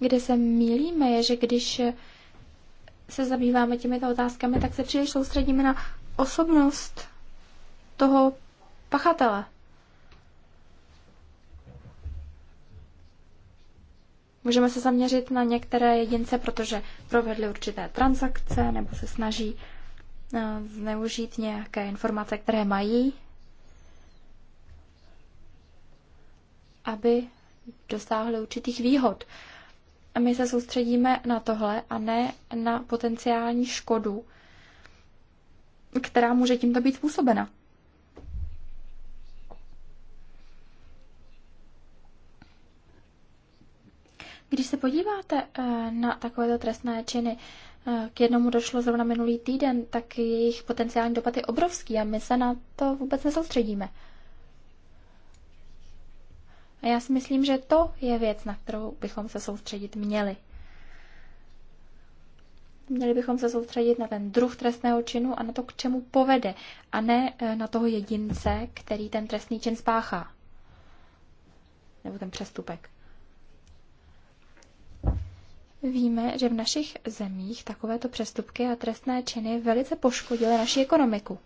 Kde se mílíme, je, že když se zabýváme těmito otázkami, tak se příliš soustředíme na osobnost toho pachatele. Můžeme se zaměřit na některé jedince, protože provedli určité transakce nebo se snaží eh, zneužít nějaké informace, které mají, aby dosáhli určitých výhod my se soustředíme na tohle a ne na potenciální škodu, která může tímto být způsobena. Když se podíváte eh, na takovéto trestné činy, eh, k jednomu došlo zrovna minulý týden, tak jejich potenciální dopad je obrovský a my se na to vůbec nesoustředíme. A já si myslím, že to je věc, na kterou bychom se soustředit měli. Měli bychom se soustředit na ten druh trestného činu a na to, k čemu povede, a ne eh, na toho jedince, který ten trestný čin spáchá. Nebo ten přestupek. Víme, že v našich zemích takovéto přestupky a trestné činy velice poškodily naši ekonomiku.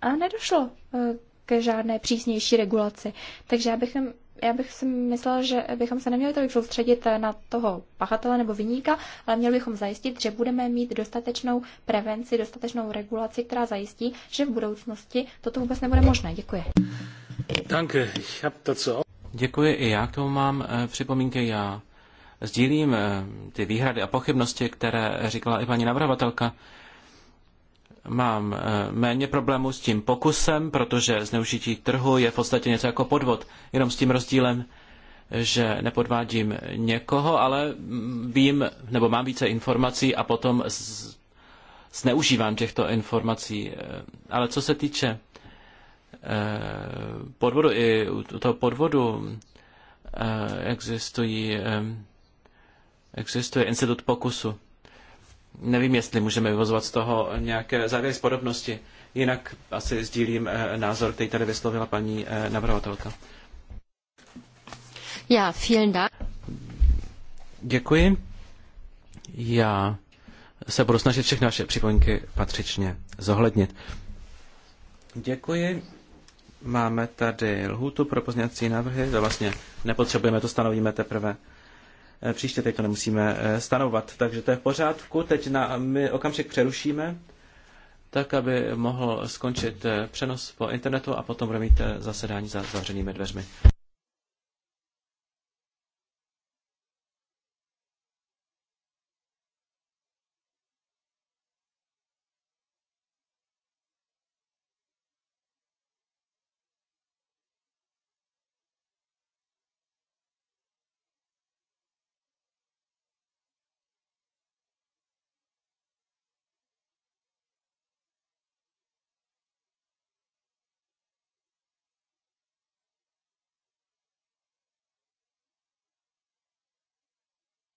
A nedošlo eh, k žádné přísnější regulaci. Takže já bych, já bych si myslel, že bychom se neměli tolik soustředit eh, na toho pachatele nebo vyníka, ale měli bychom zajistit, že budeme mít dostatečnou prevenci, dostatečnou regulaci, která zajistí, že v budoucnosti toto vůbec nebude možné. Děkuji. Danke, ich hab dazu Děkuji, i já k tomu mám eh, připomínky. Já sdílím eh, ty výhrady a pochybnosti, které říkala i paní navrhovatelka. Mám eh, méně problémů s tím pokusem, protože zneužití trhu je v podstatě něco jako podvod, jenom s tím rozdílem, že nepodvádím někoho, ale vím, nebo mám více informací a potom zneužívám těchto informací. Eh, ale co se týče eh, podvodu, i u toho podvodu existují, existuje institut pokusu. Nevím, jestli můžeme vyvozovat z toho nějaké závěry z podobnosti. Jinak asi sdílím eh, názor, který tady vyslovila paní eh, navrhovatelka. Já, vielen Dank. Děkuji. Já se budu snažit všechny naše připomínky patřičně zohlednit. Děkuji. Máme tady lhůtu pro pozněcí návrhy, to vlastně nepotřebujeme, to stanovíme teprve Eh, příště, teď to nemusíme eh, stanovat. Takže to je v pořádku, teď na, my okamžik přerušíme, tak aby mohl skončit eh, přenos po internetu a potom budeme mít zasedání za zavřenými dveřmi.